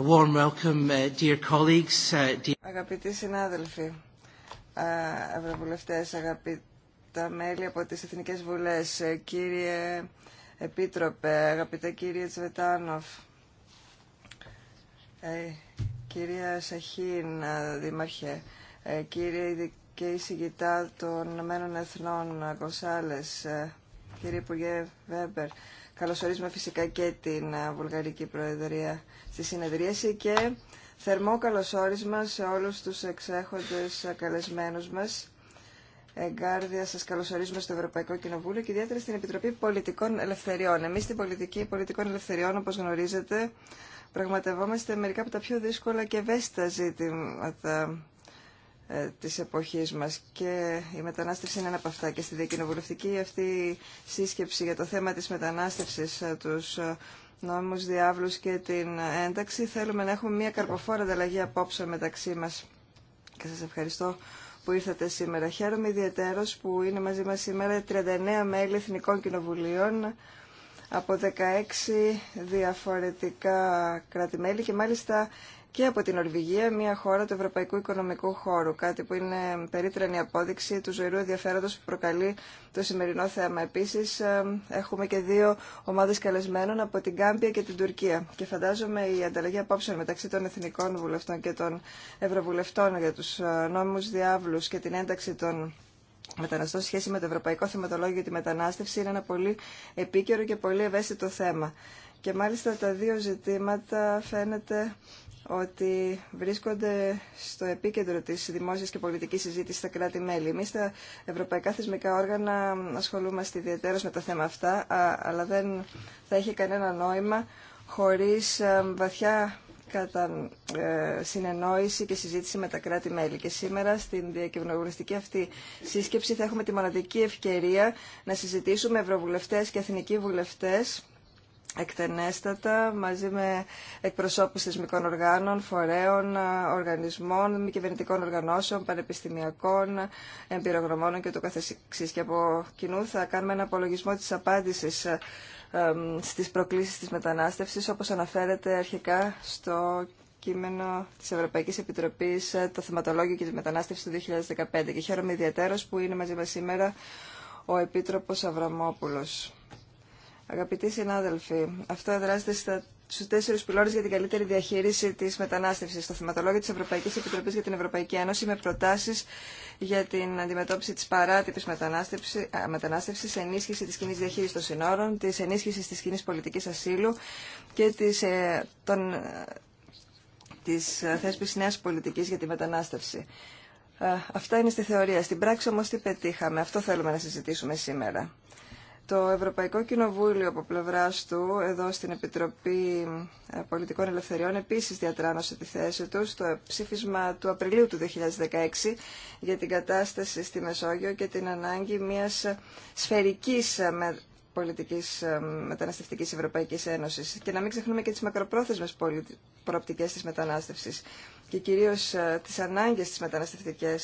warm welcome, uh, dear colleagues. Uh, Αγαπητοί συνάδελφοι, ευρωβουλευτές, αγαπητά μέλη από τις Εθνικές Βουλές, ε, κύριε Επίτροπε, αγαπητέ κύριε Τσβετάνοφ, ε, κυρία Σαχίν, ε, δήμαρχε, κύριε και εισηγητά των Ηνωμένων Εθνών Κοσάλες, κύριε Υπουργέ Βέμπερ, Καλωσορίζουμε φυσικά και την ε, Βουλγαρική Προεδρία στη συνεδρίαση και θερμό καλωσόρισμα σε όλους τους εξέχοντες ε, καλεσμένους μας. Εγκάρδια σας καλωσορίζουμε στο Ευρωπαϊκό Κοινοβούλιο και ιδιαίτερα στην Επιτροπή Πολιτικών Ελευθεριών. Εμείς στην Πολιτική Πολιτικών Ελευθεριών, όπως γνωρίζετε, πραγματευόμαστε μερικά από τα πιο δύσκολα και ευαίσθητα ζήτηματα ε, της εποχής μας και η μετανάστευση είναι ένα από αυτά και στη διακοινοβουλευτική αυτή σύσκεψη για το θέμα της μετανάστευσης ε, τους ε, νόμους διάβλους και την ένταξη θέλουμε να έχουμε μια καρποφόρα ανταλλαγή απόψε μεταξύ μας και σας ευχαριστώ που ήρθατε σήμερα. Χαίρομαι ιδιαίτερος που είναι μαζί μας σήμερα 39 μέλη Εθνικών Κοινοβουλίων από 16 διαφορετικά κράτη-μέλη και μάλιστα και από την Ορβηγία, μια χώρα του Ευρωπαϊκού Οικονομικού Χώρου. Κάτι που είναι περίτρανη απόδειξη του ζωηρού ενδιαφέροντο που προκαλεί το σημερινό θέμα. Επίση, ε, έχουμε και δύο ομάδε καλεσμένων από την Κάμπια και την Τουρκία. Και φαντάζομαι η ανταλλαγή απόψεων μεταξύ των εθνικών βουλευτών και των ευρωβουλευτών για του ε, νόμιμου διάβλου και την ένταξη των μεταναστών σχέση με το Ευρωπαϊκό Θεματολόγιο για τη Μετανάστευση είναι ένα πολύ επίκαιρο και πολύ ευαίσθητο θέμα. Και μάλιστα τα δύο ζητήματα φαίνεται ότι βρίσκονται στο επίκεντρο της δημόσιας και πολιτικής συζήτησης στα κράτη-μέλη. Εμείς τα ευρωπαϊκά θεσμικά όργανα ασχολούμαστε ιδιαίτερα με τα θέματα αυτά, αλλά δεν θα έχει κανένα νόημα χωρίς βαθιά κατά ε, συνεννόηση και συζήτηση με τα κράτη-μέλη. Και σήμερα στην διακοινοβουλευτική αυτή σύσκεψη θα έχουμε τη μοναδική ευκαιρία να συζητήσουμε ευρωβουλευτές και εθνικοί βουλευτές εκτενέστατα μαζί με εκπροσώπους θεσμικών οργάνων, φορέων, οργανισμών, μη κυβερνητικών οργανώσεων, πανεπιστημιακών, εμπειρογνωμών και το καθεξής. Και από κοινού θα κάνουμε ένα απολογισμό της απάντησης στις προκλήσεις της μετανάστευσης, όπως αναφέρεται αρχικά στο κείμενο τη Ευρωπαϊκή Επιτροπή, το θεματολόγιο και τη μετανάστευση του 2015. Και χαίρομαι ιδιαίτερω που είναι μαζί μα σήμερα ο Επίτροπο Αβραμόπουλος. Αγαπητοί συνάδελφοι, αυτό εδράζεται στα στου τέσσερι πυλώνε για την καλύτερη διαχείριση τη μετανάστευση. Στο θεματολόγιο τη Ευρωπαϊκή Επιτροπή για την Ευρωπαϊκή Ένωση με προτάσει για την αντιμετώπιση τη παράτυπη μετανάστευση, ενίσχυση τη κοινή διαχείριση των συνόρων, τη ενίσχυση τη κοινή πολιτική ασύλου και της, ε, των, ε, της ε, θέσπισης νέας πολιτικής για τη μετανάστευση. Ε, αυτά είναι στη θεωρία. Στην πράξη όμως τι πετύχαμε. Αυτό θέλουμε να συζητήσουμε σήμερα το Ευρωπαϊκό Κοινοβούλιο από πλευρά του, εδώ στην Επιτροπή ε, Πολιτικών Ελευθεριών, επίση διατράνωσε τη θέση του στο ψήφισμα του Απριλίου του 2016 για την κατάσταση στη Μεσόγειο και την ανάγκη μια σφαιρική ε, πολιτική ε, μεταναστευτική Ευρωπαϊκή Ένωση. Και να μην ξεχνούμε και τι μακροπρόθεσμε προοπτικέ τη μετανάστευση και κυρίω τι ανάγκε τη μεταναστευτικέ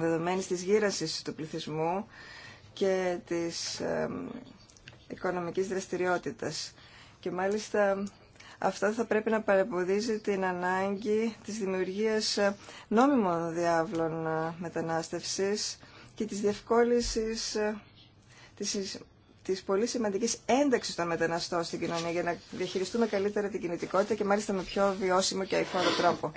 δεδομένη τη γύρανση του πληθυσμού και της οικονομικής δραστηριότητας. Και μάλιστα αυτά θα πρέπει να παρεμποδίζει την ανάγκη της δημιουργίας νόμιμων διάβλων ε, μετανάστευσης και της διευκόλυνσης ε, της, πολύ σημαντικής ένταξης των μεταναστών στην κοινωνία για να διαχειριστούμε καλύτερα την κινητικότητα και μάλιστα με πιο βιώσιμο και αηφόρο τρόπο.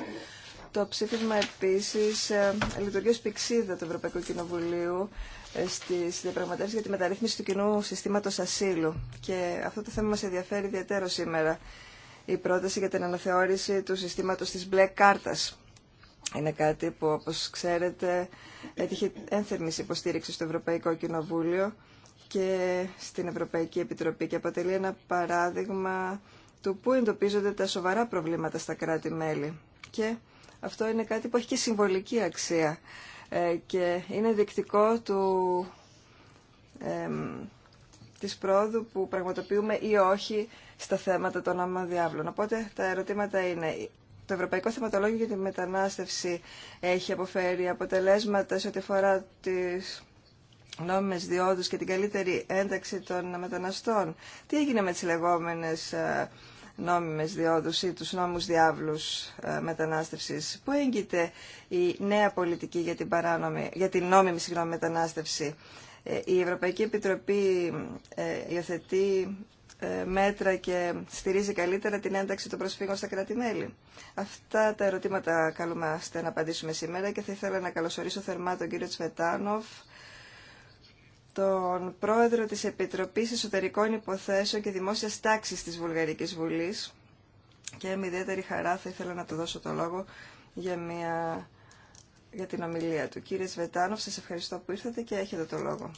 Το ψήφισμα επίσης ε, λειτουργεί ως πηξίδα του Ευρωπαϊκού Κοινοβουλίου ε, στις διαπραγματεύσεις για τη μεταρρύθμιση του κοινού συστήματος ασύλου. Και αυτό το θέμα μας ενδιαφέρει ιδιαίτερα σήμερα. Η πρόταση για την αναθεώρηση του συστήματος της μπλε κάρτας. Είναι κάτι που, όπως ξέρετε, έτυχε ένθερμης υποστήριξη στο Ευρωπαϊκό Κοινοβούλιο και στην Ευρωπαϊκή Επιτροπή και αποτελεί ένα παράδειγμα του πού εντοπίζονται τα σοβαρά προβλήματα στα κράτη-μέλη. Και αυτό είναι κάτι που έχει και συμβολική αξία ε, και είναι δεικτικό του, ε, της πρόοδου που πραγματοποιούμε ή όχι στα θέματα των διάβλων. Οπότε τα ερωτήματα είναι... Το Ευρωπαϊκό Θεματολόγιο για τη Μετανάστευση έχει αποφέρει αποτελέσματα σε ό,τι αφορά τις νόμιμες διόδους και την καλύτερη ένταξη των μεταναστών. Τι έγινε με τις λεγόμενες ε, νόμιμες διόδους ή τους νόμους διάβλους ε, μετανάστευσης. Πού έγκυται η νέα πολιτική για την, παράνομη, για την νόμιμη συγγνώμη, μετανάστευση. Ε, η Ευρωπαϊκή Επιτροπή ε, υιοθετεί μέτρα και στηρίζει καλύτερα την ένταξη των προσφύγων στα κράτη-μέλη. Αυτά τα ερωτήματα καλούμαστε να απαντήσουμε σήμερα και θα ήθελα να καλωσορίσω θερμά τον κύριο Τσβετάνοφ, τον πρόεδρο της Επιτροπής Εσωτερικών Υποθέσεων και Δημόσιας Τάξης της Βουλγαρικής Βουλής και με ιδιαίτερη χαρά θα ήθελα να του δώσω το λόγο για, μια... για την ομιλία του. Κύριε Σβετάνοφ, σας ευχαριστώ που ήρθατε και έχετε το λόγο.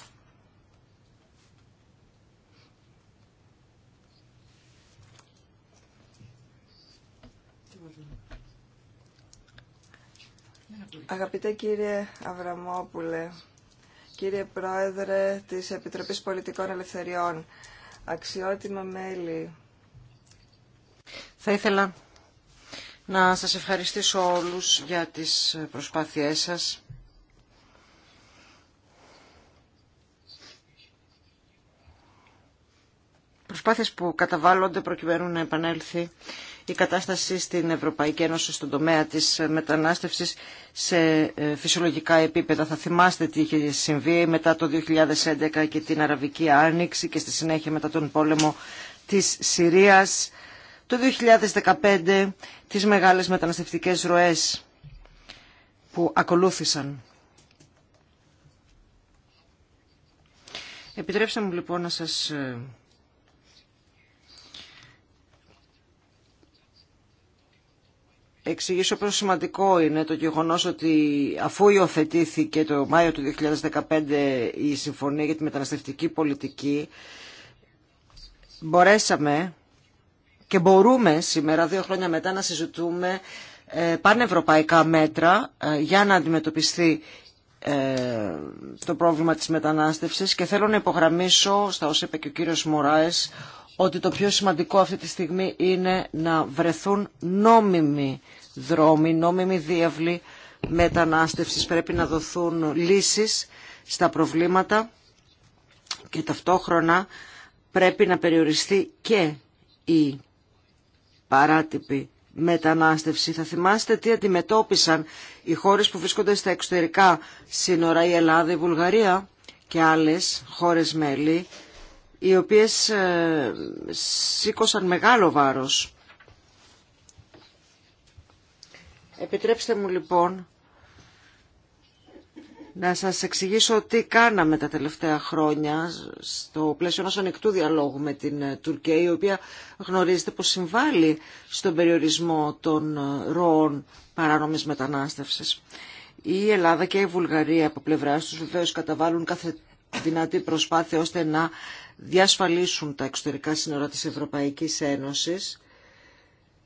Αγαπητέ κύριε Αβραμόπουλε, κύριε Πρόεδρε της Επιτροπής Πολιτικών Ελευθεριών, αξιότιμα μέλη. Θα ήθελα να σας ευχαριστήσω όλους για τις προσπάθειές σας. Προσπάθειες που καταβάλλονται προκειμένου να επανέλθει η κατάσταση στην Ευρωπαϊκή Ένωση στον τομέα της μετανάστευσης σε ε, φυσιολογικά επίπεδα. Θα θυμάστε τι είχε συμβεί μετά το 2011 και την Αραβική Άνοιξη και στη συνέχεια μετά τον πόλεμο της Συρίας. Το 2015 τις μεγάλες μεταναστευτικές ροές που ακολούθησαν. Επιτρέψτε μου λοιπόν να σας ε, εξηγήσω πόσο σημαντικό είναι το γεγονός ότι αφού υιοθετήθηκε το Μάιο του 2015 η Συμφωνία για τη Μεταναστευτική Πολιτική, μπορέσαμε και μπορούμε σήμερα, δύο χρόνια μετά, να συζητούμε ε, πανευρωπαϊκά μέτρα ε, για να αντιμετωπιστεί ε, το πρόβλημα της μετανάστευσης και θέλω να υπογραμμίσω, στα όσα είπε και ο κύριος Μωράες, ότι το πιο σημαντικό αυτή τη στιγμή είναι να βρεθούν νόμιμοι δρόμοι, νόμιμοι διάβλοι μετανάστευσης. Πρέπει να δοθούν λύσεις στα προβλήματα και ταυτόχρονα πρέπει να περιοριστεί και η παράτυπη μετανάστευση. Θα θυμάστε τι αντιμετώπισαν οι χώρες που βρίσκονται στα εξωτερικά σύνορα, η Ελλάδα, η Βουλγαρία και άλλες χώρες μέλη οι οποίες ε, σήκωσαν μεγάλο βάρος. Επιτρέψτε μου λοιπόν να σας εξηγήσω τι κάναμε τα τελευταία χρόνια στο πλαίσιο ενός ανοιχτού διαλόγου με την ε, Τουρκία, η οποία γνωρίζετε πως συμβάλλει στον περιορισμό των ε, ροών παράνομης μετανάστευσης. Η Ελλάδα και η Βουλγαρία από πλευρά τους βεβαίως καταβάλουν κάθε δυνατή προσπάθεια ώστε να διασφαλίσουν τα εξωτερικά σύνορα της Ευρωπαϊκής Ένωσης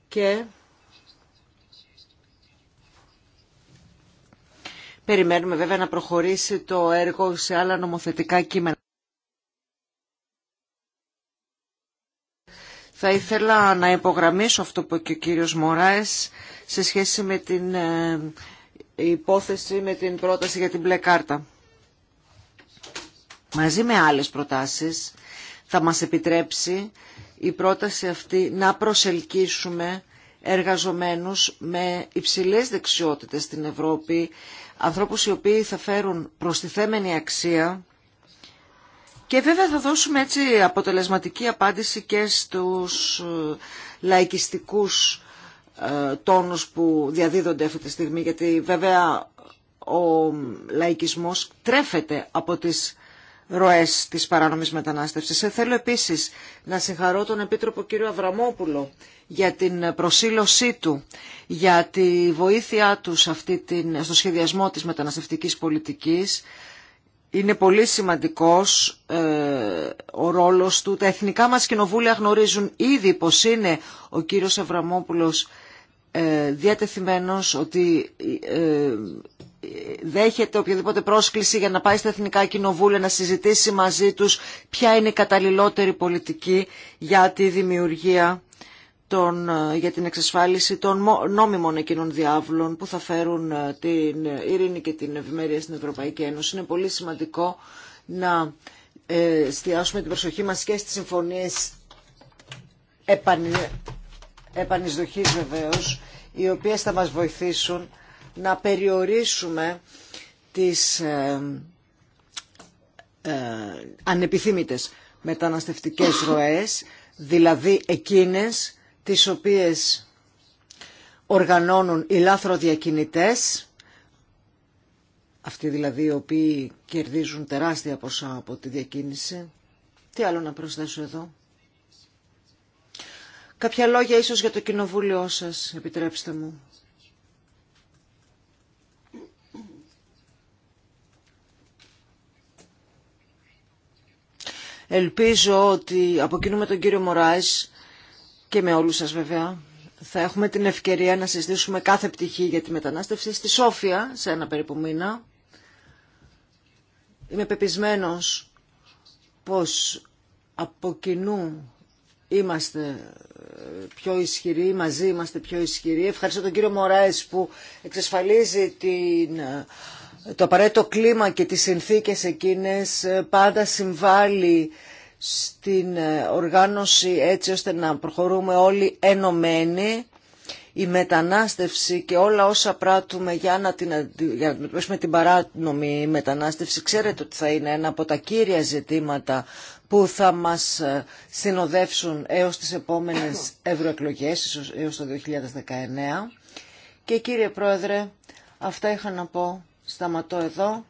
και περιμένουμε βέβαια να προχωρήσει το έργο σε άλλα νομοθετικά κείμενα. Θα ήθελα να υπογραμμίσω αυτό που και ο κύριος Μωράες σε σχέση με την ε, υπόθεση, με την πρόταση για την μπλε κάρτα. Μαζί με άλλες προτάσεις θα μας επιτρέψει η πρόταση αυτή να προσελκύσουμε εργαζομένους με υψηλές δεξιότητες στην Ευρώπη, ανθρώπους οι οποίοι θα φέρουν προστιθέμενη αξία και βέβαια θα δώσουμε έτσι αποτελεσματική απάντηση και στους ε, λαϊκιστικούς ε, τόνους που διαδίδονται αυτή τη στιγμή, γιατί βέβαια ο λαϊκισμός τρέφεται από τις ροές της παράνομης μετανάστευσης. Ε, θέλω επίσης να συγχαρώ τον Επίτροπο κ. Αβραμόπουλο για την προσήλωσή του, για τη βοήθειά του σε αυτή την, στο σχεδιασμό της μεταναστευτικής πολιτικής. Είναι πολύ σημαντικός ε, ο ρόλος του. Τα εθνικά μας κοινοβούλια γνωρίζουν ήδη πως είναι ο κύριος Αβραμόπουλος ε, διατεθειμένος ότι ε, δέχεται οποιαδήποτε πρόσκληση για να πάει στα Εθνικά Κοινοβούλια να συζητήσει μαζί τους ποια είναι η καταλληλότερη πολιτική για τη δημιουργία των, ε, για την εξασφάλιση των νόμιμων εκείνων διάβλων που θα φέρουν ε, την ειρήνη και την ευημερία στην Ευρωπαϊκή Ένωση. Είναι πολύ σημαντικό να ε, εστιάσουμε την προσοχή μας και στις συμφωνίες επανεισδοχής βεβαίως, οι οποίες θα μας βοηθήσουν να περιορίσουμε τις ε, ε, ανεπιθύμητες μεταναστευτικές ροές, δηλαδή εκείνες τις οποίες οργανώνουν οι λάθροδιακινητές, αυτοί δηλαδή οι οποίοι κερδίζουν τεράστια ποσά από τη διακίνηση. Τι άλλο να προσθέσω εδώ. Κάποια λόγια ίσως για το κοινοβούλιο σας, επιτρέψτε μου. Ελπίζω ότι από κοινού με τον κύριο Μωράης και με όλους σας βέβαια θα έχουμε την ευκαιρία να συζητήσουμε κάθε πτυχή για τη μετανάστευση στη Σόφια σε ένα περίπου μήνα. Είμαι πεπισμένος πως από κοινού είμαστε πιο ισχυροί, μαζί είμαστε πιο ισχυροί. Ευχαριστώ τον κύριο Μωράης που εξασφαλίζει την το απαραίτητο κλίμα και τις συνθήκες εκείνες ε, πάντα συμβάλλει στην ε, οργάνωση έτσι ώστε να προχωρούμε όλοι ενωμένοι η μετανάστευση και όλα όσα πράττουμε για να, την, για να αντιμετωπίσουμε την παράνομη μετανάστευση, ξέρετε ότι θα είναι ένα από τα κύρια ζητήματα που θα μας ε, συνοδεύσουν έως τις επόμενες ευρωεκλογές, έως το 2019. Και κύριε Πρόεδρε, αυτά είχα να πω Σταματώ εδώ.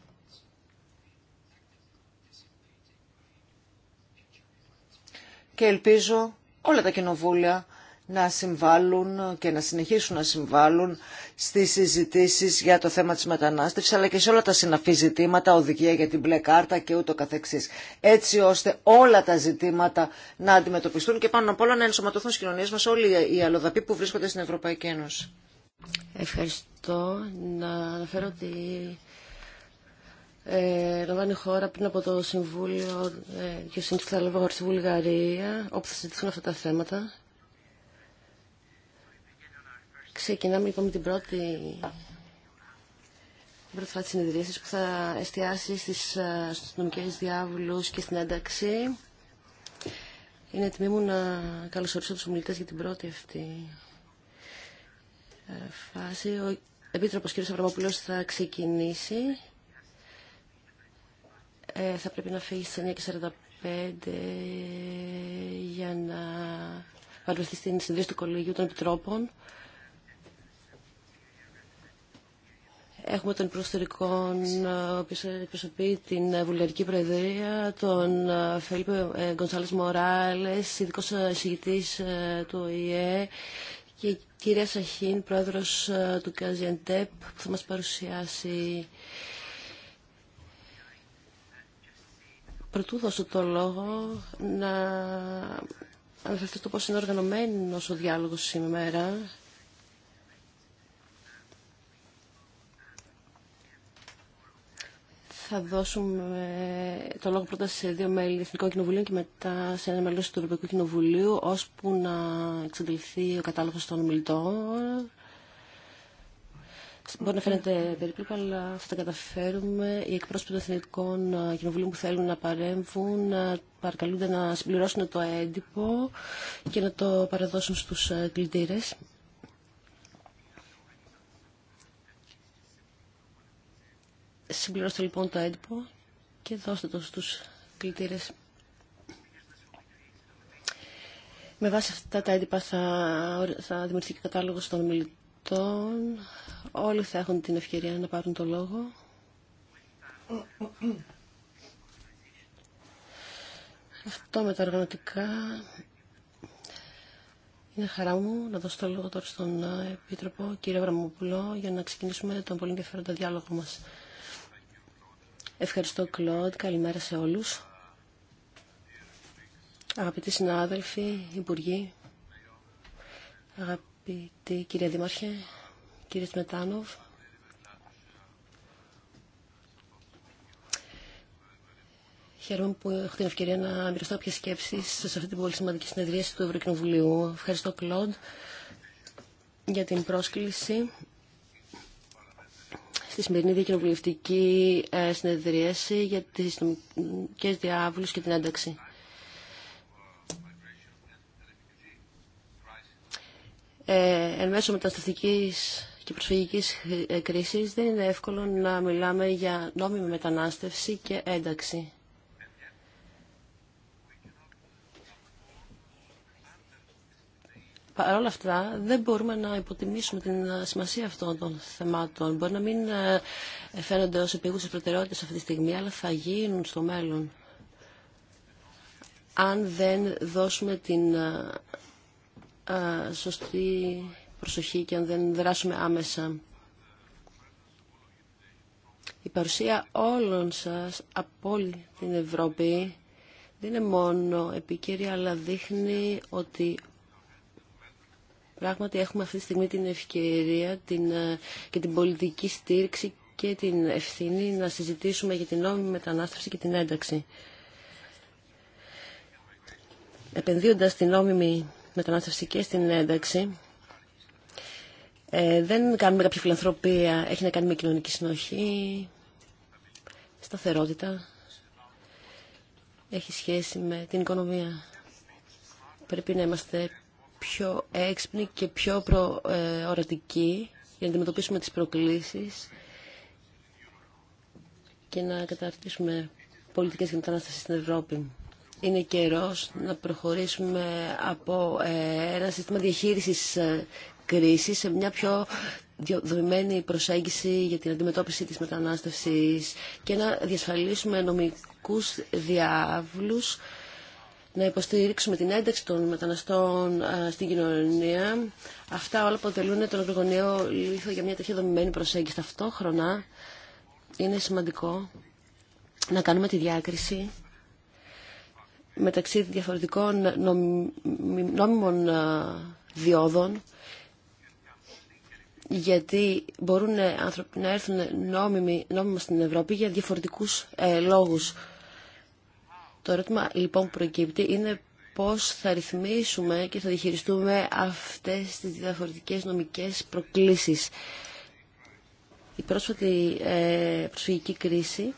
Και ελπίζω όλα τα κοινοβούλια να συμβάλλουν και να συνεχίσουν να συμβάλλουν στις συζητήσεις για το θέμα της μετανάστευσης αλλά και σε όλα τα συναφή ζητήματα, οδηγία για την μπλε κάρτα και ούτω καθεξής. Έτσι ώστε όλα τα ζητήματα να αντιμετωπιστούν και πάνω απ' όλα να ενσωματωθούν στις κοινωνίες μας όλοι οι αλλοδαποί που βρίσκονται στην Ευρωπαϊκή Ένωση. Ευχαριστώ. Να αναφέρω ότι ε, λαμβάνει χώρα πριν από το Συμβούλιο ε, και Θαλαβόγαρ στη Βουλγαρία, όπου θα συζητηθούν αυτά τα θέματα. Ξεκινάμε λοιπόν με την πρώτη, την πρώτη φάση που θα εστιάσει στις, ε, στους νομικές διάβολους και στην ένταξη. Είναι τιμή μου να καλωσορίσω τους ομιλητές για την πρώτη αυτή φάση. Ο Επίτροπος κ. Σαυραμόπουλος θα ξεκινήσει. Ε, θα πρέπει να φύγει στις 9.45 για να παρουσιαστεί στην συνδύση του Κολεγίου των Επιτρόπων. Έχουμε τον προσωπικό ο οποίος εκπροσωπεί την Βουλγαρική Προεδρία, τον Φελίπε ε, Γκονσάλες Μοράλες, ειδικός εισηγητής ε, του ΟΗΕ και κυρία Σαχίν, πρόεδρος ε, του ΚΑΖΙΑΝΤΕΠ, που θα μας παρουσιάσει Πρωτού δώσω το λόγο να αναφερθώ το πώς είναι οργανωμένος ο διάλογος σήμερα Θα δώσουμε ε, το λόγο πρώτα σε δύο μέλη Εθνικών Κοινοβουλίων και μετά σε ένα μέλο του Ευρωπαϊκού Κοινοβουλίου, ώσπου να εξαντληθεί ο κατάλογος των ομιλητών. Μπορεί να φαίνεται περίπλοκο, αλλά θα τα καταφέρουμε. Οι εκπρόσωποι των Εθνικών ε, Κοινοβουλίων που θέλουν να παρέμβουν ε, παρακαλούνται να συμπληρώσουν το έντυπο και να το παραδώσουν στους κλητήρες. Συμπληρώστε λοιπόν το έντυπο και δώστε το στους κλητήρες. Με βάση αυτά τα έντυπα θα, θα δημιουργηθεί και κατάλογος των μιλητών. Όλοι θα έχουν την ευκαιρία να πάρουν το λόγο. Αυτό με τα οργανωτικά είναι χαρά μου να δώσω το λόγο τώρα στον ε, Επίτροπο, κύριε Βραμμόπουλο, για να ξεκινήσουμε τον πολύ ενδιαφέροντα διάλογο μας. Ευχαριστώ, Κλοντ. Καλημέρα σε όλους. Αγαπητοί συνάδελφοι, υπουργοί, αγαπητή κυρία Δήμαρχε, κύριε Σμετάνοβ, Χαίρομαι που έχω την ευκαιρία να μοιραστώ κάποιε σκέψει σε αυτή την πολύ σημαντική συνεδρίαση του Ευρωκοινοβουλίου. Ευχαριστώ, Κλοντ, για την πρόσκληση στη σημερινή διακοινοβουλευτική ε, συνεδρίαση για τις νομικές διάβολες και την ένταξη. Ε, εν μέσω μεταναστευτικής και προσφυγικής ε, κρίσης δεν είναι εύκολο να μιλάμε για νόμιμη μετανάστευση και ένταξη. Παρ' όλα αυτά δεν μπορούμε να υποτιμήσουμε την ε, σημασία αυτών των θεμάτων. Μπορεί να μην ε, φαίνονται ως επίγουσες προτεραιότητες αυτή τη στιγμή, αλλά θα γίνουν στο μέλλον. Αν δεν δώσουμε την ε, σωστή προσοχή και αν δεν δράσουμε άμεσα. Η παρουσία όλων σας από όλη την Ευρώπη δεν είναι μόνο επικύρια, αλλά δείχνει ότι Πράγματι έχουμε αυτή τη στιγμή την ευκαιρία την, ε, και την πολιτική στήριξη και την ευθύνη να συζητήσουμε για την νόμιμη μετανάστευση και την ένταξη. Επενδύοντας την νόμιμη μετανάστευση και στην ένταξη, ε, δεν κάνουμε κάποια φιλανθρωπία, έχει να κάνει με κοινωνική συνοχή, σταθερότητα, έχει σχέση με την οικονομία. Πρέπει να είμαστε πιο έξυπνοι και πιο προορατικοί ε, για να αντιμετωπίσουμε τις προκλήσεις και να καταρτήσουμε πολιτικές για μετανάστευση στην Ευρώπη. Είναι καιρός να προχωρήσουμε από ε, ένα σύστημα διαχείρισης ε, κρίσης σε μια πιο δομημένη προσέγγιση για την αντιμετώπιση της μετανάστευσης και να διασφαλίσουμε νομικούς διάβλους να υποστηρίξουμε την ένταξη των μεταναστών στην κοινωνία. Αυτά όλα αποτελούν τον Ευρωγονέο λίθο για μια τέτοια δομημένη προσέγγιση. Ταυτόχρονα είναι σημαντικό να κάνουμε τη διάκριση μεταξύ διαφορετικών νόμιμων διόδων γιατί μπορούν άνθρωποι να έρθουν νόμιμοι, νόμιμα στην Ευρώπη για διαφορετικούς ε, λόγους. Το ερώτημα λοιπόν που προκύπτει είναι πώς θα ρυθμίσουμε και θα διχειριστούμε αυτές τις διαφορετικές νομικές προκλήσεις. Η πρόσφατη ε, προσφυγική κρίση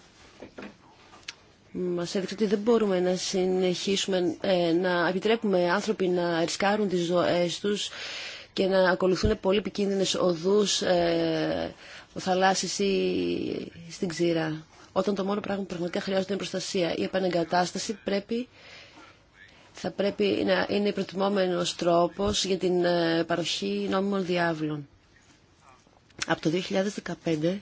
μας έδειξε ότι δεν μπορούμε να συνεχίσουμε ε, να επιτρέπουμε άνθρωποι να ρισκάρουν τις ζωές τους και να ακολουθούν πολύ επικίνδυνες οδούς ε, ο θαλάσσης ή στην ξηρά όταν το μόνο πράγμα που πραγματικά χρειάζεται είναι προστασία. Η επανεγκατάσταση πρέπει, θα πρέπει να είναι προτιμόμενο τρόπος για την ε, παροχή νόμιμων διάβλων. Από το 2015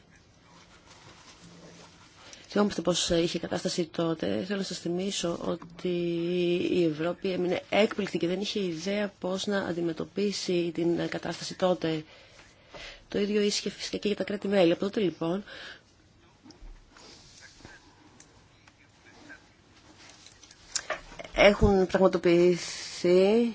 Θυμόμαστε πώ είχε κατάσταση τότε. Θέλω να σα θυμίσω ότι η Ευρώπη έμεινε έκπληκτη και δεν είχε ιδέα πώς να αντιμετωπίσει την κατάσταση τότε. Το ίδιο ίσχυε φυσικά και για τα κράτη-μέλη. Από τότε λοιπόν Έχουν πραγματοποιηθεί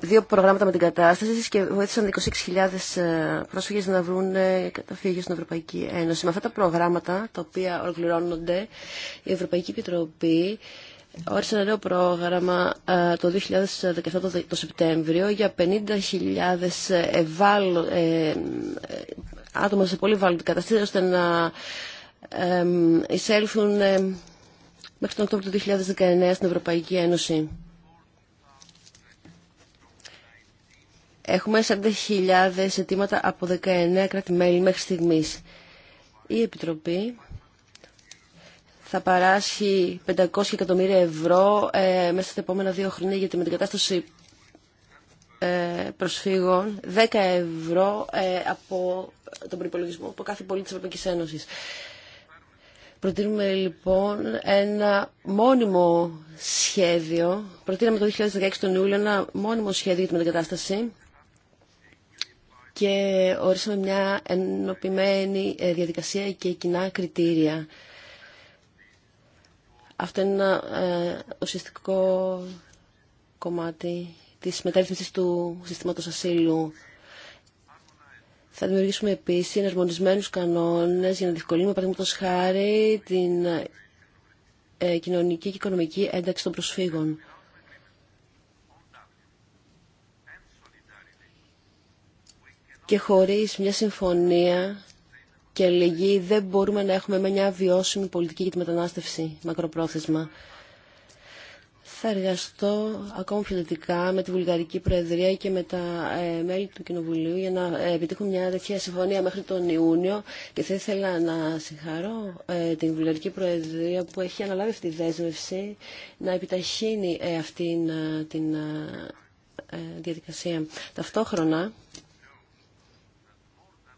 δύο προγράμματα με την κατάσταση και βοήθησαν 26.000 ε, πρόσφυγες να βρουν καταφύγιο στην Ευρωπαϊκή Ένωση. Με αυτά τα προγράμματα, τα οποία ολοκληρώνονται, η Ευρωπαϊκή Επιτροπή όρισε ένα νέο πρόγραμμα ε, το 2017 το Σεπτέμβριο για 50.000 ε, άτομα σε πολύ την κατάσταση ώστε να εισέλθουν μέχρι τον Οκτώβριο του 2019 στην Ευρωπαϊκή Ένωση. Έχουμε 40.000 αιτήματα από 19 κράτη-μέλη μέχρι στιγμής. Η Επιτροπή θα παράσχει 500 εκατομμύρια ευρώ ε, μέσα στα επόμενα δύο χρόνια για τη μετεγκατάσταση ε, προσφύγων, 10 ευρώ ε, από τον προϋπολογισμό από κάθε πολίτη της Ευρωπαϊκής Ένωσης. Προτείνουμε λοιπόν ένα μόνιμο σχέδιο. Προτείναμε το 2016 τον Ιούλιο ένα μόνιμο σχέδιο για την μετακατάσταση και ορίσαμε μια ενωπημένη ε, διαδικασία και κοινά κριτήρια. Αυτό είναι ένα ε, ουσιαστικό κομμάτι της μεταρρύθμισης του συστήματος ασύλου. Θα δημιουργήσουμε επίσης εναρμονισμένους κανόνες για να διευκολύνουμε, παραδείγματος χάρη, την ε, κοινωνική και οικονομική ένταξη των προσφύγων. Και χωρίς μια συμφωνία και λιγή δεν μπορούμε να έχουμε μια βιώσιμη πολιτική για τη μετανάστευση μακροπρόθεσμα θα εργαστώ ακόμη πιο με τη Βουλγαρική Προεδρία και με τα ε, μέλη του Κοινοβουλίου για να ε, επιτύχουμε μια τέτοια συμφωνία μέχρι τον Ιούνιο και θα ήθελα να συγχαρώ ε, την Βουλγαρική Προεδρία που έχει αναλάβει αυτή τη δέσμευση να επιταχύνει αυτή την διαδικασία. Ταυτόχρονα,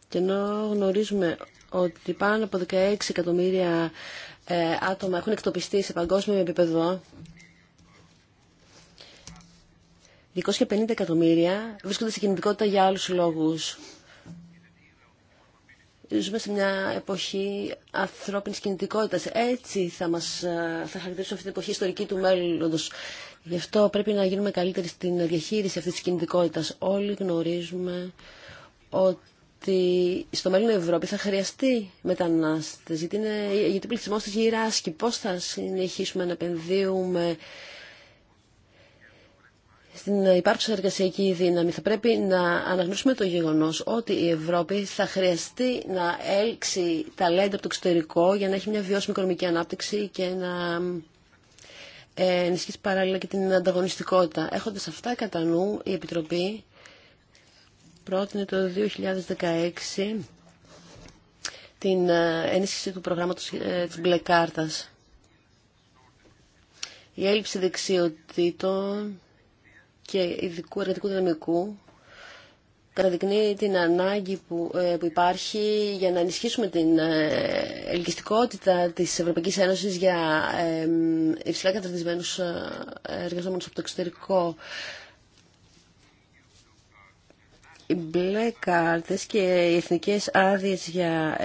και ενώ γνωρίζουμε ότι πάνω από 16 εκατομμύρια άτομα έχουν εκτοπιστεί σε παγκόσμιο επίπεδο 250 εκατομμύρια βρίσκονται σε κινητικότητα για άλλους λόγους. Ζούμε σε μια εποχή ανθρώπινης κινητικότητας. Έτσι θα μας ε, θα χαρακτηρίσουν αυτή την εποχή ιστορική του μέλλοντος. Γι' αυτό πρέπει να γίνουμε καλύτεροι στην διαχείριση αυτής της κινητικότητας. Όλοι γνωρίζουμε ότι στο μέλλον η Ευρώπη θα χρειαστεί μετανάστες, γιατί, είναι, γιατί ο πληθυσμός της γυράσκει. Πώς θα συνεχίσουμε να επενδύουμε στην υπάρξη εργασιακή δύναμη. Θα πρέπει να αναγνωρίσουμε το γεγονός ότι η Ευρώπη θα χρειαστεί να έλξει ταλέντα από το εξωτερικό για να έχει μια βιώσιμη οικονομική ανάπτυξη και να ε, ενισχύσει παράλληλα και την ανταγωνιστικότητα. Έχοντας αυτά κατά νου, η Επιτροπή πρότεινε το 2016 την ε, ενίσχυση του προγράμματος ε, της Μπλε Κάρτας. Η έλλειψη δεξιοτήτων και ειδικού εργατικού δυναμικού καταδεικνύει την ανάγκη που, ε, που υπάρχει για να ενισχύσουμε την ε, ελκυστικότητα της Ευρωπαϊκής Ένωσης για υψηλά καταρτισμένους ε, εργαζόμενους από το εξωτερικό. Οι μπλε κάρτες και οι εθνικές άδειες για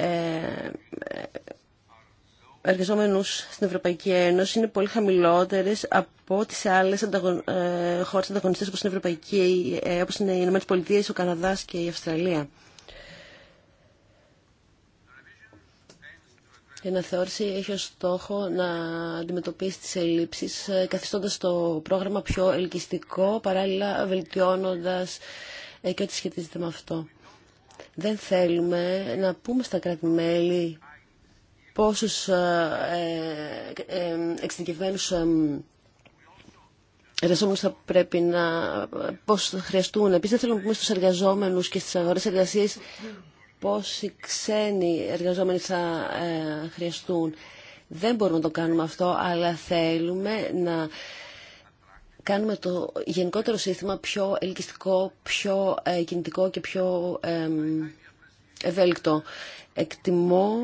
εργαζόμενους στην Ευρωπαϊκή Ένωση είναι πολύ χαμηλότερες από τις άλλες ανταγων... Ε, χώρες ανταγωνιστές όπως, είναι Ευρωπαϊκή... Ε, όπως είναι οι ΗΠΑ, ο Καναδάς και η Αυστραλία. Η αναθεώρηση έχει ως στόχο να αντιμετωπίσει τις ελλείψεις, ε, καθιστώντας το πρόγραμμα πιο ελκυστικό, παράλληλα βελτιώνοντας και ό,τι σχετίζεται με αυτό. Δεν θέλουμε να πούμε στα κράτη-μέλη πόσους ε, ε, ε, εξειδικευμένους εργαζόμενου θα πρέπει να... πώς θα χρειαστούν. Επίσης, δεν θέλω να πούμε στους εργαζόμενους και στις αγορές εργασίας πόσοι ξένοι εργαζόμενοι θα χρειαστούν. Δεν μπορούμε να το κάνουμε αυτό, αλλά θέλουμε να κάνουμε το γενικότερο σύστημα πιο ελκυστικό, πιο κινητικό και πιο ευέλικτο. Εκτιμώ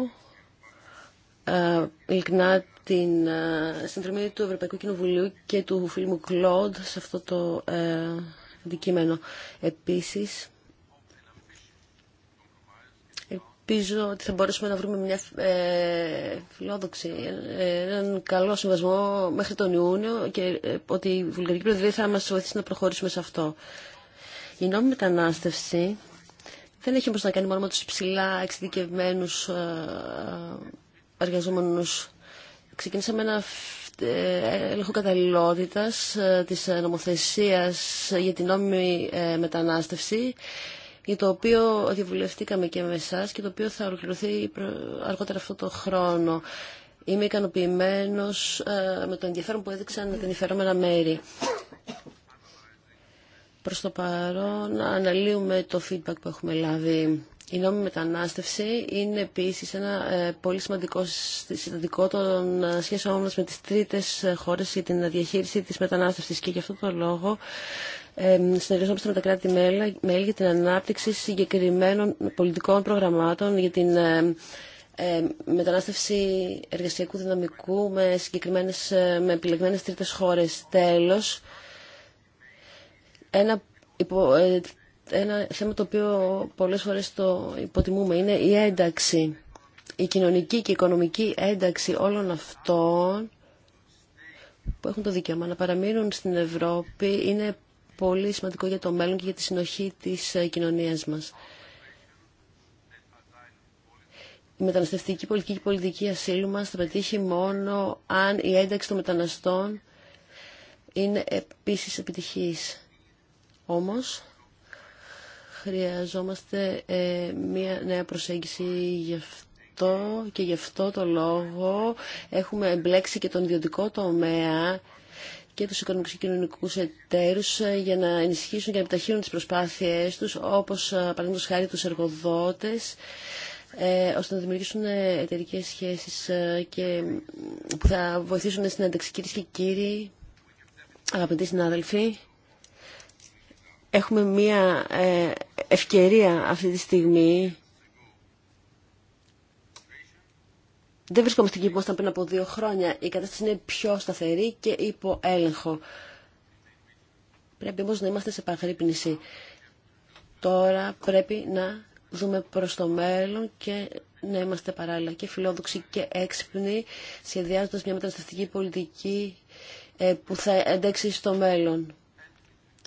ε, ειλικρινά την ε, συνδρομή του Ευρωπαϊκού Κοινοβουλίου και του φίλου μου Κλοντ σε αυτό το ε, αντικείμενο. Επίσης, ελπίζω ότι θα μπορέσουμε να βρούμε μια φιλόδοξη, έναν καλό συμβασμό μέχρι τον Ιούνιο και ότι η Βουλγαρική Προεδρία θα μας βοηθήσει να προχωρήσουμε σε αυτό. Η νόμη μετανάστευση δεν έχει όμως να κάνει μόνο με τους υψηλά εξειδικευμένους εργαζόμενους. με ένα ε, έλεγχο καταλληλότητας ε, της ε, νομοθεσίας για την νόμιμη μετανάστευση για το οποίο διαβουλευτήκαμε και με εσά και το οποίο θα ολοκληρωθεί αργότερα αυτό το χρόνο. Είμαι ικανοποιημένο με το ενδιαφέρον που έδειξαν τα ενδιαφερόμενα μέρη. Προς το παρόν αναλύουμε το feedback που έχουμε λάβει η νόμιμη μετανάστευση είναι επίση ένα ε, πολύ σημαντικό συστατικό των ε, σχέσεων μα με τις τρίτες ε, χώρες για την διαχείριση της μετανάστευση. και γι' αυτό τον λόγο συνεργαζόμαστε με τα κράτη-μέλη για την ανάπτυξη συγκεκριμένων πολιτικών προγραμμάτων για την μετανάστευση εργασιακού δυναμικού με, συγκεκριμένες, με επιλεγμένες τρίτες χώρες. Τέλος, ένα ένα θέμα το οποίο πολλές φορές το υποτιμούμε είναι η ένταξη, η κοινωνική και οικονομική ένταξη όλων αυτών που έχουν το δικαίωμα να παραμείνουν στην Ευρώπη είναι πολύ σημαντικό για το μέλλον και για τη συνοχή της ε, κοινωνίας μας. Η μεταναστευτική πολιτική και η πολιτική ασύλου μας θα πετύχει μόνο αν η ένταξη των μεταναστών είναι επίσης επιτυχής. Όμως, Χρειαζόμαστε ε, μια νέα προσέγγιση γι' αυτό και γι' αυτό το λόγο έχουμε εμπλέξει και τον ιδιωτικό τομέα και τους οικονομικούς και κοινωνικούς εταίρους ε, για να ενισχύσουν και να επιταχύνουν τις προσπάθειές τους, όπως ε, παραδείγματος χάρη τους εργοδότες, ε, ώστε να δημιουργήσουν εταιρικέ σχέσεις και που θα βοηθήσουν στην ένταξη. Κυρίες και κύριοι, αγαπητοί συνάδελφοι, έχουμε μία ε, ευκαιρία αυτή τη στιγμή. Δεν βρισκόμαστε εκεί που ήμασταν πριν από δύο χρόνια. Η κατάσταση είναι πιο σταθερή και υπό έλεγχο. Πρέπει όμως να είμαστε σε παγρύπνηση. Τώρα πρέπει να δούμε προς το μέλλον και να είμαστε παράλληλα και φιλόδοξοι και έξυπνοι, σχεδιάζοντας μια μεταναστευτική πολιτική ε, που θα εντέξει στο μέλλον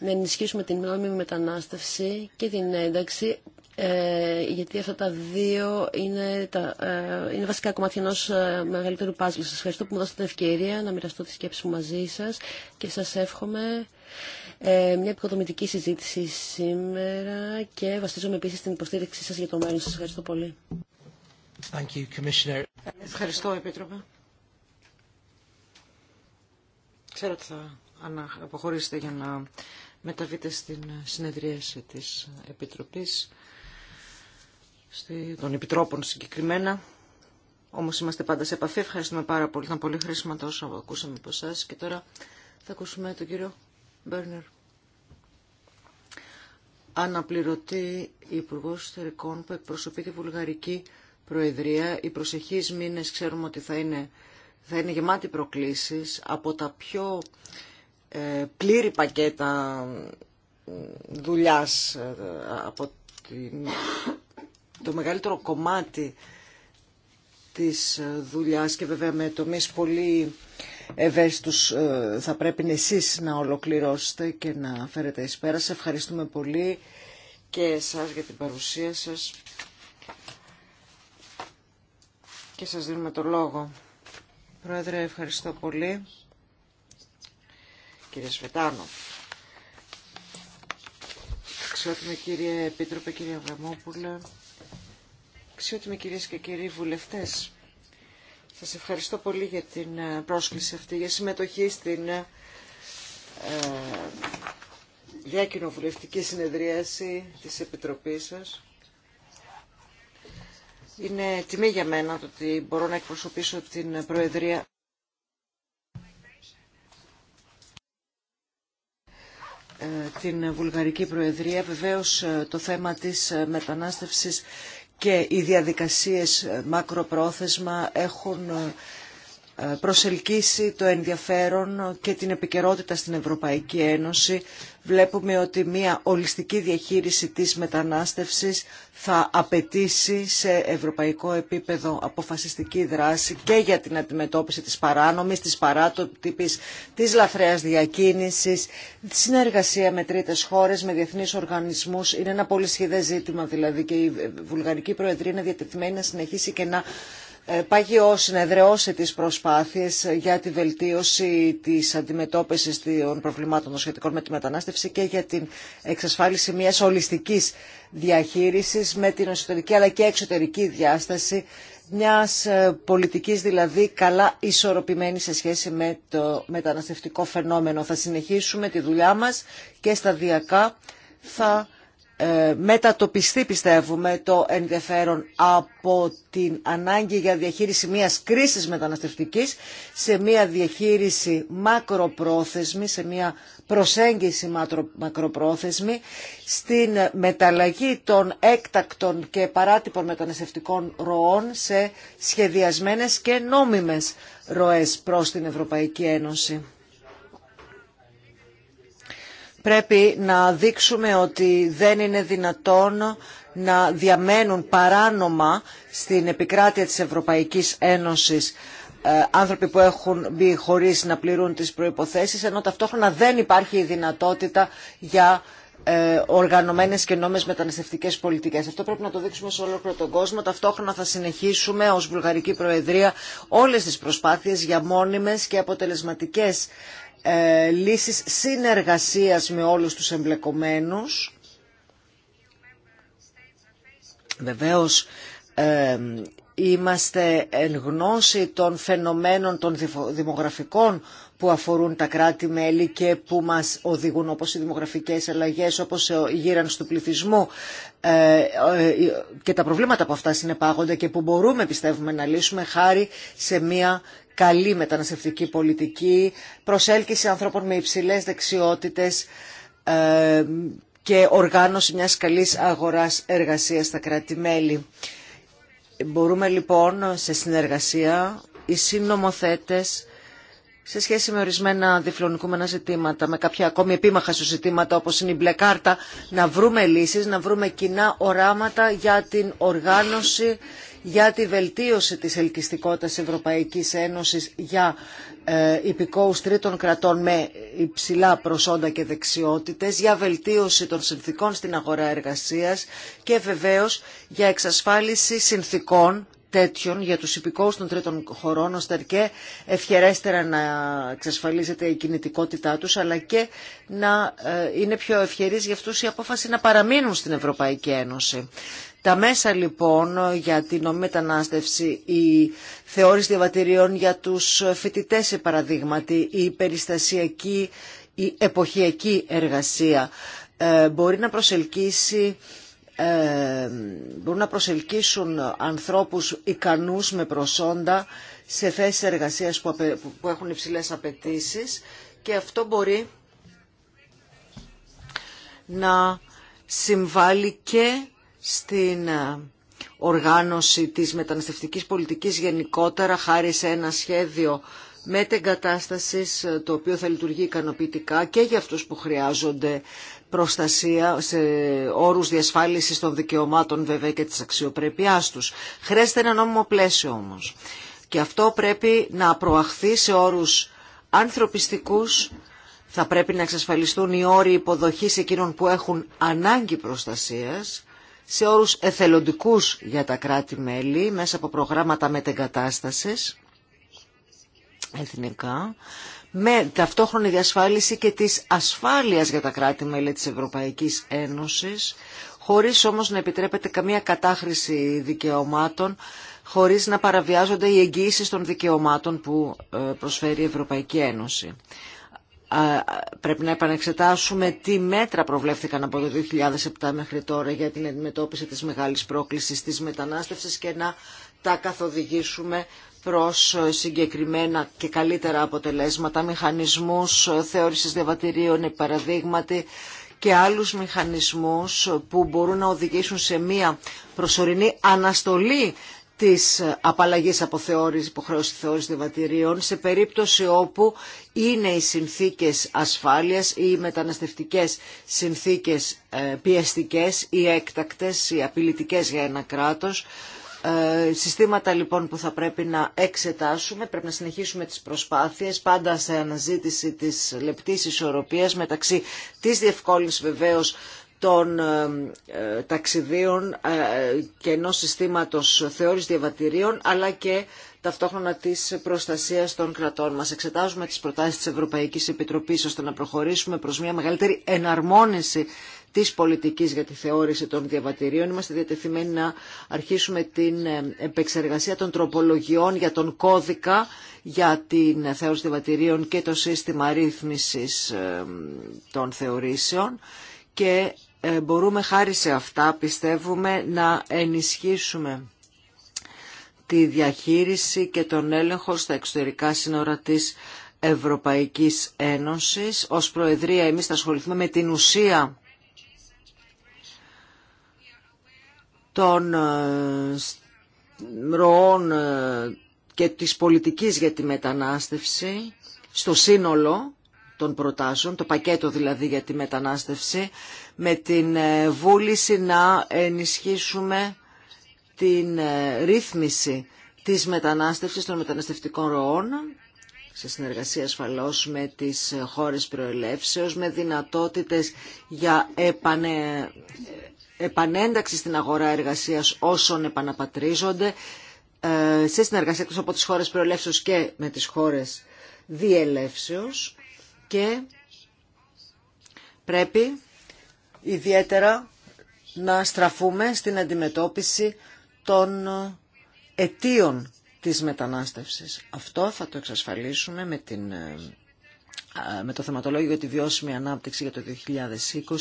να ενισχύσουμε την νόμιμη μετανάστευση και την ένταξη ε, γιατί αυτά τα δύο είναι, τα, ε, είναι βασικά κομμάτια ενό ε, μεγαλύτερου πάζλου. Σας ευχαριστώ που μου δώσατε την ευκαιρία να μοιραστώ τη σκέψη μου μαζί σα και σας εύχομαι μια επικοδομητική συζήτηση σήμερα και βασίζομαι επίση στην υποστήριξή σας για το μέλλον. Σας ευχαριστώ πολύ. Thank you, Commissioner. Ευχαριστώ, Επίτροπε. Ξέρω ότι θα αποχωρήσετε για να μεταβείτε στην συνεδρίαση της Επιτροπής, των Επιτρόπων συγκεκριμένα. Όμως είμαστε πάντα σε επαφή. Ευχαριστούμε πάρα πολύ. Ήταν πολύ χρήσιμα τα όσα ακούσαμε από εσά. Και τώρα θα ακούσουμε τον κύριο Μπέρνερ. Αναπληρωτή Υπουργό Ιστορικών που εκπροσωπεί τη Βουλγαρική Προεδρία. Οι προσεχείς μήνες ξέρουμε ότι θα είναι, θα είναι γεμάτοι προκλήσεις από τα πιο ε, πλήρη πακέτα δουλειάς ε, από το μεγαλύτερο κομμάτι της ε, δουλειάς και βέβαια με τομείς πολύ ευαίσθητους θα πρέπει εσείς να ολοκληρώσετε και να φέρετε εις πέρα. Σε ευχαριστούμε πολύ και εσάς για την παρουσία σας και σας δίνουμε το λόγο. Πρόεδρε, ευχαριστώ πολύ κύριε Σβετάνο. Αξιότιμη κύριε Επίτροπε, κύριε Αβραμόπουλε, Αξιότιμη κυρίες και κύριοι βουλευτές, σας ευχαριστώ πολύ για την ε, πρόσκληση αυτή, για συμμετοχή στην ε, διακοινοβουλευτική συνεδρίαση της Επιτροπής σας. Είναι τιμή για μένα το ότι μπορώ να εκπροσωπήσω την Προεδρία την Βουλγαρική Προεδρία. Βεβαίως ε, το θέμα της ε, μετανάστευσης και οι διαδικασίες ε, μακροπρόθεσμα έχουν ε, προσελκύσει το ενδιαφέρον και την επικαιρότητα στην Ευρωπαϊκή Ένωση. Βλέπουμε ότι μια ολιστική διαχείριση της μετανάστευσης θα απαιτήσει σε ευρωπαϊκό επίπεδο αποφασιστική δράση και για την αντιμετώπιση της παράνομης, της παράτοπης, της λαθρέας διακίνησης, τη συνεργασία με τρίτες χώρες, με διεθνείς οργανισμούς. Είναι ένα πολύ σχεδέ ζήτημα δηλαδή και η Βουλγαρική Προεδρία είναι διατεθειμένη να συνεχίσει και να ε, παγιώσει, να τις προσπάθειες για τη βελτίωση της αντιμετώπισης των προβλημάτων των σχετικών με τη μετανάστευση και για την εξασφάλιση μιας ολιστικής διαχείρισης με την εσωτερική αλλά και εξωτερική διάσταση μιας ε, πολιτικής δηλαδή καλά ισορροπημένη σε σχέση με το μεταναστευτικό φαινόμενο. Θα συνεχίσουμε τη δουλειά μας και σταδιακά θα ε, μετατοπιστεί πιστεύουμε το ενδιαφέρον από την ανάγκη για διαχείριση μιας κρίσης μεταναστευτικής σε μια διαχείριση μακροπρόθεσμη, σε μια προσέγγιση μακροπρόθεσμη στην μεταλλαγή των έκτακτων και παράτυπων μεταναστευτικών ροών σε σχεδιασμένες και νόμιμες ροές προς την Ευρωπαϊκή Ένωση πρέπει να δείξουμε ότι δεν είναι δυνατόν να διαμένουν παράνομα στην επικράτεια της Ευρωπαϊκής Ένωσης ε, άνθρωποι που έχουν μπει χωρίς να πληρούν τις προϋποθέσεις, ενώ ταυτόχρονα δεν υπάρχει η δυνατότητα για ε, οργανωμένες και νόμες μεταναστευτικές πολιτικές. Αυτό πρέπει να το δείξουμε σε όλο τον κόσμο. Ταυτόχρονα θα συνεχίσουμε ως Βουλγαρική Προεδρία όλες τις προσπάθειες για μόνιμες και αποτελεσματικές ε, λύσεις συνεργασίας με όλους τους εμπλεκομένους. Βεβαίως ε, είμαστε εν γνώση των φαινομένων των δημογραφικών που αφορούν τα κράτη-μέλη και που μας οδηγούν όπως οι δημογραφικές αλλαγές, όπως η γύρανση του πληθυσμού ε, και τα προβλήματα που αυτά συνεπάγονται και που μπορούμε πιστεύουμε να λύσουμε χάρη σε μια καλή μεταναστευτική πολιτική, προσέλκυση ανθρώπων με υψηλές δεξιότητες ε, και οργάνωση μιας καλής αγοράς εργασίας στα κράτη-μέλη. Μπορούμε λοιπόν σε συνεργασία οι συνομοθέτες σε σχέση με ορισμένα διφλονικούμενα ζητήματα, με κάποια ακόμη επίμαχα σου ζητήματα όπως είναι η μπλε κάρτα, να βρούμε λύσεις, να βρούμε κοινά οράματα για την οργάνωση για τη βελτίωση της ελκυστικότητας Ευρωπαϊκής Ένωσης για ε, υπηκόους τρίτων κρατών με υψηλά προσόντα και δεξιότητες, για βελτίωση των συνθήκων στην αγορά εργασίας και βεβαίως για εξασφάλιση συνθήκων τέτοιων για τους υπηκόους των τρίτων χωρών, ώστε και ευχερέστερα να εξασφαλίζεται η κινητικότητά τους, αλλά και να ε, είναι πιο ευχερής για αυτούς η απόφαση να παραμείνουν στην Ευρωπαϊκή Ένωση. Τα μέσα λοιπόν για την μετανάστευση, η θεώρηση διαβατηρίων για τους φοιτητές παραδείγματι, η περιστασιακή, η εποχιακή εργασία ε, μπορεί να προσελκύσει ε, μπορούν να προσελκύσουν ανθρώπους ικανούς με προσόντα σε θέσεις εργασίας που έχουν υψηλές απαιτήσει και αυτό μπορεί να συμβάλλει και στην ε, οργάνωση της μεταναστευτικής πολιτικής γενικότερα χάρη σε ένα σχέδιο μετεγκατάστασης ε, το οποίο θα λειτουργεί ικανοποιητικά και για αυτούς που χρειάζονται προστασία σε όρους διασφάλισης των δικαιωμάτων βέβαια και της αξιοπρέπειάς τους. Χρειάζεται ένα νόμιμο πλαίσιο όμως. Και αυτό πρέπει να προαχθεί σε όρους ανθρωπιστικούς, θα πρέπει να εξασφαλιστούν οι όροι υποδοχής εκείνων που έχουν ανάγκη προστασίας σε όρους εθελοντικούς για τα κράτη-μέλη μέσα από προγράμματα μετεγκατάστασης εθνικά με ταυτόχρονη διασφάλιση και της ασφάλειας για τα κράτη-μέλη της Ευρωπαϊκής Ένωσης χωρίς όμως να επιτρέπεται καμία κατάχρηση δικαιωμάτων χωρίς να παραβιάζονται οι εγγύησεις των δικαιωμάτων που ε, προσφέρει η Ευρωπαϊκή Ένωση πρέπει να επανεξετάσουμε τι μέτρα προβλέφθηκαν από το 2007 μέχρι τώρα για την αντιμετώπιση της μεγάλης πρόκλησης της μετανάστευσης και να τα καθοδηγήσουμε προς συγκεκριμένα και καλύτερα αποτελέσματα, μηχανισμούς θεώρησης διαβατηρίων, παραδείγματι, και άλλους μηχανισμούς που μπορούν να οδηγήσουν σε μία προσωρινή αναστολή της απαλλαγής από θεώρηση, υποχρέωση θεώρηση διαβατηρίων σε περίπτωση όπου είναι οι συνθήκες ασφάλειας ή οι μεταναστευτικές συνθήκες ε, πιεστικές ή έκτακτες ή απειλητικές για ένα κράτος. Ε, συστήματα λοιπόν που θα πρέπει να εξετάσουμε, πρέπει να συνεχίσουμε τις προσπάθειες πάντα σε αναζήτηση της λεπτής ισορροπίας μεταξύ της διευκόλυνσης βεβαίως των ε, ε ταξιδίων ε, και ενός συστήματος θεώρησης διαβατηρίων αλλά και ταυτόχρονα της προστασίας των κρατών μας. Εξετάζουμε τις προτάσεις της Ευρωπαϊκής Επιτροπής ώστε να προχωρήσουμε προς μια μεγαλύτερη εναρμόνιση της πολιτικής για τη θεώρηση των διαβατηρίων. Είμαστε διατεθειμένοι να αρχίσουμε την ε, επεξεργασία των τροπολογιών για τον κώδικα για την θεώρηση διαβατηρίων και το σύστημα ρύθμισης των θεωρήσεων και ε, μπορούμε χάρη σε αυτά πιστεύουμε να ενισχύσουμε τη διαχείριση και τον έλεγχο στα εξωτερικά σύνορα της Ευρωπαϊκής Ένωσης. Ως Προεδρία εμείς θα ασχοληθούμε με την ουσία των ε, ροών ε, και της πολιτικής για τη μετανάστευση στο σύνολο των προτάσεων, το πακέτο δηλαδή για τη μετανάστευση με την ε, βούληση να ενισχύσουμε την ε, ρύθμιση της μετανάστευσης των μεταναστευτικών ροών σε συνεργασία ασφαλώς με τις χώρες προελεύσεως, με δυνατότητες για ε, επανένταξη στην αγορά εργασίας όσων επαναπατρίζονται, σε συνεργασία τους από τις χώρες προελεύσεως και με τις χώρες διελεύσεως και πρέπει ιδιαίτερα να στραφούμε στην αντιμετώπιση των αιτίων της μετανάστευσης. Αυτό θα το εξασφαλίσουμε με, την, ε, με το θεματολόγιο για τη βιώσιμη ανάπτυξη για το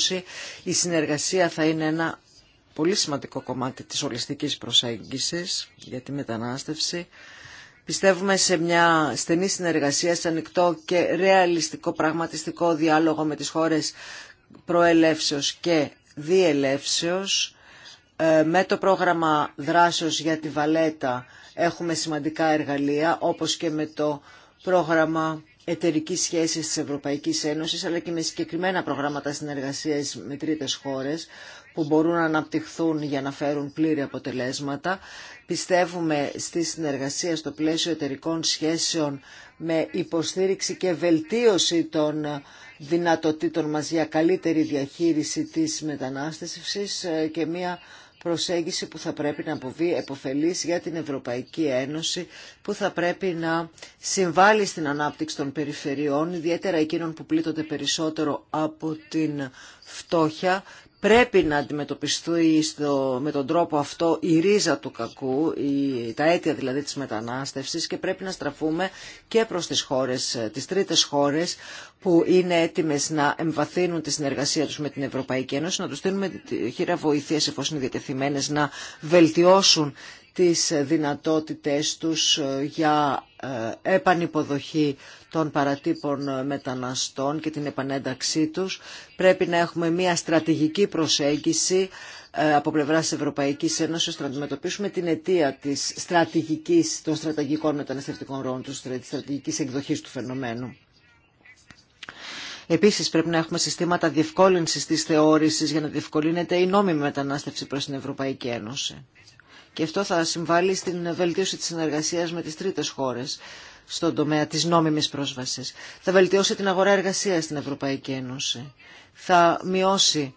2020. Η συνεργασία θα είναι ένα πολύ σημαντικό κομμάτι της ολιστικής προσέγγισης για τη μετανάστευση. Πιστεύουμε σε μια στενή συνεργασία, σε ανοιχτό και ρεαλιστικό πραγματιστικό διάλογο με τις χώρες προελεύσεως και διελεύσεως. Ε, με το πρόγραμμα δράσεως για τη Βαλέτα έχουμε σημαντικά εργαλεία, όπως και με το πρόγραμμα εταιρική σχέση της Ευρωπαϊκής Ένωσης, αλλά και με συγκεκριμένα προγράμματα συνεργασίας με τρίτες χώρες, που μπορούν να αναπτυχθούν για να φέρουν πλήρη αποτελέσματα. Πιστεύουμε στη συνεργασία στο πλαίσιο εταιρικών σχέσεων με υποστήριξη και βελτίωση των δυνατοτήτων μας για καλύτερη διαχείριση της μετανάστευσης ε, και μια προσέγγιση που θα πρέπει να αποβεί εποφελής για την Ευρωπαϊκή Ένωση που θα πρέπει να συμβάλλει στην ανάπτυξη των περιφερειών, ιδιαίτερα εκείνων που πλήττονται περισσότερο από την φτώχεια, πρέπει να αντιμετωπιστεί στο, με τον τρόπο αυτό η ρίζα του κακού, η, τα αίτια δηλαδή της μετανάστευσης και πρέπει να στραφούμε και προς τις χώρες, ε, τις τρίτες χώρες που είναι έτοιμες να εμβαθύνουν τη συνεργασία τους με την Ευρωπαϊκή Ένωση, να τους δίνουμε χείρα εφόσον είναι διατεθειμένες να βελτιώσουν τις δυνατότητες τους για ε, επανυποδοχή των παρατύπων μεταναστών και την επανένταξή τους. Πρέπει να έχουμε μια στρατηγική προσέγγιση ε, από πλευρά Ευρωπαϊκή Ευρωπαϊκής Ένωσης να αντιμετωπίσουμε την αιτία της στρατηγικής, των στρατηγικών μεταναστευτικών ρόλων, της στρατηγικής εκδοχής του φαινομένου. Επίσης πρέπει να έχουμε συστήματα διευκόλυνσης της θεώρησης για να διευκολύνεται η νόμιμη μετανάστευση προς την Ευρωπαϊκή Ένωση και αυτό θα συμβάλλει στην βελτίωση της συνεργασίας με τις τρίτες χώρες στον τομέα της νόμιμης πρόσβασης. Θα βελτιώσει την αγορά εργασίας στην Ευρωπαϊκή Ένωση. Θα μειώσει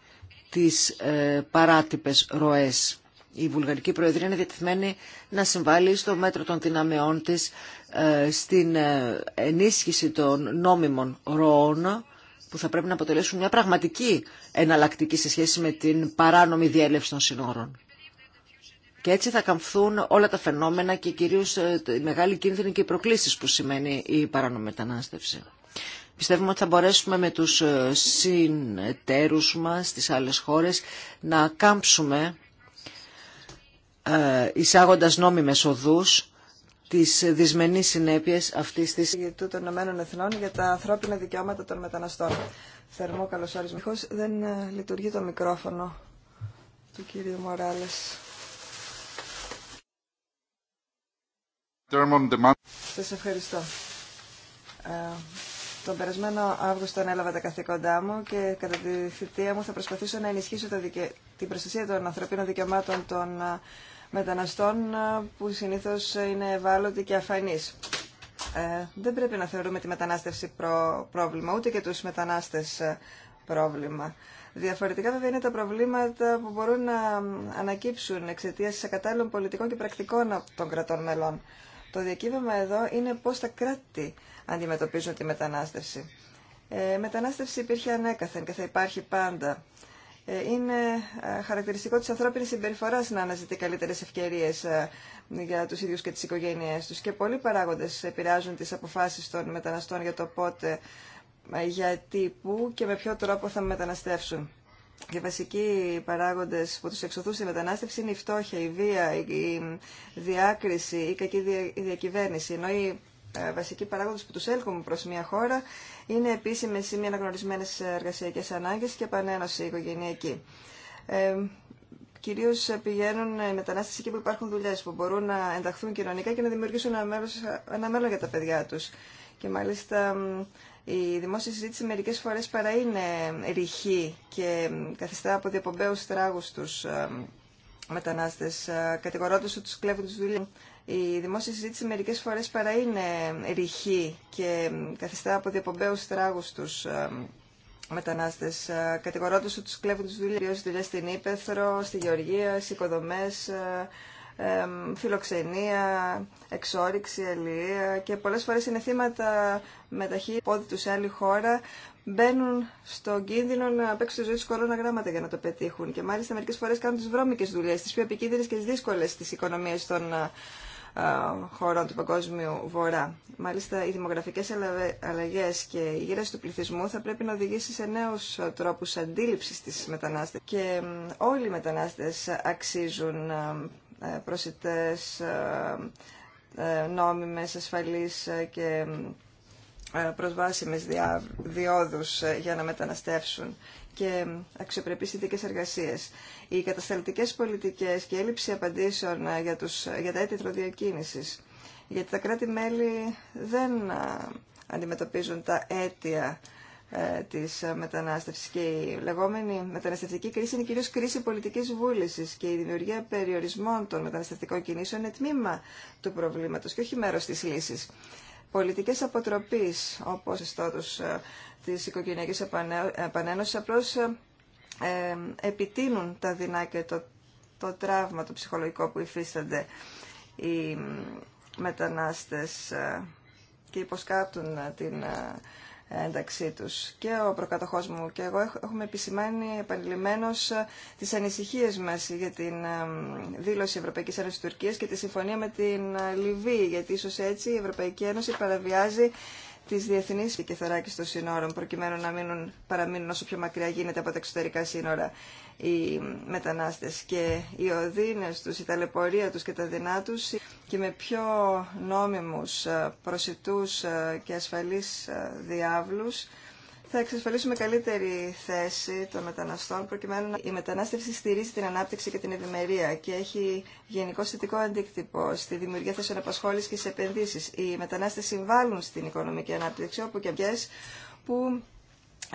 τις ε, παράτυπες ροές. Η Βουλγαρική Προεδρία είναι διατεθειμένη να συμβάλλει στο μέτρο των δυναμεών της ε, στην ε, ενίσχυση των νόμιμων ροών που θα πρέπει να αποτελέσουν μια πραγματική εναλλακτική σε σχέση με την παράνομη διέλευση των συνόρων. Και έτσι θα καμφθούν όλα τα φαινόμενα και κυρίως ε, οι μεγάλη κίνδυνοι και οι προκλήσεις που σημαίνει η παρανομετανάστευση. μετανάστευση. Πιστεύουμε ότι θα μπορέσουμε με τους ε, συντέρους μας στις άλλες χώρες να κάμψουμε ε, εισάγοντας νόμιμες οδούς τις δυσμενείς συνέπειες αυτής της του των Ηνωμένων Εθνών για τα ανθρώπινα δικαιώματα των μεταναστών. Θερμό καλωσόρισμα. δεν λειτουργεί το μικρόφωνο του κύριου Μοράλες. Σας ευχαριστώ. Ε, τον περασμένο Αύγουστο ανέλαβα τα καθήκοντά μου και κατά τη θητεία μου θα προσπαθήσω να ενισχύσω τα δικαι... την προστασία των ανθρωπίνων δικαιωμάτων των ε, μεταναστών ε, που συνήθως είναι ευάλωτοι και αφανείς. Ε, δεν πρέπει να θεωρούμε τη μετανάστευση πρόβλημα, ούτε και τους μετανάστες πρόβλημα. Διαφορετικά βέβαια είναι τα προβλήματα που μπορούν να ανακύψουν εξαιτία ακατάλληλων πολιτικών και πρακτικών των κρατών μελών. Το διακύβευμα εδώ είναι πώς τα κράτη αντιμετωπίζουν τη μετανάστευση. Ε, μετανάστευση υπήρχε ανέκαθεν και θα υπάρχει πάντα. Ε, είναι ε, χαρακτηριστικό της ανθρώπινης συμπεριφοράς να αναζητεί καλύτερες ευκαιρίες ε, για τους ίδιους και τις οικογένειές τους. Και πολλοί παράγοντες επηρεάζουν τις αποφάσεις των μεταναστών για το πότε, γιατί, πού και με ποιο τρόπο θα μεταναστεύσουν. Και βασικοί παράγοντε που του εξωθούν στη μετανάστευση είναι η φτώχεια, η βία, η διάκριση, η κακή διακυβέρνηση. Ενώ οι ε, βασικοί παράγοντε που του έλκουν προ μια χώρα είναι επίσημε ή μη αναγνωρισμένε εργασιακέ ανάγκε και επανένωση οικογενειακή. Ε, Κυρίω πηγαίνουν οι μετανάστε εκεί που υπάρχουν δουλειέ, που μπορούν να ενταχθούν κοινωνικά και να δημιουργήσουν ένα μέλλον για τα παιδιά του. Και μάλιστα η δημόσια συζήτηση μερικές φορές παρά είναι ρηχή και καθιστά από διαπομπέους τράγους τους ε, μετανάστες. Ε, κατηγορώντας ότι τους κλέβουν τους δουλειά. Η δημόσια συζήτηση μερικές φορές παρά είναι ρηχή και καθιστά από διαπομπέους τράγους τους ε, μετανάστες. κατηγορώντα ότι του κλέβουν τους δουλειά. Κυρίως δουλειά στην Ήπεθρο, στη Γεωργία, στι οικοδομέ φιλοξενία, εξόριξη, αλληλεία και πολλές φορές είναι θύματα ταχύ πόδι του σε άλλη χώρα μπαίνουν στον κίνδυνο να παίξουν τη ζωή του κορώνα γράμματα για να το πετύχουν. Και μάλιστα μερικέ φορέ κάνουν τι βρώμικε δουλειέ, τι πιο επικίνδυνε και τι δύσκολε τη οικονομία των ε, χωρών του Παγκόσμιου Βορρά. Μάλιστα, οι δημογραφικέ αλλαγέ και η γύρωση του πληθυσμού θα πρέπει να οδηγήσει σε νέου τρόπου αντίληψη τη μετανάστευση. Και όλοι οι μετανάστε αξίζουν ε, προσιτές, ε, ε, νόμιμες, ασφαλείς και προσβάσιμες διόδους για να μεταναστεύσουν και αξιοπρεπείς συνθήκες εργασίες. Οι κατασταλτικές πολιτικές και έλλειψη απαντήσεων για, τους, για τα αίτητρο διακίνησης. Γιατί τα κράτη-μέλη δεν αντιμετωπίζουν τα αίτια ε, της μετανάστευση και η λεγόμενη μεταναστευτική κρίση είναι κυρίω κρίση πολιτικής βούληση και η δημιουργία περιορισμών των μεταναστευτικών κινήσεων είναι τμήμα του προβλήματο και όχι μέρος της λύσης. Πολιτικές αποτροπής όπως ιστότους ε, της οικογενειακής επανένωσης απλώς ε, επιτείνουν τα δεινά και το, το τραύμα, το ψυχολογικό που υφίστανται οι μετανάστες και υποσκάπτουν την ένταξή τους. Και ο προκατοχός μου και εγώ έχουμε επισημάνει επανειλημμένως ε, τις ανησυχίες μας για την ε, δήλωση Ευρωπαϊκής Ένωσης Τουρκίας και τη συμφωνία με την ε, Λιβύη, γιατί ίσως έτσι η Ευρωπαϊκή Ένωση παραβιάζει τι διεθνεί και των σύνορων, προκειμένου να μείνουν, παραμείνουν όσο πιο μακριά γίνεται από τα εξωτερικά σύνορα οι μετανάστες και οι οδύνες τους, η ταλαιπωρία τους και τα δεινά τους και με πιο νόμιμους, ε, προσιτούς ε, και ασφαλείς ε, διάβλους θα εξασφαλίσουμε καλύτερη θέση των μεταναστών προκειμένου να... η μετανάστευση στηρίζει την ανάπτυξη και την ευημερία και έχει γενικό θετικό αντίκτυπο στη δημιουργία θέσεων απασχόληση και σε επενδύσει. Οι μετανάστε συμβάλλουν στην οικονομική ανάπτυξη όπου και ποιε που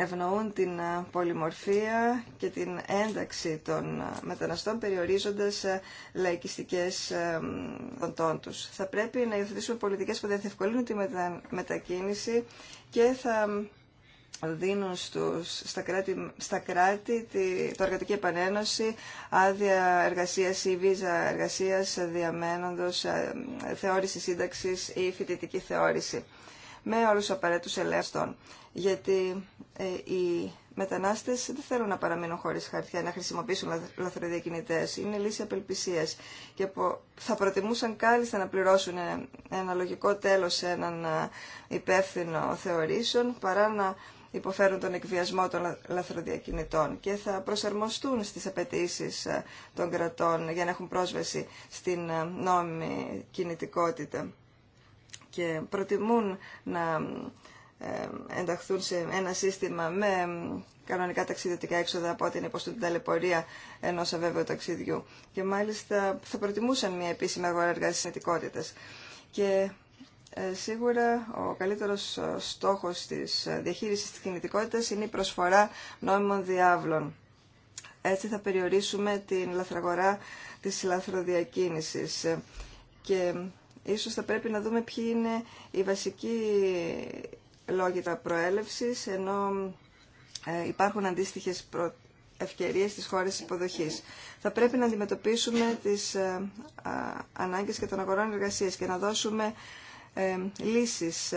ευνοούν την ε, πολυμορφία και την ένταξη των ε, μεταναστών περιορίζοντας ε, λαϊκιστικές δοντών τους. Θα πρέπει να υιοθετήσουμε πολιτικές που δεν θα ευκολύνουν τη μετακίνηση και θα δίνουν στους, στα κράτη, στα κράτη τη, το εργατική επανένωση άδεια εργασίας ή βίζα εργασίας διαμένοντος θεώρηση σύνταξης ή φοιτητική θεώρηση με όλους τους απαραίτητους Γιατί ε, οι μετανάστες δεν θέλουν να παραμείνουν χωρίς χαρτιά, να χρησιμοποιήσουν λαθροδιακινητές. Είναι λύση απελπισίας και θα προτιμούσαν κάλλιστα να πληρώσουν ε, ένα λογικό τέλος σε έναν ε, υπεύθυνο θεωρήσεων παρά να υποφέρουν τον εκβιασμό των λαθροδιακινητών και θα προσαρμοστούν στις απαιτήσει των κρατών για να έχουν πρόσβαση στην νόμιμη κινητικότητα και προτιμούν να ε, ενταχθούν σε ένα σύστημα με κανονικά ταξιδιωτικά έξοδα από την υποστούν την ταλαιπωρία ενό αβέβαιου ταξιδιού. Και μάλιστα θα προτιμούσαν μια επίσημη αγορά εργασία Και ε, σίγουρα ο καλύτερος ε, στόχος της διαχείρισης της κινητικότητας είναι η προσφορά νόμιμων διάβλων. Έτσι θα περιορίσουμε την λαθραγορά της λαθροδιακίνησης και Ίσως θα πρέπει να δούμε ποιοι είναι οι βασικοί λόγοι τα προέλευσης, ενώ ε, υπάρχουν αντίστοιχες προ... ευκαιρίες στις χώρες υποδοχής. Θα πρέπει να αντιμετωπίσουμε τις ε, ανάγκες και των αγορών εργασίας και να δώσουμε ε, λύσεις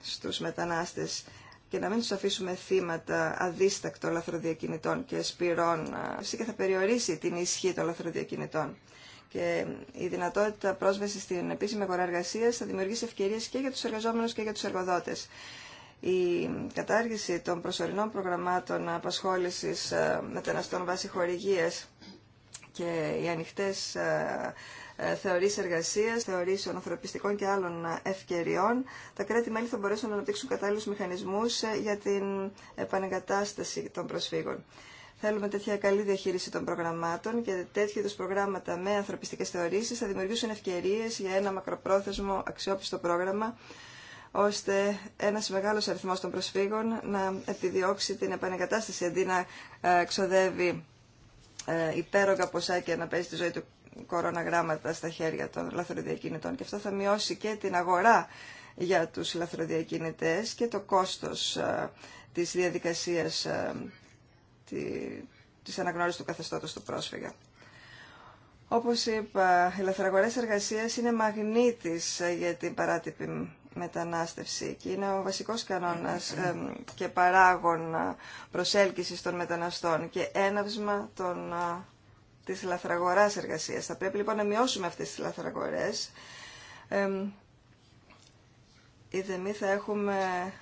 στους μετανάστες και να μην τους αφήσουμε θύματα αδίστακτων λαθροδιακινητών και σπυρών. Φυσικά θα περιορίσει την ισχύ των λαθροδιακινητών και η δυνατότητα πρόσβαση στην επίσημη αγορά εργασία θα δημιουργήσει ευκαιρίε και για του εργαζόμενου και για του εργοδότε. Η κατάργηση των προσωρινών προγραμμάτων απασχόληση ε, μεταναστών βάσει χορηγίε και οι ανοιχτέ ε, ε, θεωρήσει εργασία, θεωρήσεων ανθρωπιστικών και άλλων ευκαιριών, τα κράτη-μέλη θα μπορέσουν να αναπτύξουν κατάλληλου μηχανισμού για την επανεγκατάσταση των προσφύγων. Θέλουμε τέτοια καλή διαχείριση των προγραμμάτων και τέτοιου είδου προγράμματα με ανθρωπιστικέ θεωρήσει θα δημιουργήσουν ευκαιρίε για ένα μακροπρόθεσμο αξιόπιστο πρόγραμμα ώστε ένα μεγάλο αριθμό των προσφύγων να επιδιώξει την επανεγκατάσταση αντί να ε, ξοδεύει ε, υπέρογκα ποσά και να παίζει τη ζωή του κοροναγράμματα στα χέρια των λαθροδιακίνητων. Και αυτό θα μειώσει και την αγορά για τους λαθροδιακίνητες και το κόστος ε, της διαδικασίας της αναγνώρισης του καθεστώτος του πρόσφυγα. Όπως είπα, οι λαθραγορές εργασίας είναι μαγνήτης ε, για την παράτυπη μετανάστευση και είναι ο βασικός κανόνας ε, και παράγων ε, προσέλκυσης των μεταναστών και έναυσμα των, της λαθραγοράς εργασίας. Θα πρέπει λοιπόν να μειώσουμε αυτές τις λαθραγορές ή μη θα έχουμε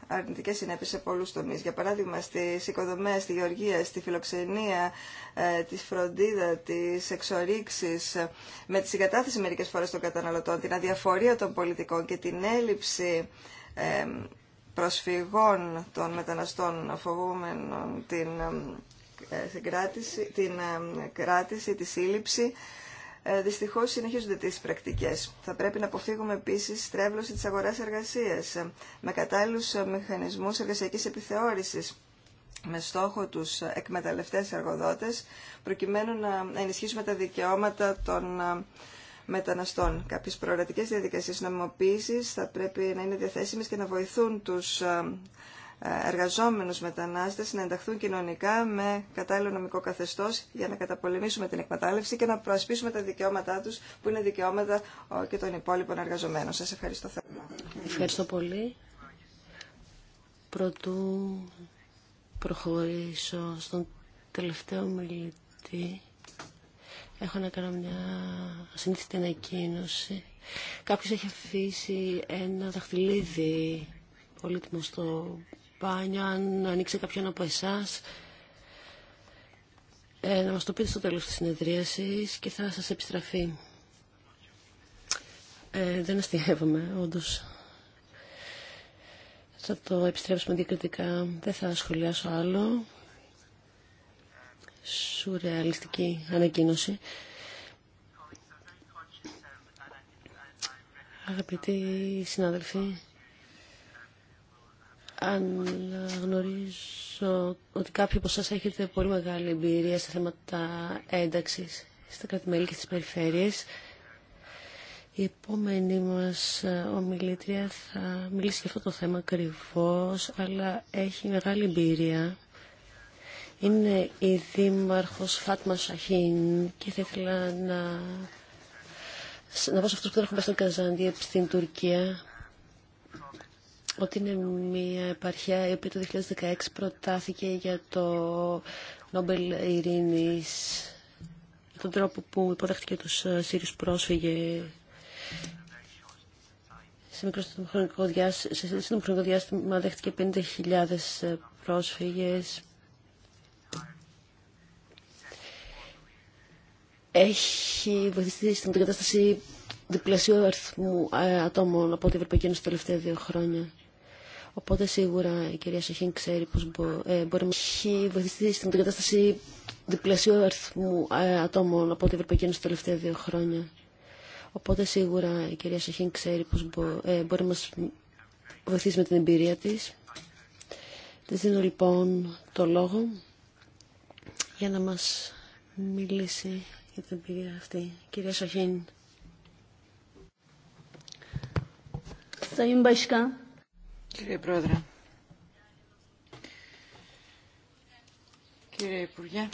αρνητικές συνέπειες σε πολλούς τομείς. Για παράδειγμα, στις οικοδομές, στη γεωργία, στη φιλοξενία, ε, τη φροντίδα, τις εξορίξεις, ε, με τη συγκατάθεση μερικές φορές των καταναλωτών, την αδιαφορία των πολιτικών και την έλλειψη ε, προσφυγών των μεταναστών φοβούμενων την, ε, την κράτηση, την κράτηση, τη σύλληψη, ε, δυστυχώς συνεχίζονται τι πρακτικές. Θα πρέπει να αποφύγουμε επίση στρέβλωση της αγοράς εργασίας ε, με κατάλληλου ε, μηχανισμού εργασιακή επιθεώρησης με στόχο τους εκμεταλλευτές εργοδότε, προκειμένου να ενισχύσουμε τα δικαιώματα των μεταναστών. Κάποιε προορατικέ διαδικασίε νομιμοποίηση θα πρέπει να είναι διαθέσιμε και να βοηθούν του εργαζόμενους μετανάστες να ενταχθούν κοινωνικά με κατάλληλο νομικό καθεστώς για να καταπολεμήσουμε την εκμετάλλευση και να προασπίσουμε τα δικαιώματά τους που είναι δικαιώματα και των υπόλοιπων εργαζομένων. Σας ευχαριστώ θερμά. Ευχαριστώ πολύ. Πρωτού προχωρήσω στον τελευταίο μιλητή. Έχω να κάνω μια συνήθιτη ανακοίνωση. Κάποιος έχει αφήσει ένα δαχτυλίδι πολύτιμο στο αν ανοίξει κάποιον από εσά. Ε, να μας το πείτε στο τέλος της συνεδρίασης και θα σας επιστραφεί. Ε, δεν αστιεύομαι, όντως. Θα το επιστρέψουμε διακριτικά. Δεν θα σχολιάσω άλλο. Σουρεαλιστική ανακοίνωση. Αγαπητοί συνάδελφοι, αν γνωρίζω ότι κάποιοι από εσά έχετε πολύ μεγάλη εμπειρία σε θέματα ένταξης στα κρατημέλη και στις περιφέρειες. Η επόμενη μας ομιλήτρια θα μιλήσει για αυτό το θέμα ακριβώ, αλλά έχει μεγάλη εμπειρία. Είναι η Δήμαρχος Φάτμα Σαχίν και θα ήθελα να, να πω σε αυτούς που δεν έχουν πάει στην Καζάντιεπ στην Τουρκία ότι είναι μια επαρχία η οποία το 2016 προτάθηκε για το Νόμπελ Ειρήνης για τον τρόπο που υποδέχτηκε τους ε, Σύριους πρόσφυγε σε μικρό χρονικό διάστημα, σε σύντομο χρονικό διάστημα δέχτηκε 50.000 ε, πρόσφυγες έχει βοηθήσει στην κατάσταση διπλασίου αριθμού ε, ατόμων από την Ευρωπαϊκή Ένωση τα τελευταία δύο χρόνια. Οπότε σίγουρα η κυρία Σαχίν ξέρει πώς μπο, ε, μπορεί να έχει βοηθήσει στην κατάσταση διπλασίου αριθμού ε, ατόμων από την Ευρωπαϊκή Ένωση τα τελευταία δύο χρόνια. Οπότε σίγουρα η κυρία Σαχίν ξέρει πώς μπο, ε, μπορεί να μας βοηθήσει με την εμπειρία της. Της δίνω λοιπόν το λόγο για να μας μιλήσει για την εμπειρία αυτή. Κυρία Σαχίν. Sayın Başkan, Κύριε Πρόεδρε, κύριε Υπουργέ,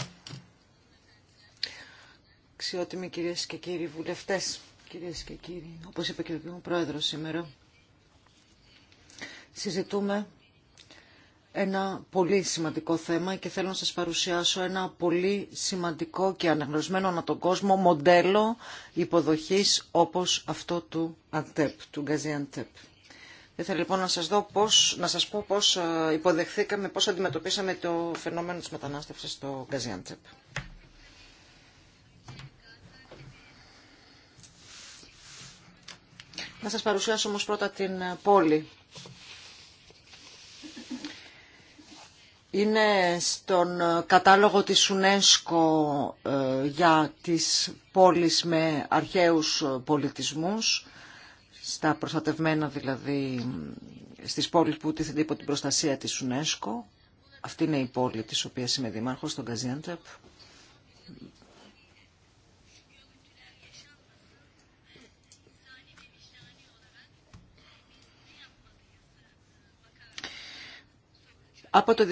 αξιότιμοι κυρίες και κύριοι βουλευτές, κυρίες και κύριοι, όπως είπε και ο κύριο Πρόεδρος σήμερα, συζητούμε ένα πολύ σημαντικό θέμα και θέλω να σας παρουσιάσω ένα πολύ σημαντικό και αναγνωρισμένο ανά τον κόσμο μοντέλο υποδοχής όπως αυτό του ΑΝΤΕΠ, του Γκαζιαντέπ. Ήθελα λοιπόν να σας, δω πώς, να σας πω πώς ε, υποδεχθήκαμε, πώς αντιμετωπίσαμε το φαινόμενο της μετανάστευσης στο Γκαζιάντσεπ. Να σας παρουσιάσω όμως πρώτα την ε, πόλη. Είναι στον ε, κατάλογο της UNESCO για τις πόλεις με αρχαίους πολιτισμούς στα προστατευμένα δηλαδή, στις πόλεις που τίθενται υπό την προστασία της UNESCO. Αυτή είναι η πόλη της οποίας είμαι δήμαρχος, στον Καζιάντεπ. Από το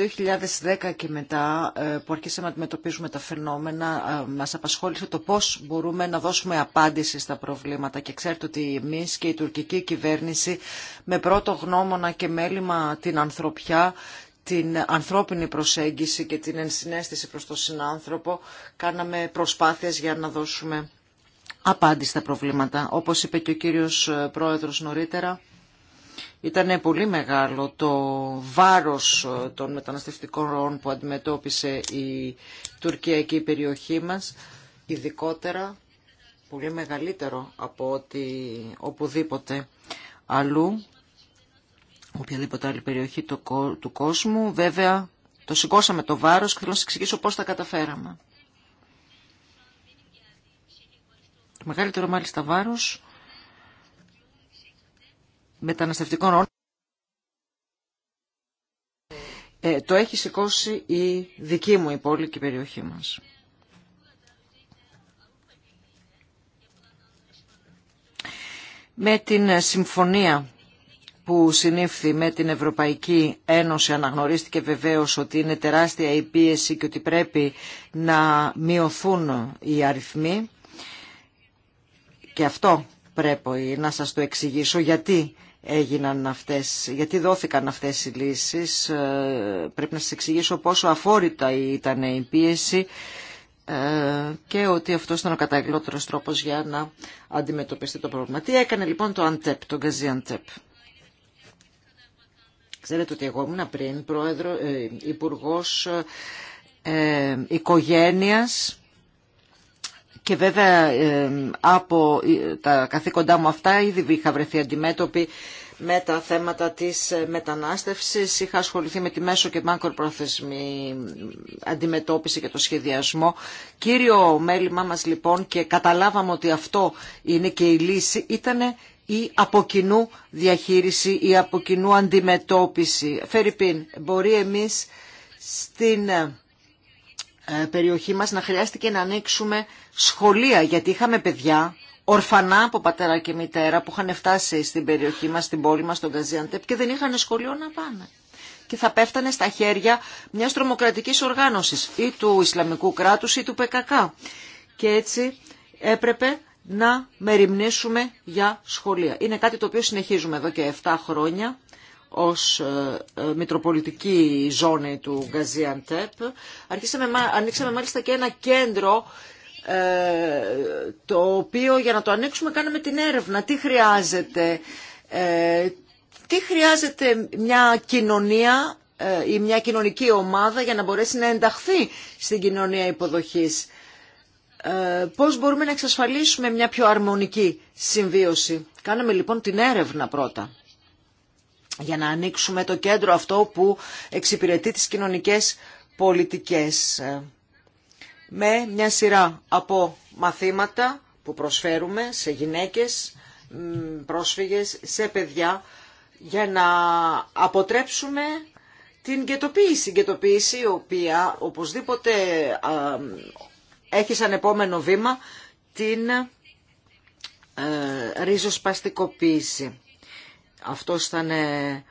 2010 και μετά ε, που αρχίσαμε να αντιμετωπίζουμε τα φαινόμενα ε, μας απασχόλησε το πώς μπορούμε να δώσουμε απάντηση στα προβλήματα και ξέρετε ότι εμείς και η τουρκική κυβέρνηση με πρώτο γνώμονα και μέλημα την ανθρωπιά την ανθρώπινη προσέγγιση και την ενσυναίσθηση προς τον συνάνθρωπο κάναμε προσπάθειες για να δώσουμε απάντηση στα προβλήματα. Όπως είπε και ο κύριος ε, Πρόεδρος νωρίτερα, ήταν πολύ μεγάλο το βάρος ε, των μεταναστευτικών ροών που αντιμετώπισε η Τουρκία και περιοχή μας, ειδικότερα πολύ μεγαλύτερο από ότι οπουδήποτε αλλού, οποιαδήποτε άλλη περιοχή του κόσμου. Βέβαια, το σηκώσαμε το βάρος και θέλω να σας εξηγήσω πώς τα καταφέραμε. Το μεγαλύτερο μάλιστα βάρος μεταναστευτικών όρων ε, το έχει σηκώσει η δική μου υπόλοιπη περιοχή μας. Με την συμφωνία που συνήφθη με την Ευρωπαϊκή Ένωση αναγνωρίστηκε βεβαίως ότι είναι τεράστια η πίεση και ότι πρέπει να μειωθούν οι αριθμοί. Και αυτό πρέπει να σας το εξηγήσω γιατί έγιναν αυτές, γιατί δόθηκαν αυτές οι λύσεις. Ε, πρέπει να σας εξηγήσω πόσο αφόρητα ήταν η πίεση ε, και ότι αυτό ήταν ο καταγγελότερος τρόπος για να αντιμετωπιστεί το πρόβλημα. Τι έκανε λοιπόν το Αντέπ, το Γκαζί Αντέπ. Ξέρετε ότι εγώ ήμουν πριν πρόεδρο, ε, υπουργός ε, οικογένειας και βέβαια από ε, τα καθήκοντά μου αυτά ήδη είχα βρεθεί αντιμέτωπη με τα θέματα της ε, μετανάστευσης. Είχα ασχοληθεί με τη μέσο και μακροπρόθεσμη αντιμετώπιση και το σχεδιασμό. Κύριο μέλημά μας λοιπόν και καταλάβαμε ότι αυτό είναι και η λύση ήταν η από κοινού διαχείριση, η από κοινού αντιμετώπιση. Φερρυπίν, μπορεί εμείς στην ε, ε, περιοχή μας να χρειάστηκε να ανοίξουμε σχολεία γιατί είχαμε παιδιά ορφανά από πατέρα και μητέρα που είχαν φτάσει στην περιοχή μας, στην πόλη μας, στον Καζιαντέπ και δεν είχαν σχολείο να πάνε και θα πέφτανε στα χέρια μιας τρομοκρατικής οργάνωσης ή του Ισλαμικού κράτους ή του ΠΚΚ. Και έτσι έπρεπε να μεριμνήσουμε για σχολεία. Είναι κάτι το οποίο συνεχίζουμε εδώ και 7 χρόνια ως ε, ε, μητροπολιτική ζώνη του Γκαζιαντέπ. Ανοίξαμε μάλιστα και ένα κέντρο ε, το οποίο για να το ανοίξουμε κάναμε την έρευνα. Τι χρειάζεται, τι χρειάζεται μια κοινωνία ή μια κοινωνική ομάδα για να μπορέσει να ενταχθεί στην κοινωνία υποδοχής. Πώς μπορούμε να εξασφαλίσουμε μια πιο αρμονική συμβίωση. Κάναμε λοιπόν την έρευνα πρώτα για να ανοίξουμε το κέντρο αυτό που εξυπηρετεί τις κοινωνικές πολιτικές. Με μια σειρά από μαθήματα που προσφέρουμε σε γυναίκες, πρόσφυγες, σε παιδιά, για να αποτρέψουμε την γετοποίηση. Γετοποίηση η οποία οπωσδήποτε έχει σαν επόμενο βήμα την ε, ρίζοσπαστικοποίηση. Αυτός ήταν ε,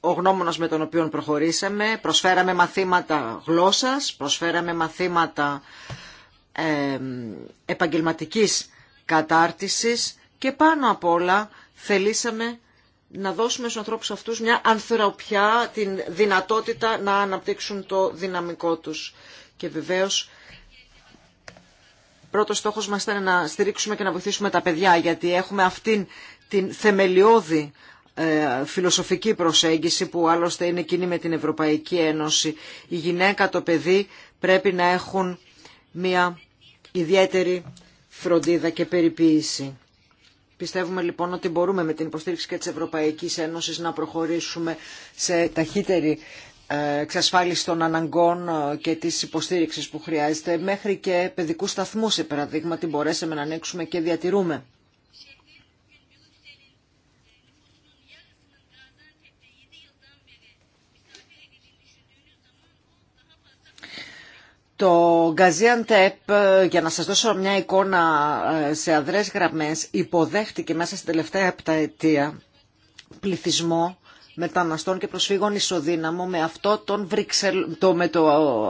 ο γνώμονας με τον οποίο προχωρήσαμε. Προσφέραμε μαθήματα γλώσσας, προσφέραμε μαθήματα ε, επαγγελματικής κατάρτισης και πάνω απ' όλα θελήσαμε να δώσουμε στους ανθρώπους αυτούς μια ανθρωπιά, την δυνατότητα να αναπτύξουν το δυναμικό τους. Και βεβαίως Πρώτος στόχος μας ήταν να στηρίξουμε και να βοηθήσουμε τα παιδιά, γιατί έχουμε αυτήν την θεμελιώδη ε, φιλοσοφική προσέγγιση που άλλωστε είναι κοινή με την Ευρωπαϊκή Ένωση. Η γυναίκα, το παιδί πρέπει να έχουν μια ιδιαίτερη φροντίδα και περιποίηση. Πιστεύουμε λοιπόν ότι μπορούμε με την υποστήριξη και της Ευρωπαϊκής Ένωσης να προχωρήσουμε σε ταχύτερη ε, εξασφάλιση των αναγκών ε, και της υποστήριξης που χρειάζεται, μέχρι και παιδικούς σταθμούς, σε παραδείγμα την μπορέσαμε να ανοίξουμε και διατηρούμε. Το Gaziantep, ε, για να σας δώσω μια εικόνα σε αδρές γραμμές, υποδέχτηκε μέσα στην τελευταία επταετία πληθυσμό μεταναστών και προσφύγων ισοδύναμο με αυτό, τον Βρυξελ, το, με το,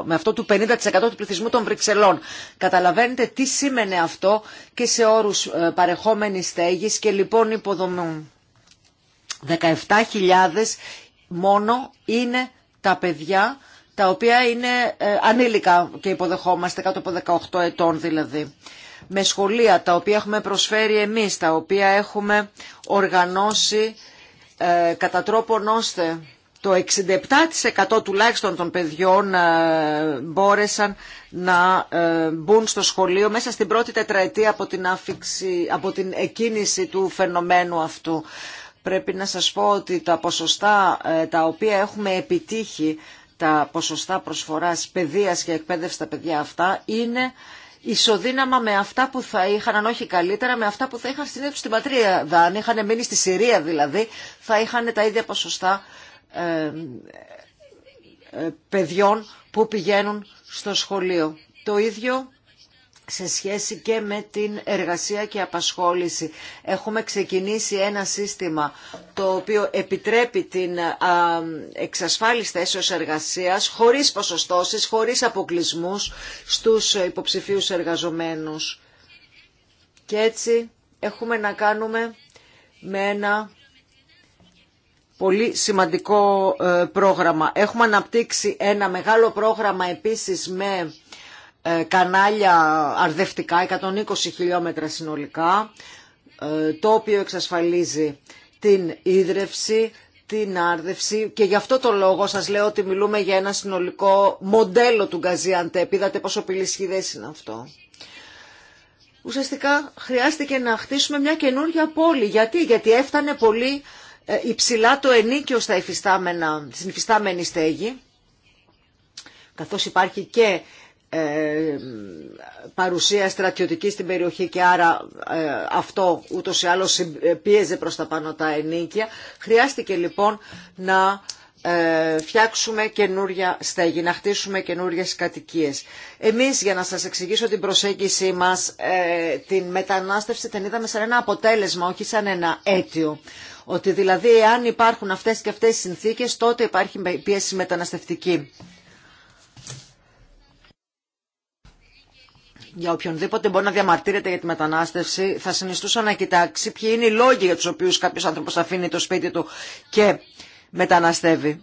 με αυτό του 50% του πληθυσμού των Βρυξελών. Καταλαβαίνετε τι σήμαινε αυτό και σε όρους ε, παρεχόμενης στέγης και λοιπόν υποδομών. 17.000 μόνο είναι τα παιδιά τα οποία είναι ε, ανήλικα και υποδεχόμαστε κάτω από 18 ετών δηλαδή με σχολεία τα οποία έχουμε προσφέρει εμείς, τα οποία έχουμε οργανώσει ε, κατά τρόπον ώστε το 67% τουλάχιστον των παιδιών ε, μπόρεσαν να ε, μπουν στο σχολείο μέσα στην πρώτη τετραετία από την, άφηξη, από την εκκίνηση του φαινομένου αυτού. Πρέπει να σας πω ότι τα ποσοστά τα οποία έχουμε επιτύχει, τα ποσοστά προσφοράς παιδείας και εκπαίδευση στα παιδιά αυτά είναι ισοδύναμα με αυτά που θα είχαν, αν όχι καλύτερα, με αυτά που θα είχαν στην στην πατρίδα. Αν είχαν μείνει στη Συρία δηλαδή, θα είχαν τα ίδια ποσοστά ε, ε παιδιών που πηγαίνουν στο σχολείο. Το ίδιο σε σχέση και με την εργασία και απασχόληση. Έχουμε ξεκινήσει ένα σύστημα το οποίο επιτρέπει την εξασφάλιση θέσεως εργασίας χωρίς ποσοστώσεις, χωρίς αποκλεισμούς στους υποψηφίους εργαζομένους. Και έτσι έχουμε να κάνουμε με ένα πολύ σημαντικό ε, πρόγραμμα. Έχουμε αναπτύξει ένα μεγάλο πρόγραμμα επίσης με ε, κανάλια αρδευτικά, 120 χιλιόμετρα συνολικά, ε, το οποίο εξασφαλίζει την ίδρευση, την άρδευση και γι' αυτό το λόγο σας λέω ότι μιλούμε για ένα συνολικό μοντέλο του Γκαζιάντεπ. Είδατε πόσο πυλισχυδές είναι αυτό. Ουσιαστικά χρειάστηκε να χτίσουμε μια καινούργια πόλη. Γιατί, Γιατί έφτανε πολύ ε, υψηλά το ενίκιο στα υφιστάμενα, στην υφιστάμενη στέγη, καθώς υπάρχει και ε, παρουσία στρατιωτική στην περιοχή και άρα ε, αυτό ούτως ή άλλως ε, πίεζε προς τα πάνω τα ενίκια. Χρειάστηκε λοιπόν να φτιάξουμε καινούρια στέγη, να χτίσουμε καινούριες κατοικίες. Εμείς, για να σας εξηγήσω την προσέγγιση μας, την μετανάστευση την είδαμε σαν ένα αποτέλεσμα, όχι σαν ένα αίτιο. Ότι δηλαδή, εάν υπάρχουν αυτές και αυτές οι συνθήκες, τότε υπάρχει πίεση μεταναστευτική. για οποιονδήποτε μπορεί να διαμαρτύρεται για τη μετανάστευση, θα συνιστούσα να κοιτάξει ποιοι είναι οι λόγοι για τους οποίους κάποιος άνθρωπος αφήνει το σπίτι του και μεταναστεύει.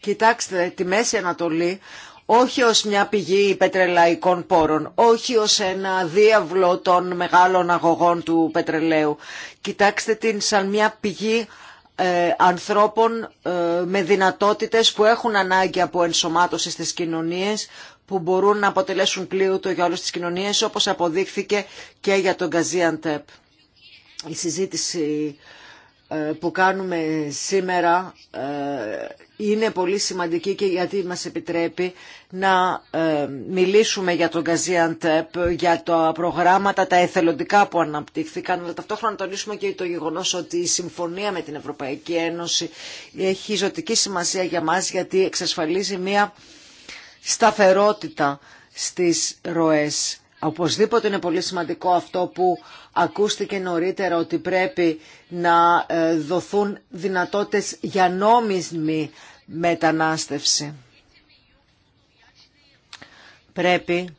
Κοιτάξτε τη Μέση Ανατολή όχι ως μια πηγή πετρελαϊκών πόρων, όχι ως ένα διάβλο των μεγάλων αγωγών του πετρελαίου. Κοιτάξτε την σαν μια πηγή ε, ανθρώπων ε, με δυνατότητες που έχουν ανάγκη από ενσωμάτωση στις κοινωνίες, που μπορούν να αποτελέσουν το για όλες τις κοινωνίες, όπως αποδείχθηκε και για τον Καζίαν Τεπ. Η συζήτηση ε, που κάνουμε σήμερα ε, είναι πολύ σημαντική και γιατί μας επιτρέπει να ε, μιλήσουμε για τον Gaziantep, για τα προγράμματα, τα εθελοντικά που αναπτύχθηκαν, αλλά ταυτόχρονα τονίσουμε και το γεγονός ότι η συμφωνία με την Ευρωπαϊκή Ένωση έχει ζωτική σημασία για μας γιατί εξασφαλίζει μια σταθερότητα στις ροές Οπωσδήποτε είναι πολύ σημαντικό αυτό που ακούστηκε νωρίτερα ότι πρέπει να ε, δοθούν δυνατότητες για νόμισμη μετανάστευση. Πρέπει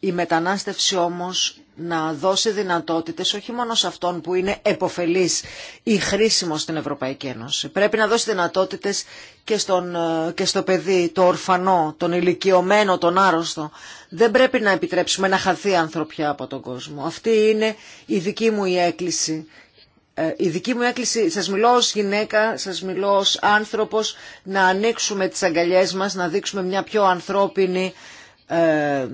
η μετανάστευση όμως να δώσει δυνατότητες όχι μόνο σε αυτόν που είναι εποφελής ή χρήσιμο στην Ευρωπαϊκή Ένωση. Πρέπει να δώσει δυνατότητες και, στον, ε, και στο παιδί, το ορφανό, τον ηλικιωμένο, τον άρρωστο. Δεν πρέπει να επιτρέψουμε να χαθεί ανθρωπιά από τον κόσμο. Αυτή είναι η δική μου η έκκληση ε, η δική μου έκκληση, σας μιλώ ως γυναίκα, σας μιλώ ως άνθρωπος, να ανοίξουμε τις αγκαλιές μας, να δείξουμε μια πιο ανθρώπινη, ε,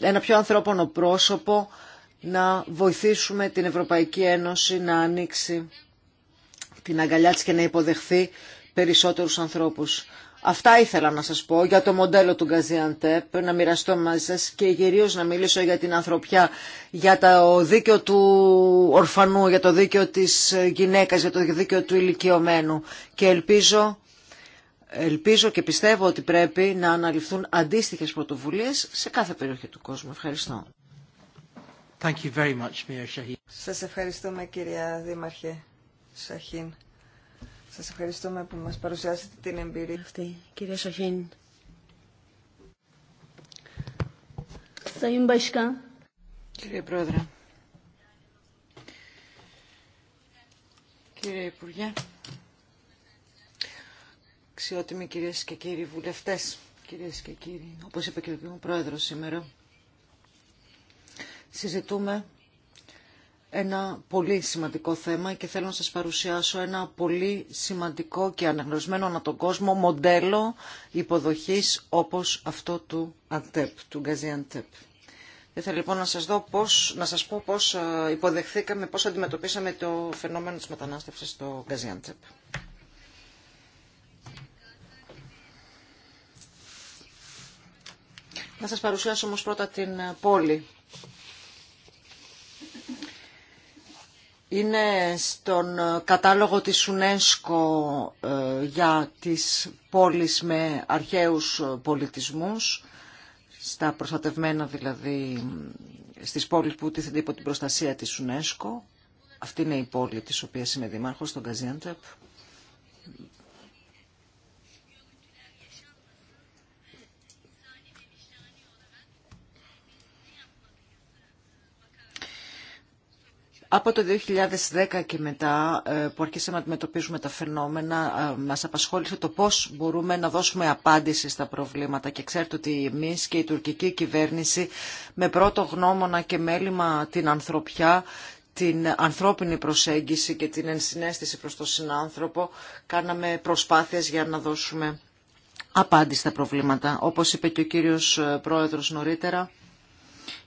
ένα πιο ανθρώπινο πρόσωπο, να βοηθήσουμε την Ευρωπαϊκή Ένωση να ανοίξει την αγκαλιά της και να υποδεχθεί περισσότερους ανθρώπους. Αυτά ήθελα να σας πω για το μοντέλο του Γκαζιαντέπ, να μοιραστώ μαζί σας και κυρίω να μιλήσω για την ανθρωπιά, για το δίκαιο του ορφανού, για το δίκαιο της γυναίκας, για το δίκαιο του ηλικιωμένου. Και ελπίζω, ελπίζω και πιστεύω ότι πρέπει να αναλυφθούν αντίστοιχες πρωτοβουλίες σε κάθε περιοχή του κόσμου. Ευχαριστώ. Thank Σας ευχαριστούμε κυρία Δήμαρχε Σαχίν. Σας ευχαριστούμε που μας παρουσιάσετε την εμπειρία αυτή. Κυρία Σαχίν. Κύριε Πρόεδρε. Κύριε Υπουργέ. Αξιότιμοι κυρίες και κύριοι βουλευτές. Κυρίες και κύριοι, όπως είπε και ο Πρόεδρος σήμερα, συζητούμε ένα πολύ σημαντικό θέμα και θέλω να σας παρουσιάσω ένα πολύ σημαντικό και αναγνωρισμένο ανά τον κόσμο μοντέλο υποδοχής όπως αυτό του ΑΝΤΕΠ, του Γκαζιαντέπ. Θέλω λοιπόν να σας, δω πώς, να σας πω πώς ε, υποδεχθήκαμε, πώς αντιμετωπίσαμε το φαινόμενο της μετανάστευσης στο Γκαζιαντέπ. Να σας παρουσιάσω όμως πρώτα την ε, πόλη είναι στον κατάλογο της UNESCO ε, για τις πόλεις με αρχαίους πολιτισμούς, στα προστατευμένα δηλαδή, στις πόλεις που τίθενται υπό την προστασία της UNESCO. Αυτή είναι η πόλη της οποίας είμαι δήμαρχος, στον Καζιάντεπ. Από το 2010 και μετά ε, που αρχίσαμε να αντιμετωπίζουμε τα φαινόμενα ε, μας απασχόλησε το πώς μπορούμε να δώσουμε απάντηση στα προβλήματα και ξέρετε ότι εμείς και η τουρκική κυβέρνηση με πρώτο γνώμονα και μέλημα την ανθρωπιά την ανθρώπινη προσέγγιση και την ενσυναίσθηση προς τον συνάνθρωπο κάναμε προσπάθειες για να δώσουμε απάντηση στα προβλήματα. Όπως είπε και ο κύριος ε, Πρόεδρος νωρίτερα,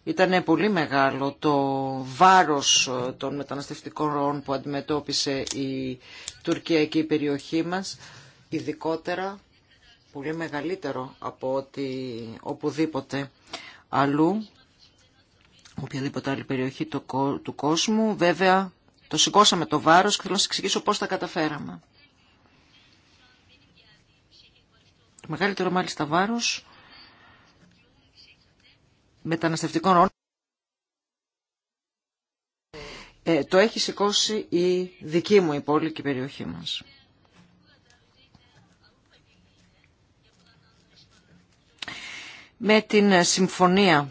ήταν πολύ μεγάλο το βάρος ε, των μεταναστευτικών ροών που αντιμετώπισε η Τουρκία και η περιοχή μας, ειδικότερα πολύ μεγαλύτερο από ότι οπουδήποτε αλλού, οποιαδήποτε άλλη περιοχή του κόσμου. Βέβαια, το σηκώσαμε το βάρος και θέλω να σας εξηγήσω πώς τα καταφέραμε. Το μεγαλύτερο μάλιστα βάρος μεταναστευτικών όρων ε, το έχει σηκώσει η δική μου η περιοχή μας. Με την συμφωνία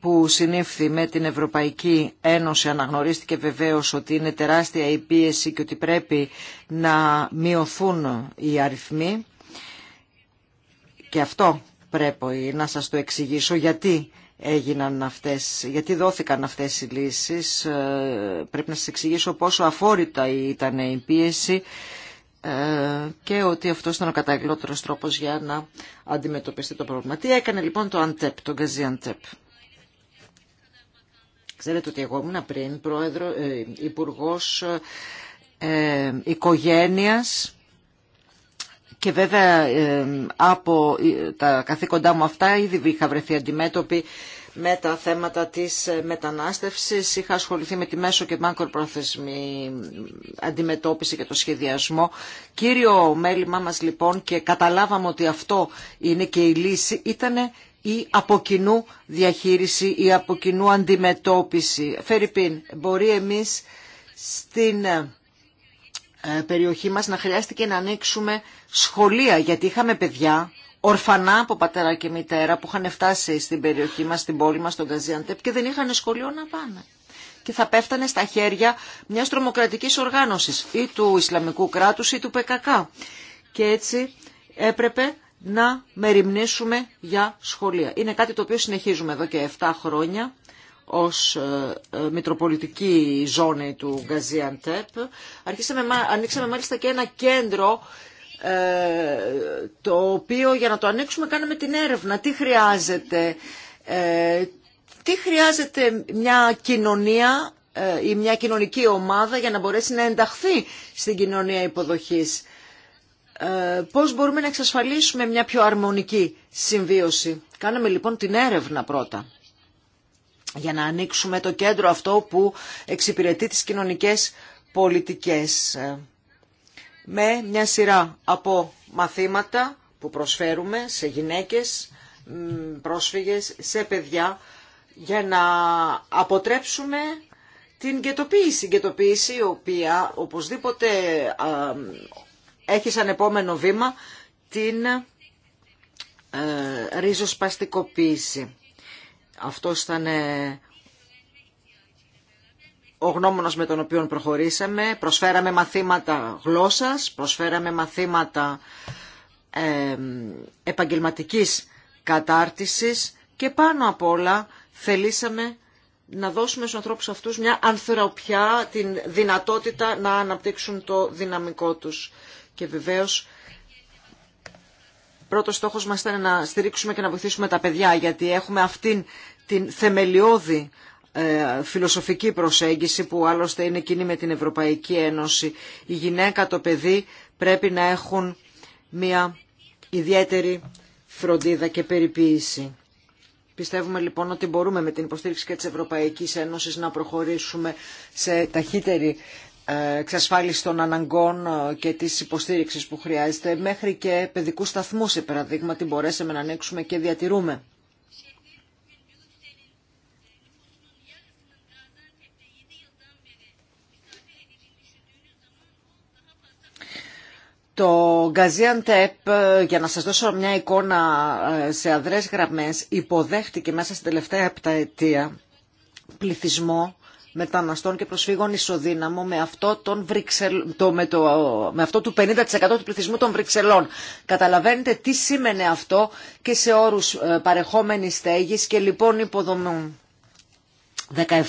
που συνήφθη με την Ευρωπαϊκή Ένωση αναγνωρίστηκε βεβαίως ότι είναι τεράστια η πίεση και ότι πρέπει να μειωθούν οι αριθμοί και αυτό πρέπει να σας το εξηγήσω γιατί έγιναν αυτές, γιατί δόθηκαν αυτές οι λύσεις. Ε, πρέπει να σας εξηγήσω πόσο αφόρητα ήταν η πίεση ε, και ότι αυτό ήταν ο καταλληλότερος τρόπος για να αντιμετωπιστεί το πρόβλημα. Τι έκανε λοιπόν το ΑΝΤΕΠ, το Γκαζί ΑΝΤΕΠ. Ξέρετε ότι εγώ ήμουν πριν πρόεδρο, ε, υπουργός ε, οικογένειας και βέβαια από ε, τα καθήκοντά μου αυτά ήδη είχα βρεθεί αντιμέτωπη με τα θέματα της ε, μετανάστευσης. Είχα ασχοληθεί με τη μέσο και προθεσμή αντιμετώπιση και το σχεδιασμό. Κύριο μέλημά μας λοιπόν και καταλάβαμε ότι αυτό είναι και η λύση ήταν η από κοινού διαχείριση, η από κοινού αντιμετώπιση. Φερρυπίν, μπορεί εμείς στην ε, ε, περιοχή μας να χρειάστηκε να ανοίξουμε σχολεία γιατί είχαμε παιδιά ορφανά από πατέρα και μητέρα που είχαν φτάσει στην περιοχή μας, στην πόλη μας, στον Καζιαντέπ και δεν είχαν σχολείο να πάνε και θα πέφτανε στα χέρια μιας τρομοκρατικής οργάνωσης ή του Ισλαμικού κράτους ή του ΠΚΚ. Και έτσι έπρεπε να μεριμνήσουμε για σχολεία. Είναι κάτι το οποίο συνεχίζουμε εδώ και 7 χρόνια ως ε, ε, μητροπολιτική ζώνη του Γκαζιαντέπ. Ανοίξαμε μάλιστα και ένα κέντρο ε, το οποίο για να το ανοίξουμε κάναμε την έρευνα. Τι χρειάζεται, τι χρειάζεται μια κοινωνία ή μια κοινωνική ομάδα για να μπορέσει να ενταχθεί στην κοινωνία υποδοχής. Πώς μπορούμε να εξασφαλίσουμε μια πιο αρμονική συμβίωση. Κάναμε λοιπόν την έρευνα πρώτα για να ανοίξουμε το κέντρο αυτό που εξυπηρετεί τις κοινωνικές πολιτικές. Με μια σειρά από μαθήματα που προσφέρουμε σε γυναίκες, πρόσφυγες, σε παιδιά, για να αποτρέψουμε την κετοποίηση, Η η οποία οπωσδήποτε έχει σαν επόμενο βήμα την ε, ρίζοσπαστικοποίηση αυτό ήταν ο γνώμονας με τον οποίο προχωρήσαμε. Προσφέραμε μαθήματα γλώσσας, προσφέραμε μαθήματα επαγγελματικής κατάρτισης και πάνω απ' όλα θελήσαμε να δώσουμε στους ανθρώπους αυτούς μια ανθρωπιά την δυνατότητα να αναπτύξουν το δυναμικό τους. Και βεβαίως Πρώτος στόχος μας ήταν να στηρίξουμε και να βοηθήσουμε τα παιδιά, γιατί έχουμε αυτήν την θεμελιώδη ε, φιλοσοφική προσέγγιση που άλλωστε είναι κοινή με την Ευρωπαϊκή Ένωση. Η γυναίκα, το παιδί πρέπει να έχουν μια ιδιαίτερη φροντίδα και περιποίηση. Πιστεύουμε λοιπόν ότι μπορούμε με την υποστήριξη και της Ευρωπαϊκής Ένωσης να προχωρήσουμε σε ταχύτερη εξασφάλιση των αναγκών ε, και της υποστήριξης που χρειάζεται, μέχρι και παιδικού σταθμού, σε την μπορέσαμε να ανοίξουμε και διατηρούμε. Το Gaziantep, ε, για να σας δώσω μια εικόνα ε, σε αδρές γραμμές, υποδέχτηκε μέσα στην τελευταία επταετία πληθυσμό μεταναστών και προσφύγων ισοδύναμο με αυτό, τον Βρυξελ, το, με το, με αυτό του 50% του πληθυσμού των Βρυξελών. Καταλαβαίνετε τι σήμαινε αυτό και σε όρους ε, παρεχόμενης στέγης και λοιπόν υποδομούν 17.000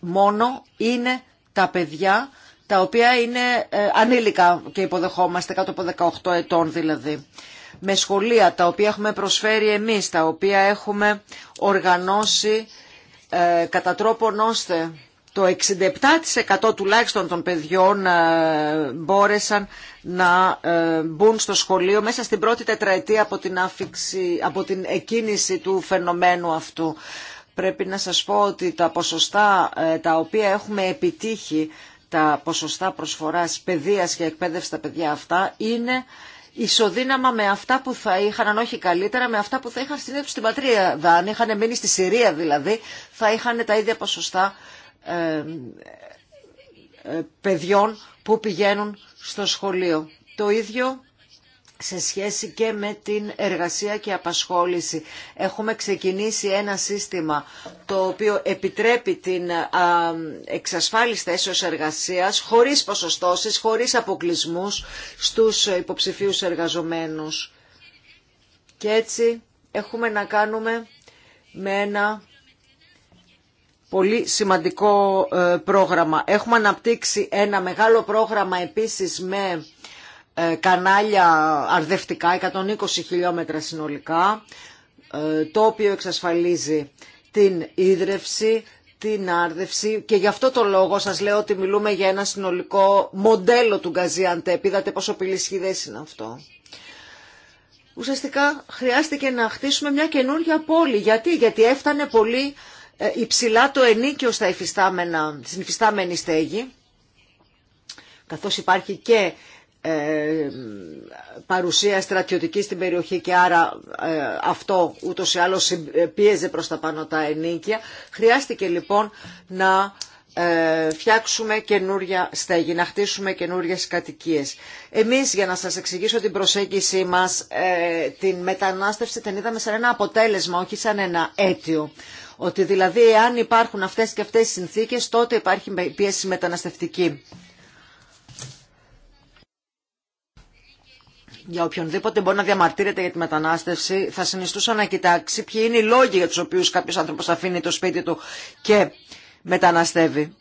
μόνο είναι τα παιδιά τα οποία είναι ε, ανήλικα και υποδεχόμαστε κάτω από 18 ετών δηλαδή. Με σχολεία τα οποία έχουμε προσφέρει εμείς, τα οποία έχουμε οργανώσει ε, κατά τρόπον ώστε το 67% τουλάχιστον των παιδιών ε, μπόρεσαν να ε, μπουν στο σχολείο μέσα στην πρώτη τετραετία από την, άφηξη, από την εκκίνηση του φαινομένου αυτού. Πρέπει να σας πω ότι τα ποσοστά τα οποία έχουμε επιτύχει, τα ποσοστά προσφοράς παιδείας και εκπαίδευση στα παιδιά αυτά είναι ισοδύναμα με αυτά που θα είχαν, αν όχι καλύτερα, με αυτά που θα είχαν στην στην πατρίδα. Αν είχαν μείνει στη Συρία δηλαδή, θα είχαν τα ίδια ποσοστά ε, ε, παιδιών που πηγαίνουν στο σχολείο. Το ίδιο σε σχέση και με την εργασία και απασχόληση. Έχουμε ξεκινήσει ένα σύστημα το οποίο επιτρέπει την εξασφάλιση θέσεως εργασίας χωρίς ποσοστώσεις, χωρίς αποκλεισμούς στους υποψηφίους εργαζομένους. Και έτσι έχουμε να κάνουμε με ένα πολύ σημαντικό ε, πρόγραμμα. Έχουμε αναπτύξει ένα μεγάλο πρόγραμμα επίσης με ε, κανάλια αρδευτικά, 120 χιλιόμετρα συνολικά, ε, το οποίο εξασφαλίζει την ίδρευση, την άρδευση και γι' αυτό το λόγο σας λέω ότι μιλούμε για ένα συνολικό μοντέλο του Γκαζιάντεπ. Είδατε πόσο πυλισχυδές είναι αυτό. Ουσιαστικά χρειάστηκε να χτίσουμε μια καινούργια πόλη. Γιατί, Γιατί έφτανε πολύ ε, υψηλά το ενίκιο στα υφιστάμενα, στην υφιστάμενη στέγη, καθώς υπάρχει και ε, παρουσία στρατιωτική στην περιοχή και άρα ε, αυτό ούτως ή άλλως ε, πίεζε προς τα πάνω τα ενίκια. Χρειάστηκε λοιπόν να φτιάξουμε καινούρια στέγη, να χτίσουμε καινούριε κατοικίε. Εμείς για να σας εξηγήσω την προσέγγιση μα, την μετανάστευση την είδαμε σαν ένα αποτέλεσμα, όχι σαν ένα αίτιο. Ότι δηλαδή, αν υπάρχουν αυτέ και αυτές οι συνθήκες τότε υπάρχει πίεση μεταναστευτική. για οποιονδήποτε μπορεί να διαμαρτύρεται για τη μετανάστευση, θα συνιστούσα να κοιτάξει ποιοι είναι οι λόγοι για τους οποίους κάποιος άνθρωπος αφήνει το σπίτι του και μεταναστεύει.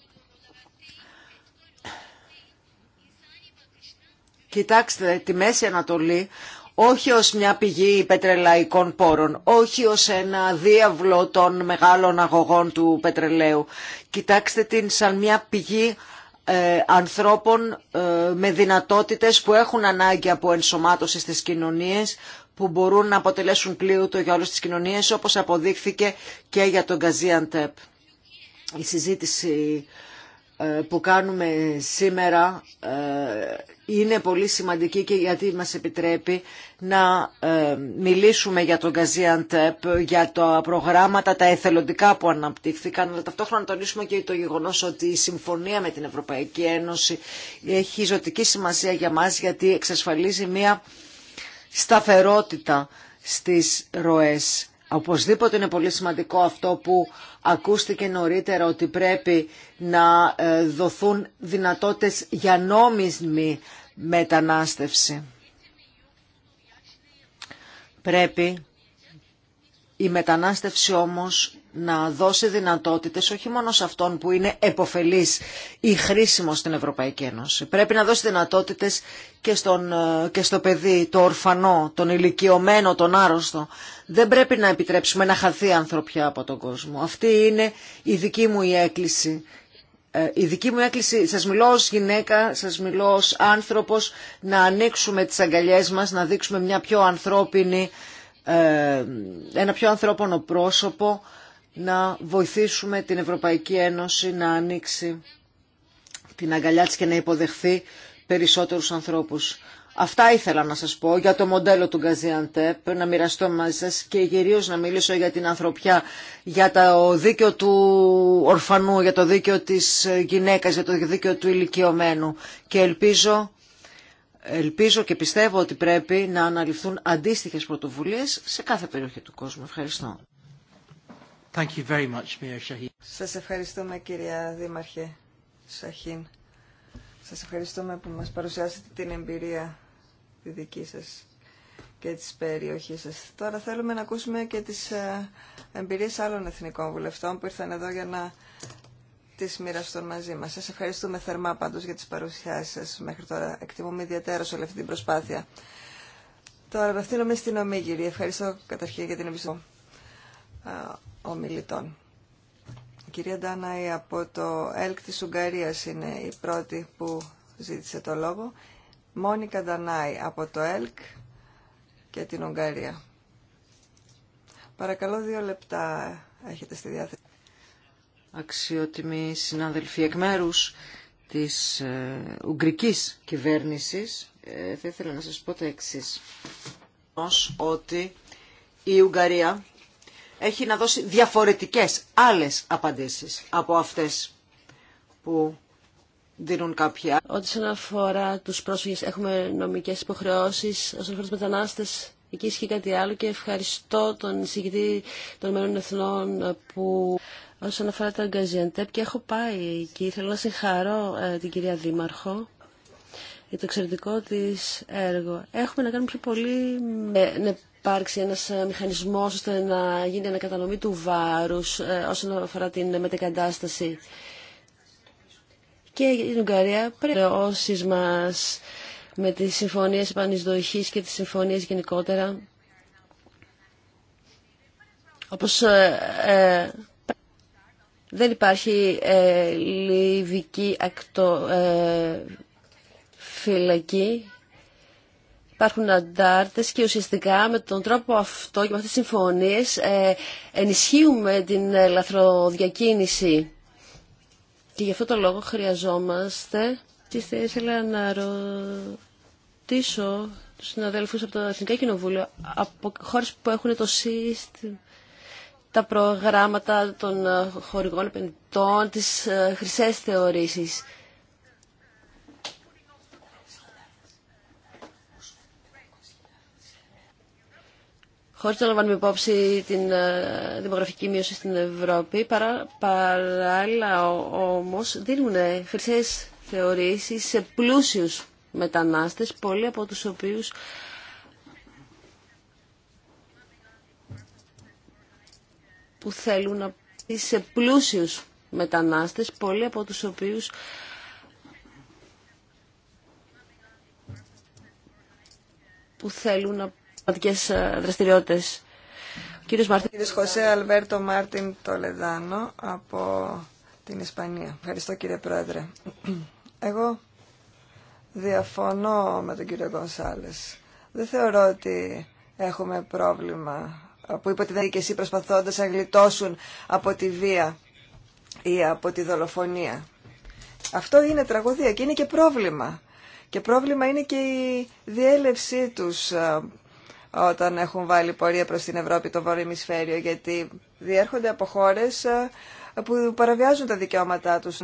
Κοιτάξτε τη Μέση Ανατολή όχι ως μια πηγή πετρελαϊκών πόρων, όχι ως ένα διάβλο των μεγάλων αγωγών του πετρελαίου. Κοιτάξτε την σαν μια πηγή ε, ανθρώπων ε, με δυνατότητες που έχουν ανάγκη από ενσωμάτωση στις κοινωνίες που μπορούν να αποτελέσουν το για όλες τις κοινωνίες όπως αποδείχθηκε και για τον Τεπ. Η συζήτηση ε, που κάνουμε σήμερα ε, είναι πολύ σημαντική και γιατί μας επιτρέπει να ε, μιλήσουμε για τον Gaziantep, για τα προγράμματα, τα εθελοντικά που αναπτύχθηκαν, αλλά ταυτόχρονα τονίσουμε και το γεγονός ότι η συμφωνία με την Ευρωπαϊκή Ένωση έχει ζωτική σημασία για μας γιατί εξασφαλίζει μια σταθερότητα στις ροές Οπωσδήποτε είναι πολύ σημαντικό αυτό που ακούστηκε νωρίτερα ότι πρέπει να ε, δοθούν δυνατότητες για νόμισμη μετανάστευση. Πρέπει η μετανάστευση όμως να δώσει δυνατότητες όχι μόνο σε αυτόν που είναι εποφελής ή χρήσιμο στην Ευρωπαϊκή Ένωση. Πρέπει να δώσει δυνατότητες και, στον, ε, και στο παιδί, το ορφανό, τον ηλικιωμένο, τον άρρωστο. Δεν πρέπει να επιτρέψουμε να χαθεί ανθρωπιά από τον κόσμο. Αυτή είναι η δική μου η έκκληση. Ε, η δική μου έκκληση, σας μιλώ ως γυναίκα, σας μιλώ ως άνθρωπος, να ανοίξουμε τις αγκαλιές μας, να δείξουμε μια πιο ανθρώπινη, ε, ένα πιο ανθρώπινο πρόσωπο, να βοηθήσουμε την Ευρωπαϊκή Ένωση να ανοίξει την αγκαλιά της και να υποδεχθεί περισσότερους ανθρώπους. Αυτά ήθελα να σας πω για το μοντέλο του Γκαζιαντέπ, να μοιραστώ μαζί σας και κυρίω να μιλήσω για την ανθρωπιά, για το δίκαιο του ορφανού, για το δίκαιο της γυναίκας, για το δίκαιο του ηλικιωμένου. Και ελπίζω, ελπίζω και πιστεύω ότι πρέπει να αναλυφθούν αντίστοιχες πρωτοβουλίες σε κάθε περιοχή του κόσμου. Ευχαριστώ. Thank Σας ευχαριστούμε κυρία Δήμαρχε Σαχίν. Σας ευχαριστούμε που μας παρουσιάσετε την εμπειρία τη δική σας και της περιοχής σας. Τώρα θέλουμε να ακούσουμε και τις ε, εμπειρίες άλλων εθνικών βουλευτών που ήρθαν εδώ για να τις μοιραστούν μαζί μας. Σας ευχαριστούμε θερμά πάντως για τις παρουσιάσεις σας μέχρι τώρα. Εκτιμούμε ιδιαίτερα σε όλη αυτή την προσπάθεια. Τώρα απευθύνομαι στην Ομίγυρη. Ευχαριστώ καταρχήν για την εμπιστοσύνη ομιλητών. Η κυρία Ντάναη από το ΕΛΚ της Ουγγαρίας είναι η πρώτη που ζήτησε το λόγο. Μόνικα Ντανάη από το ΕΛΚ και την Ουγγαρία. Παρακαλώ δύο λεπτά έχετε στη διάθεση. Αξιότιμοι συνάδελφοι εκ μέρους της ε, Ουγγρικής κυβέρνησης, ε, θα ήθελα να σας πω τα εξής. Ότι η Ουγγαρία έχει να δώσει διαφορετικές άλλες απαντήσεις από αυτές που δίνουν κάποια. Ό,τι αφορά τους πρόσφυγες έχουμε νομικές υποχρεώσεις, όσον αφορά τους μετανάστες εκεί ισχύει κάτι άλλο και ευχαριστώ τον εισηγητή των Μερών Εθνών που όσον αφορά τα Γκαζιαντέπ και έχω πάει εκεί. Θέλω να συγχαρώ ε, την κυρία Δήμαρχο για το εξαιρετικό της έργο. Έχουμε να κάνουμε πιο πολύ υπάρξει ένας ε, μηχανισμός ώστε να γίνει ανακατανομή του βάρους ε, όσον αφορά την μετακατάσταση Και η Ουγγαρία πρέπει όσοι μας με τις συμφωνίες επανεισδοχής και τις συμφωνίες γενικότερα όπως ε, δεν υπάρχει ε, λιβική υπάρχουν αντάρτες και ουσιαστικά με τον τρόπο αυτό και με αυτές τις συμφωνίες ε, ενισχύουμε την ε, λαθροδιακίνηση. Και γι' αυτό το λόγο χρειαζόμαστε και θα ήθελα να ρωτήσω τους συναδέλφους από το Εθνικό Κοινοβούλιο, από χώρες που έχουν το σύστημα, τα προγράμματα των ε, χορηγών επενδυτών, τις χρυσές θεωρήσεις. χωρίς να λαμβάνουμε υπόψη την ε, δημογραφική μείωση στην Ευρώπη, παρά, παράλληλα όμως δίνουν χρυσές θεωρήσεις σε πλούσιους μετανάστες, πολλοί από τους οποίους που θέλουν να σε πλούσιους μετανάστες, πολλοί από τους οποίους που θέλουν να ε, δραστηριότητες. Μάρτιν. Χωσέ Αλβέρτο Μάρτιν Τολεδάνο από την Ισπανία. Ευχαριστώ κύριε Πρόεδρε. Εγώ διαφωνώ με τον κύριο Γκονσάλες. Δεν θεωρώ ότι έχουμε πρόβλημα που είπε ότι δεν και εσύ προσπαθώντας να γλιτώσουν από τη βία ή από τη δολοφονία. Αυτό είναι τραγωδία και είναι και πρόβλημα. Και πρόβλημα είναι και η διέλευσή τους ε, όταν έχουν βάλει πορεία προς την Ευρώπη το βόρειο ημισφαίριο, γιατί διέρχονται από χώρες ε, που παραβιάζουν τα δικαιώματά τους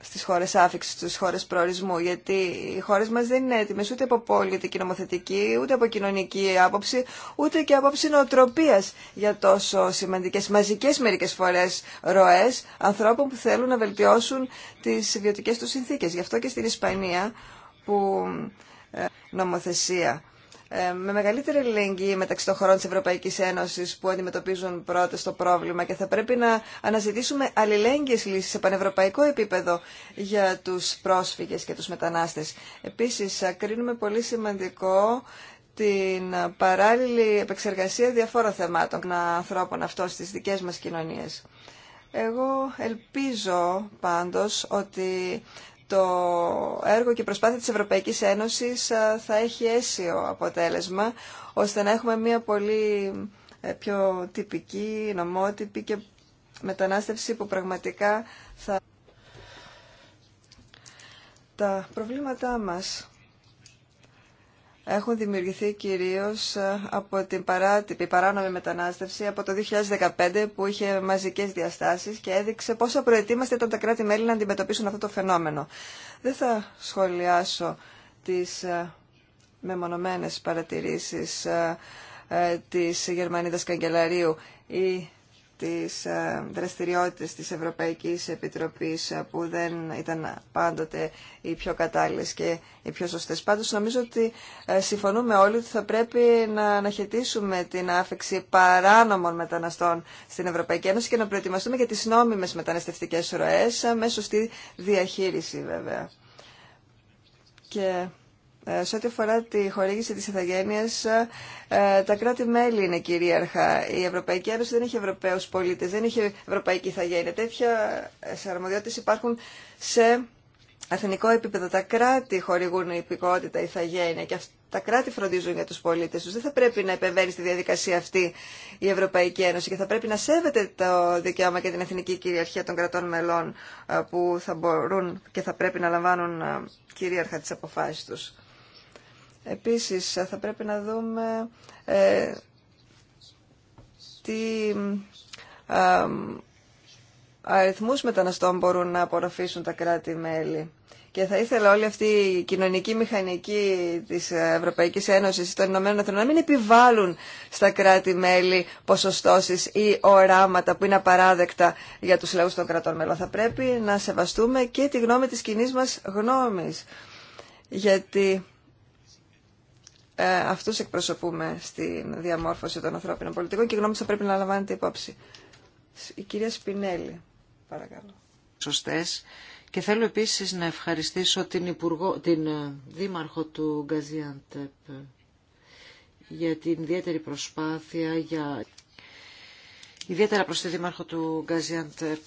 στις χώρες άφηξης, στις χώρες προορισμού, γιατί οι χώρες μας δεν είναι έτοιμες ούτε από πολιτική νομοθετική, ούτε από κοινωνική άποψη, ούτε και άποψη νοοτροπίας για τόσο σημαντικές μαζικές μερικές φορές ροές ανθρώπων που θέλουν να βελτιώσουν τις βιωτικές τους συνθήκες. Γι' αυτό και στην Ισπανία που ε, νομοθεσία ε, με μεγαλύτερη αλληλεγγύη μεταξύ των χωρών της Ευρωπαϊκής Ένωσης που αντιμετωπίζουν πρώτες το πρόβλημα και θα πρέπει να αναζητήσουμε αλληλέγγυες λύσεις σε πανευρωπαϊκό επίπεδο για τους πρόσφυγες και τους μετανάστες. Επίσης, ε, κρίνουμε πολύ σημαντικό την παράλληλη επεξεργασία διαφόρων θεμάτων των ανθρώπων αυτών στις δικές μας κοινωνίες. Εγώ ελπίζω πάντως ότι το έργο και η προσπάθεια της Ευρωπαϊκής Ένωσης θα έχει αίσιο αποτέλεσμα, ώστε να έχουμε μια πολύ ε, πιο τυπική, νομότυπη και μετανάστευση που πραγματικά θα... Τα προβλήματά μας έχουν δημιουργηθεί κυρίως ε, από την παράτυπη, παράνομη μετανάστευση από το 2015 που είχε μαζικές διαστάσεις και έδειξε πόσο προετοίμαστε ήταν τα κράτη-μέλη να αντιμετωπίσουν αυτό το φαινόμενο. Δεν θα σχολιάσω τις ε, μεμονωμένες παρατηρήσεις ε, της Γερμανίδας Καγκελαρίου ή τις ε, δραστηριότητες της Ευρωπαϊκής Επιτροπής ε, που δεν ήταν πάντοτε οι πιο κατάλληλες και οι πιο σωστές. Πάντως νομίζω ότι ε, συμφωνούμε όλοι ότι θα πρέπει να αναχαιτήσουμε την άφηξη παράνομων μεταναστών στην Ευρωπαϊκή Ένωση και να προετοιμαστούμε για τις νόμιμες μεταναστευτικές ροές με σωστή διαχείριση βέβαια. Ε, σε ό,τι αφορά τη χορήγηση της ηθαγένειας, ε, τα κράτη-μέλη είναι κυρίαρχα. Η Ευρωπαϊκή Ένωση δεν έχει Ευρωπαίους πολίτες, δεν έχει Ευρωπαϊκή ηθαγένεια. Τέτοια ε, αρμοδιότητες υπάρχουν σε εθνικό επίπεδο. Τα κράτη χορηγούν υπηκότητα, ηθαγένεια και τα κράτη φροντίζουν για τους πολίτες τους. Δεν θα πρέπει να επεμβαίνει στη διαδικασία αυτή η Ευρωπαϊκή Ένωση και θα πρέπει να σέβεται το δικαίωμα και την εθνική κυριαρχία των κρατών μελών που θα μπορούν και θα πρέπει να λαμβάνουν κυρίαρχα τις αποφάσεις τους. Επίσης, θα πρέπει να δούμε ε, τι ε, αριθμούς μεταναστών μπορούν να απορροφήσουν τα κράτη-μέλη. Και θα ήθελα όλη αυτή η κοινωνική μηχανική της Ευρωπαϊκής Ένωσης των Ηνωμένων Εθνών να μην επιβάλλουν στα κράτη-μέλη ποσοστώσεις ή οράματα που είναι απαράδεκτα για τους λαούς των κρατών μέλων. Θα πρέπει να σεβαστούμε και τη γνώμη της κοινή μας γνώμης. Γιατί ε, αυτούς εκπροσωπούμε στην διαμόρφωση των ανθρώπινων πολιτικών και η γνώμη θα πρέπει να λαμβάνετε υπόψη. Η κυρία Σπινέλη, παρακαλώ. Σωστές. Και θέλω επίσης να ευχαριστήσω την, Υπουργό, την ε, Δήμαρχο του Γκαζιάντεπ για την ιδιαίτερη προσπάθεια, για... ιδιαίτερα προς τη Δήμαρχο του Γκαζιάντεπ.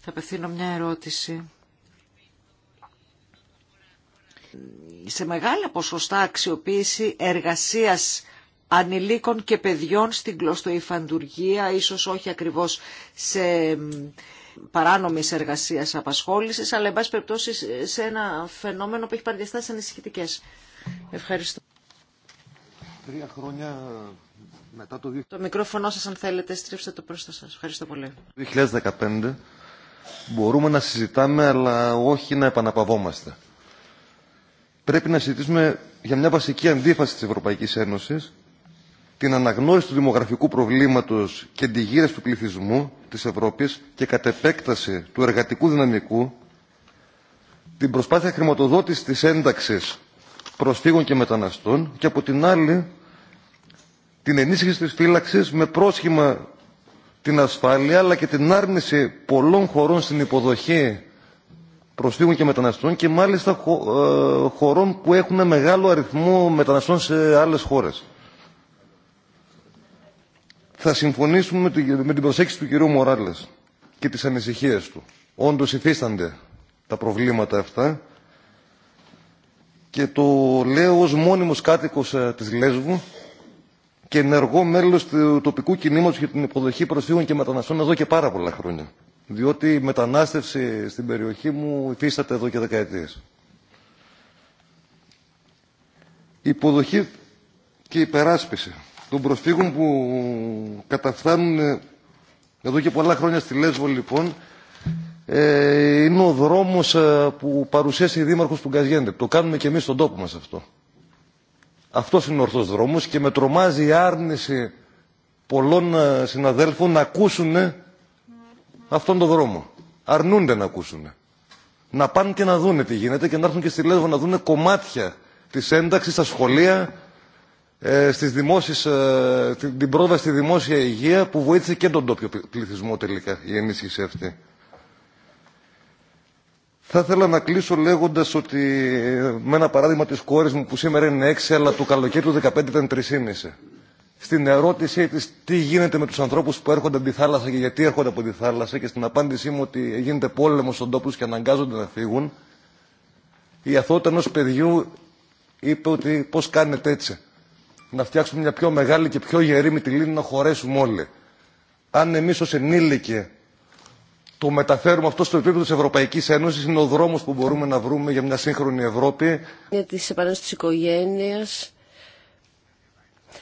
Θα απευθύνω μια ερώτηση σε μεγάλα ποσοστά αξιοποίηση εργασίας ανηλίκων και παιδιών στην κλωστοϊφαντουργία, ίσως όχι ακριβώς σε παράνομη εργασία απασχόλησης, αλλά εν πάση περιπτώσει σε ένα φαινόμενο που έχει πάρει διαστάσεις Ευχαριστώ. Τρία χρόνια μετά το... Το μικρόφωνο σας αν θέλετε στρίψτε το προς σας. Ευχαριστώ πολύ. Το 2015 μπορούμε να συζητάμε αλλά όχι να επαναπαυόμαστε πρέπει να συζητήσουμε για μια βασική αντίφαση της Ευρωπαϊκής Ένωσης, την αναγνώριση του δημογραφικού προβλήματος και τη του πληθυσμού της Ευρώπης και κατ' επέκταση του εργατικού δυναμικού, την προσπάθεια χρηματοδότηση της ένταξης προσφύγων και μεταναστών και από την άλλη την ενίσχυση της φύλαξη με πρόσχημα την ασφάλεια αλλά και την άρνηση πολλών χωρών στην υποδοχή προσφύγων και μεταναστών και μάλιστα ε, χωρών που έχουν μεγάλο αριθμό μεταναστών σε άλλες χώρες. Θα συμφωνήσουμε με την προσέξη του κυρίου Μοράλες και τις ανησυχίες του. Όντως υφίστανται τα προβλήματα αυτά και το λέω ως μόνιμος κάτοικος ε, της Λέσβου και ενεργό μέλος του τοπικού κινήματος για την υποδοχή προσφύγων και μεταναστών εδώ και πάρα πολλά χρόνια διότι η μετανάστευση στην περιοχή μου υφίσταται εδώ και δεκαετίες. Η υποδοχή και η υπεράσπιση των προσφύγων που καταφθάνουν εδώ και πολλά χρόνια στη Λέσβο λοιπόν ε, είναι ο δρόμος ε, που παρουσίασε η Δήμαρχος του Γκαζιέντε. Το κάνουμε και εμείς στον τόπο μας αυτό. Αυτός είναι ο ορθός δρόμος και με τρομάζει η άρνηση πολλών ε, συναδέλφων να ακούσουν αυτόν τον δρόμο. Αρνούνται να ακούσουν. Να πάνε και να δούνε τι γίνεται και να έρθουν και στη Λέσβο να δούνε κομμάτια της ένταξη στα σχολεία, ε, στις δημόσιες, ε, την, πρόοδο στη δημόσια υγεία που βοήθησε και τον τόπιο πληθυσμό τελικά η ενίσχυση αυτή. Θα ήθελα να κλείσω λέγοντας ότι ε, με ένα παράδειγμα της κόρη μου που σήμερα είναι 6 αλλά το καλοκαίρι του 15 ήταν 3,5 στην ερώτησή της τι γίνεται με τους ανθρώπους που έρχονται από τη θάλασσα και γιατί έρχονται από τη θάλασσα και στην απάντησή μου ότι γίνεται πόλεμο στον τόπο και αναγκάζονται να φύγουν, η αθότητα ενός παιδιού είπε ότι πώς κάνετε έτσι. Να φτιάξουμε μια πιο μεγάλη και πιο γερή μυτιλίνη να χωρέσουμε όλοι. Αν εμείς ως ενήλικοι το μεταφέρουμε αυτό στο επίπεδο της Ευρωπαϊκής Ένωσης είναι ο δρόμος που μπορούμε να βρούμε για μια σύγχρονη Ευρώπη. Για τις τη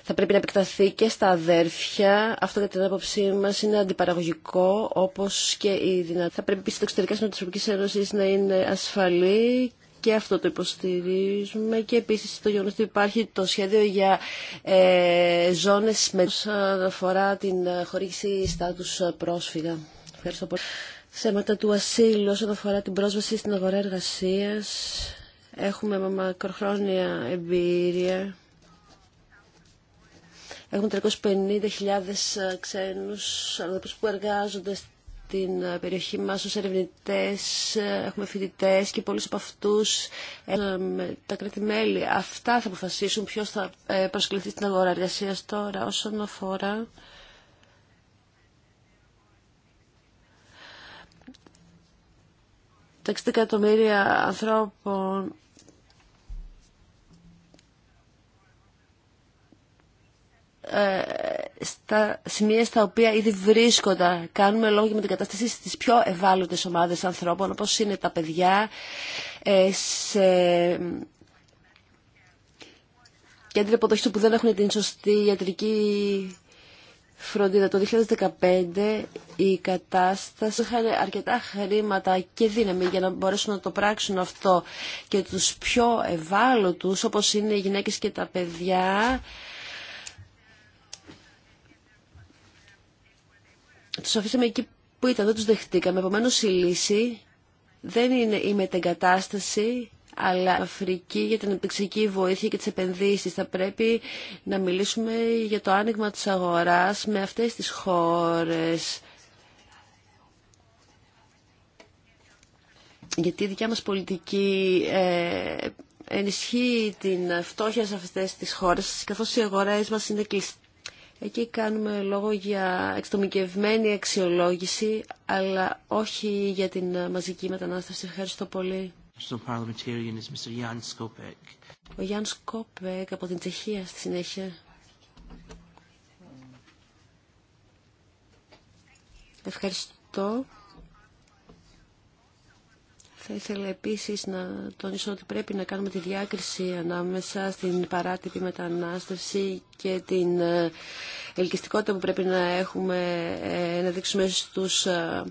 θα πρέπει να επεκταθεί και στα αδέρφια. Αυτό κατά την άποψή μα είναι αντιπαραγωγικό, όπω και η δυνατότητα. Θα πρέπει επίση τα εξωτερικά σύνορα τη Ευρωπαϊκή Ένωση να είναι ασφαλή και αυτό το υποστηρίζουμε και επίσης το γεγονό ότι υπάρχει το σχέδιο για ε, ζώνες με ε, αφορά την ε, χορήγηση στάτους ε, πρόσφυγα. Ευχαριστώ πολύ. του ασύλου όσον αφορά την πρόσβαση στην αγορά εργασίας. Έχουμε μακροχρόνια εμπειρία Έχουμε 350.000 ε, ξένους ανθρώπους που εργάζονται στην ε, περιοχή μας ως ερευνητές, ε, έχουμε φοιτητές και πολλούς από αυτούς με τα κρατημέλη. Αυτά θα αποφασίσουν ποιος θα προσκληθεί στην αγορά εργασία τώρα όσον αφορά... Τα 60 εκατομμύρια ανθρώπων Ε, στα σημεία στα οποία ήδη βρίσκονται. Κάνουμε λόγο για την κατάσταση στις πιο ευάλωτες ομάδες ανθρώπων, όπως είναι τα παιδιά, ε, σε κέντρα που δεν έχουν την σωστή ιατρική φροντίδα. Το 2015 η κατάσταση είχαν αρκετά χρήματα και δύναμη για να μπορέσουν να το πράξουν αυτό και τους πιο ευάλωτους, όπως είναι οι γυναίκες και τα παιδιά, Του αφήσαμε εκεί που ήταν, δεν του δεχτήκαμε. Επομένω η λύση δεν είναι η μετεγκατάσταση, αλλά η Αφρική για την επεξική βοήθεια και τι επενδύσει. Θα πρέπει να μιλήσουμε για το άνοιγμα τη αγορά με αυτέ τι χώρε. Γιατί η δικιά μας πολιτική ε, ενισχύει την φτώχεια σε αυτές τις χώρες, καθώς οι αγορές μας είναι κλειστές Εκεί κάνουμε λόγο για εξτομικευμένη αξιολόγηση, αλλά όχι για την ε, μαζική μετανάστευση. Ευχαριστώ πολύ. Ο Γιάνν Σκόπεκ από την Τσεχία στη συνέχεια. Ευχαριστώ. Θα ήθελα επίσης να τονίσω ότι πρέπει να κάνουμε τη διάκριση ανάμεσα στην παράτυπη μετανάστευση και την ε, ελκυστικότητα που πρέπει να έχουμε, ε, να δείξουμε στους ε,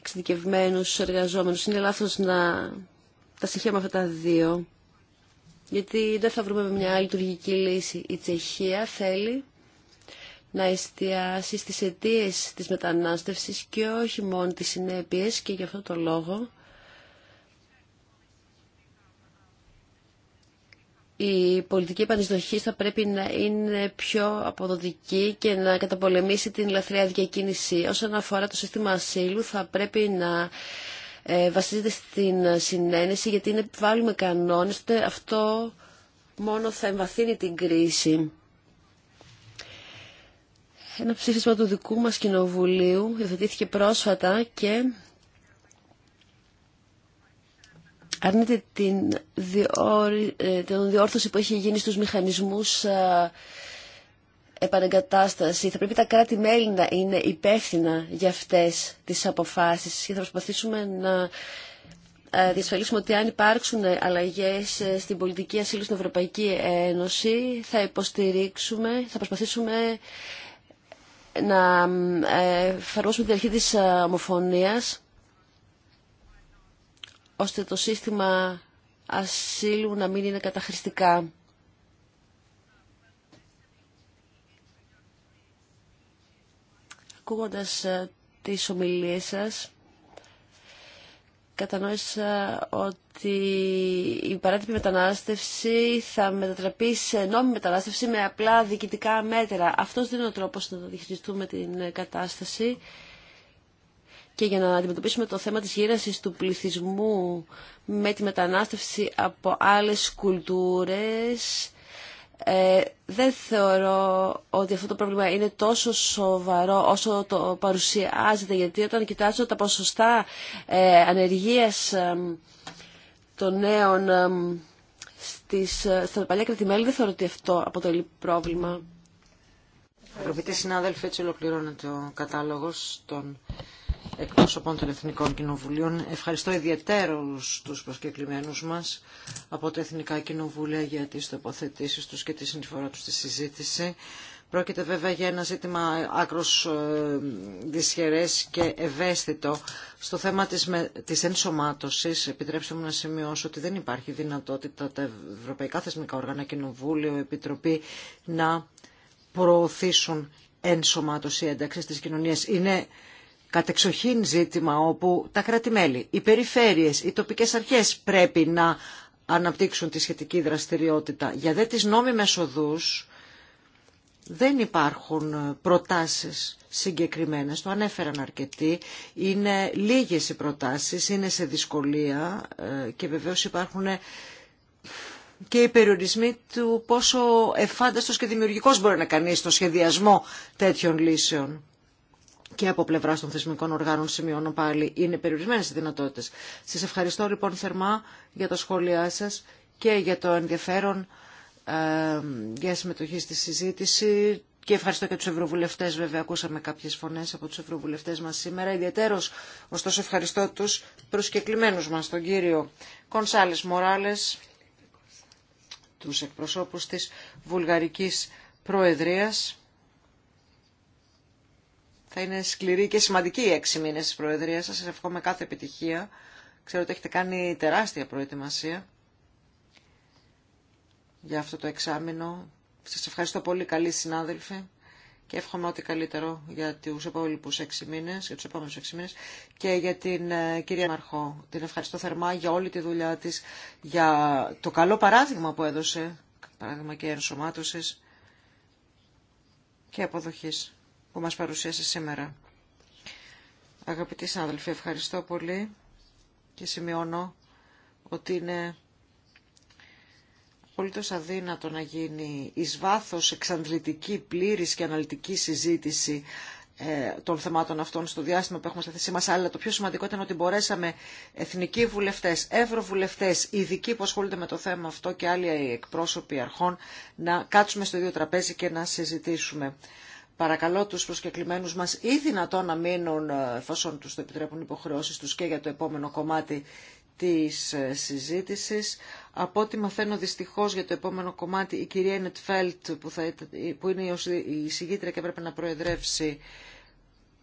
εξειδικευμένους εργαζόμενους. Είναι λάθος να τα συγχαίρουμε αυτά τα δύο, γιατί δεν θα βρούμε μια λειτουργική λύση. Η Τσεχία θέλει να εστιάσει στις αιτίε της μετανάστευσης και όχι μόνο τις συνέπειες και γι' αυτό το λόγο η πολιτική επανεισδοχή θα πρέπει να είναι πιο αποδοτική και να καταπολεμήσει την λαθρεία διακίνηση. Όσον αφορά το σύστημα ασύλου θα πρέπει να ε, βασίζεται στην συνένεση γιατί είναι βάλουμε κανόνες, αυτό μόνο θα εμβαθύνει την κρίση. Ένα ψήφισμα του δικού μας κοινοβουλίου υιοθετήθηκε πρόσφατα και αρνείται ε, την διόρθωση που έχει γίνει στους μηχανισμούς ε, επανεγκατάσταση. Θα πρέπει τα κράτη-μέλη να είναι υπεύθυνα για αυτές τις αποφάσεις και θα προσπαθήσουμε να ε, διασφαλίσουμε ότι αν υπάρξουν αλλαγές στην πολιτική ασύλου στην Ευρωπαϊκή Ένωση θα υποστηρίξουμε, θα προσπαθήσουμε να εφαρμόσουμε την αρχή της ομοφωνίας ώστε το σύστημα ασύλου να μην είναι καταχρηστικά. Ακούγοντας ε, τις ομιλίες σας, κατανόησα ότι η παράτυπη μετανάστευση θα μετατραπεί σε νόμιμη μετανάστευση με απλά διοικητικά μέτρα. Αυτός δεν είναι ο τρόπος να διαχειριστούμε την κατάσταση και για να αντιμετωπίσουμε το θέμα της γύρασης του πληθυσμού με τη μετανάστευση από άλλες κουλτούρες. Ε, δεν θεωρώ ότι αυτό το πρόβλημα είναι τόσο σοβαρό όσο το παρουσιάζεται γιατί όταν κοιτάζω τα ποσοστά ε, ανεργίας ε, των νέων ε, στις, στα παλιά κρατημέλη δεν θεωρώ ότι αυτό αποτελεί πρόβλημα. Αγαπητοί συνάδελφοι, έτσι ολοκληρώνεται ο κατάλογος των εκπρόσωπων των Εθνικών Κοινοβουλίων. Ευχαριστώ ιδιαίτερως τους προσκεκλημένους μας από τα Εθνικά Κοινοβούλια για τις τοποθετήσεις τους και τη συνεισφορά τους στη συζήτηση. Πρόκειται βέβαια για ένα ζήτημα άκρος ε, δυσχερές και ευαίσθητο. Στο θέμα της, με, της ενσωμάτωσης, επιτρέψτε μου να σημειώσω ότι δεν υπάρχει δυνατότητα τα ευρωπαϊκά θεσμικά όργανα, κοινοβούλιο, επιτροπή να προωθήσουν ενσωμάτωση ένταξης της κοινωνίας. Είναι κατεξοχήν ζήτημα όπου τα κράτη-μέλη, οι περιφέρειες, οι τοπικές αρχές πρέπει να αναπτύξουν τη σχετική δραστηριότητα. Για δε τις νόμιμες οδούς δεν υπάρχουν προτάσεις συγκεκριμένες, το ανέφεραν αρκετοί, είναι λίγες οι προτάσεις, είναι σε δυσκολία ε, και βεβαίως υπάρχουν ε, και οι περιορισμοί του πόσο εφάνταστος και δημιουργικός μπορεί να κάνει στο σχεδιασμό τέτοιων λύσεων και από πλευρά των θεσμικών οργάνων σημειώνω πάλι είναι περιορισμένε οι δυνατότητες. Σας ευχαριστώ λοιπόν θερμά για τα σχόλιά σα και για το ενδιαφέρον ε, για συμμετοχή στη συζήτηση και ευχαριστώ και του ευρωβουλευτέ, βέβαια, ακούσαμε κάποιε φωνέ από του ευρωβουλευτέ μα σήμερα. Ιδιαίτερος, ωστόσο ευχαριστώ του προσκεκλημένου μα τον κύριο Κονσάλε Μοράλε, του εκπροσώπου τη Βουλγαρική Προεδρία. Θα είναι σκληρή και σημαντική οι έξι μήνες της προεδρία σας. Σας ευχόμαι κάθε επιτυχία. Ξέρω ότι έχετε κάνει τεράστια προετοιμασία για αυτό το εξάμεινο. Σας ευχαριστώ πολύ καλοί συνάδελφοι και εύχομαι ό,τι καλύτερο για του επόμενου έξι μήνες, για τους επόμενους έξι μήνες και για την ε, κυρία Μαρχό. Την ευχαριστώ θερμά για όλη τη δουλειά της, για το καλό παράδειγμα που έδωσε, παράδειγμα και ενσωμάτωσης και αποδοχής που μας παρουσίασε σήμερα. Αγαπητοί συνάδελφοι, ευχαριστώ πολύ και σημειώνω ότι είναι απολύτως αδύνατο να γίνει εις βάθος εξαντλητική, πλήρης και αναλυτική συζήτηση ε, των θεμάτων αυτών στο διάστημα που έχουμε στα θέση μας, αλλά το πιο σημαντικό ήταν ότι μπορέσαμε εθνικοί βουλευτές, ευρωβουλευτές, ειδικοί που ασχολούνται με το θέμα αυτό και άλλοι εκπρόσωποι αρχών να κάτσουμε στο ίδιο τραπέζι και να συζητήσουμε. Παρακαλώ τους προσκεκλημένους μας ή δυνατόν να μείνουν, ε, εφόσον τους το επιτρέπουν υποχρεώσεις τους και για το επόμενο κομμάτι της ε, συζήτησης. Από ό,τι μαθαίνω δυστυχώς για το επόμενο κομμάτι η κυρία Νετφέλτ που, θα, που είναι η συγγήτρια και έπρεπε να προεδρεύσει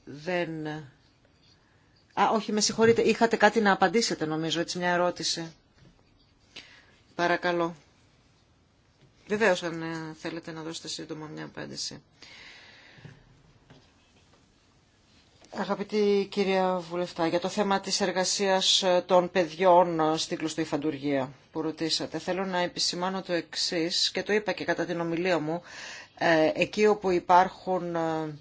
δεν... Α, όχι, με συγχωρείτε. Είχατε κάτι να απαντήσετε νομίζω, έτσι μια ερώτηση. Παρακαλώ. Βεβαίω αν ε, θέλετε να δώσετε σύντομα μια απάντηση. Αγαπητή κυρία Βουλευτά, για το θέμα της εργασίας των παιδιών στην κλωστή φαντουργία που ρωτήσατε, θέλω να επισημάνω το εξής και το είπα και κατά την ομιλία μου, ε, εκεί όπου υπάρχουν ε,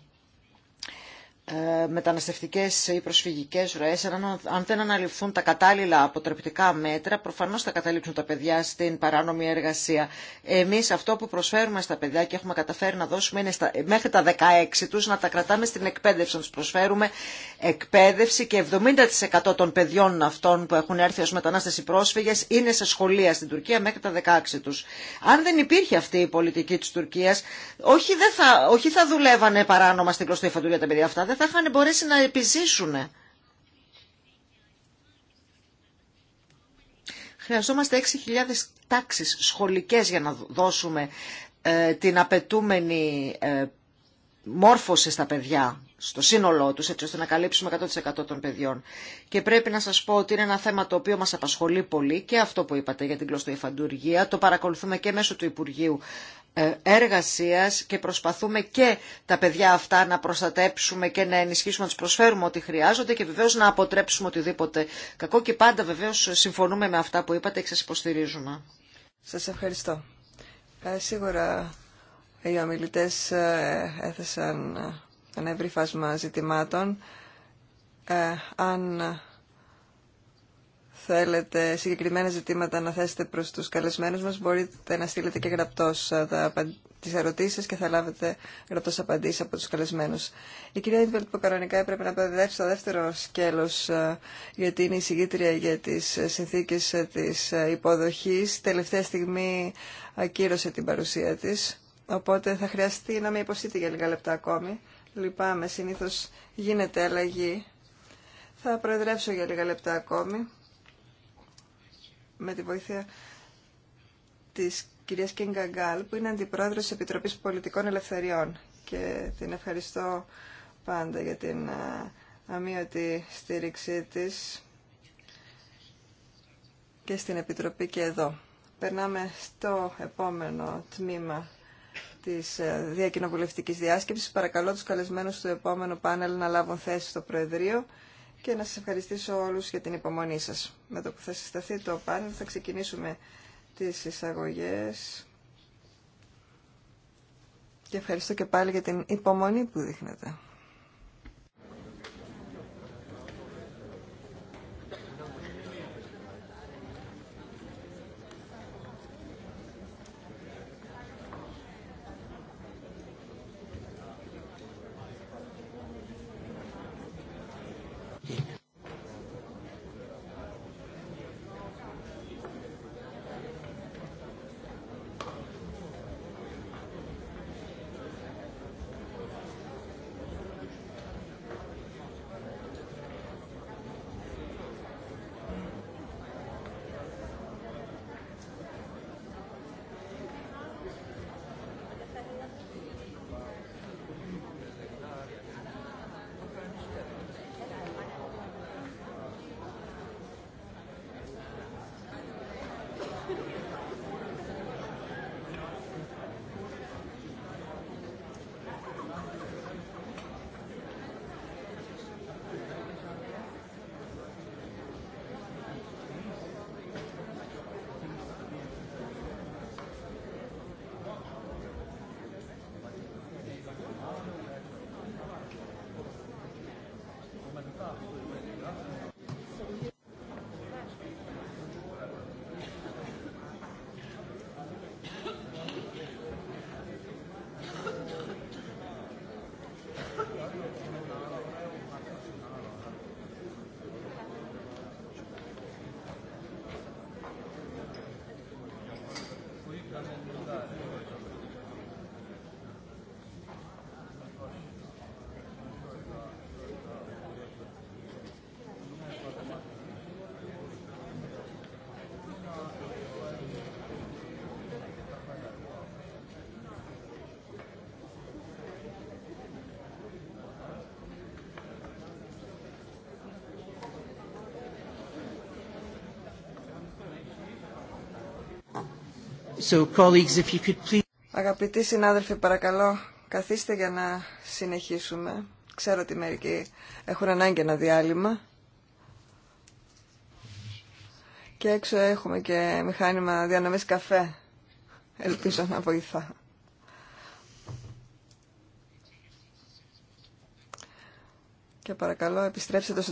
ε, μεταναστευτικές ή προσφυγικές ροές, αν δεν αναλυφθούν τα κατάλληλα αποτρεπτικά μέτρα, προφανώς θα καταλήξουν τα παιδιά στην παράνομη εργασία. Εμείς αυτό που προσφέρουμε στα παιδιά και έχουμε καταφέρει να δώσουμε είναι στα, μέχρι τα 16 τους να τα κρατάμε στην εκπαίδευση, να τους προσφέρουμε εκπαίδευση και 70% των παιδιών αυτών που έχουν έρθει ως μετανάστες ή πρόσφυγες είναι σε σχολεία στην Τουρκία μέχρι τα 16 τους. Αν δεν υπήρχε αυτή η πολιτική της Τουρκίας, όχι, θα, όχι θα δουλεύανε παράνομα στην κλωστή τα παιδιά αυτά, θα είχαν μπορέσει να επιζήσουν. Χρειαζόμαστε 6.000 τάξεις σχολικές για να δώσουμε ε, την απαιτούμενη ε, μόρφωση στα παιδιά, στο σύνολό τους, έτσι ώστε να καλύψουμε 100% των παιδιών. Και πρέπει να σας πω ότι είναι ένα θέμα το οποίο μας απασχολεί πολύ και αυτό που είπατε για την κλωστοϊφαντουργία. Το παρακολουθούμε και μέσω του Υπουργείου εργασίας και προσπαθούμε και τα παιδιά αυτά να προστατέψουμε και να ενισχύσουμε, να τους προσφέρουμε ό,τι χρειάζονται και βεβαίως να αποτρέψουμε οτιδήποτε κακό και πάντα βεβαίως συμφωνούμε με αυτά που είπατε και σας υποστηρίζουμε. Σας ευχαριστώ. Ε, σίγουρα οι ομιλητές ε, έθεσαν ένα ευρύ φάσμα ζητημάτων. Ε, αν θέλετε συγκεκριμένα ζητήματα να θέσετε προς τους καλεσμένους μας, μπορείτε να στείλετε και γραπτός ε, τα, τις ερωτήσεις και θα λάβετε γραπτός απαντήσεις από τους καλεσμένους. Η κυρία Ιντβελτ που κανονικά έπρεπε να παιδεύσει το δεύτερο σκέλος, ε, γιατί είναι η συγγήτρια για τις συνθήκες ε, της υποδοχής, τελευταία στιγμή ακύρωσε την παρουσία της, οπότε θα χρειαστεί να με υποστείτε για λίγα λεπτά ακόμη. Λυπάμαι, συνήθως γίνεται αλλαγή. Θα προεδρεύσω για λίγα λεπτά ακόμη με τη βοήθεια της κυρίας Κίνγκα Γκάλ, που είναι αντιπρόεδρος της Επιτροπής Πολιτικών Ελευθεριών. Και την ευχαριστώ πάντα για την αμύωτη στήριξή της και στην Επιτροπή και εδώ. Περνάμε στο επόμενο τμήμα της ε, διακοινοβουλευτικής διάσκεψης. Παρακαλώ τους καλεσμένους του επόμενου πάνελ να λάβουν θέση στο Προεδρείο και να σας ευχαριστήσω όλους για την υπομονή σας. Με το που θα συσταθεί το πάνελ θα ξεκινήσουμε τις εισαγωγές και ευχαριστώ και πάλι για την υπομονή που δείχνετε. Αγαπητοί συνάδελφοι, παρακαλώ, καθίστε για να συνεχίσουμε. Ξέρω ότι μερικοί έχουν ανάγκη ένα διάλειμμα. Και έξω έχουμε και μηχάνημα διανομής καφέ. Ελπίζω να βοηθά. Και παρακαλώ, επιστρέψτε το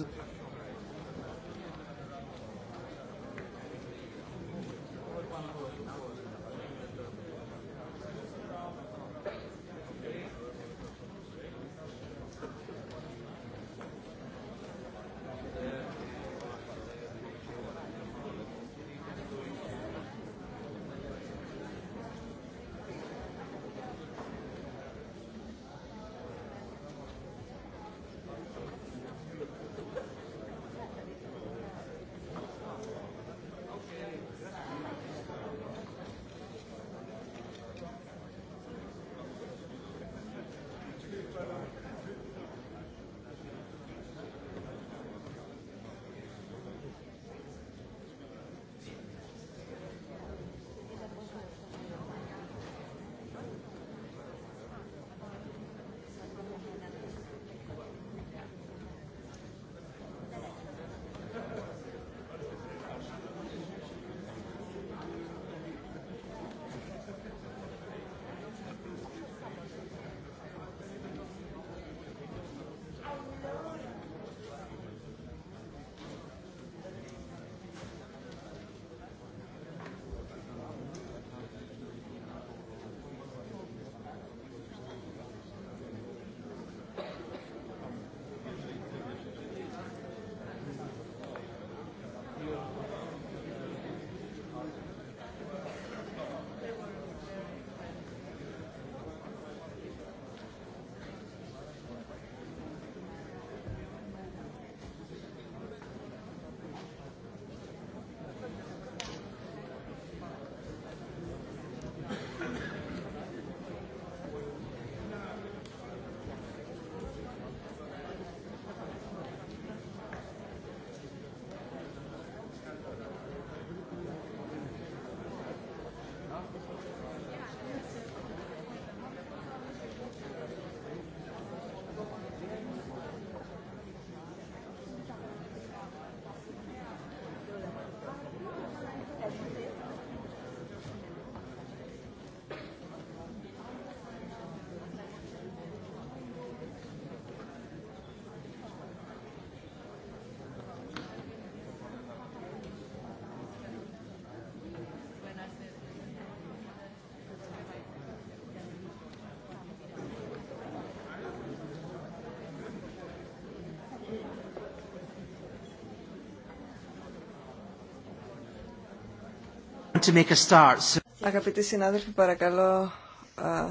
Αγαπητοί συνάδελφοι, παρακαλώ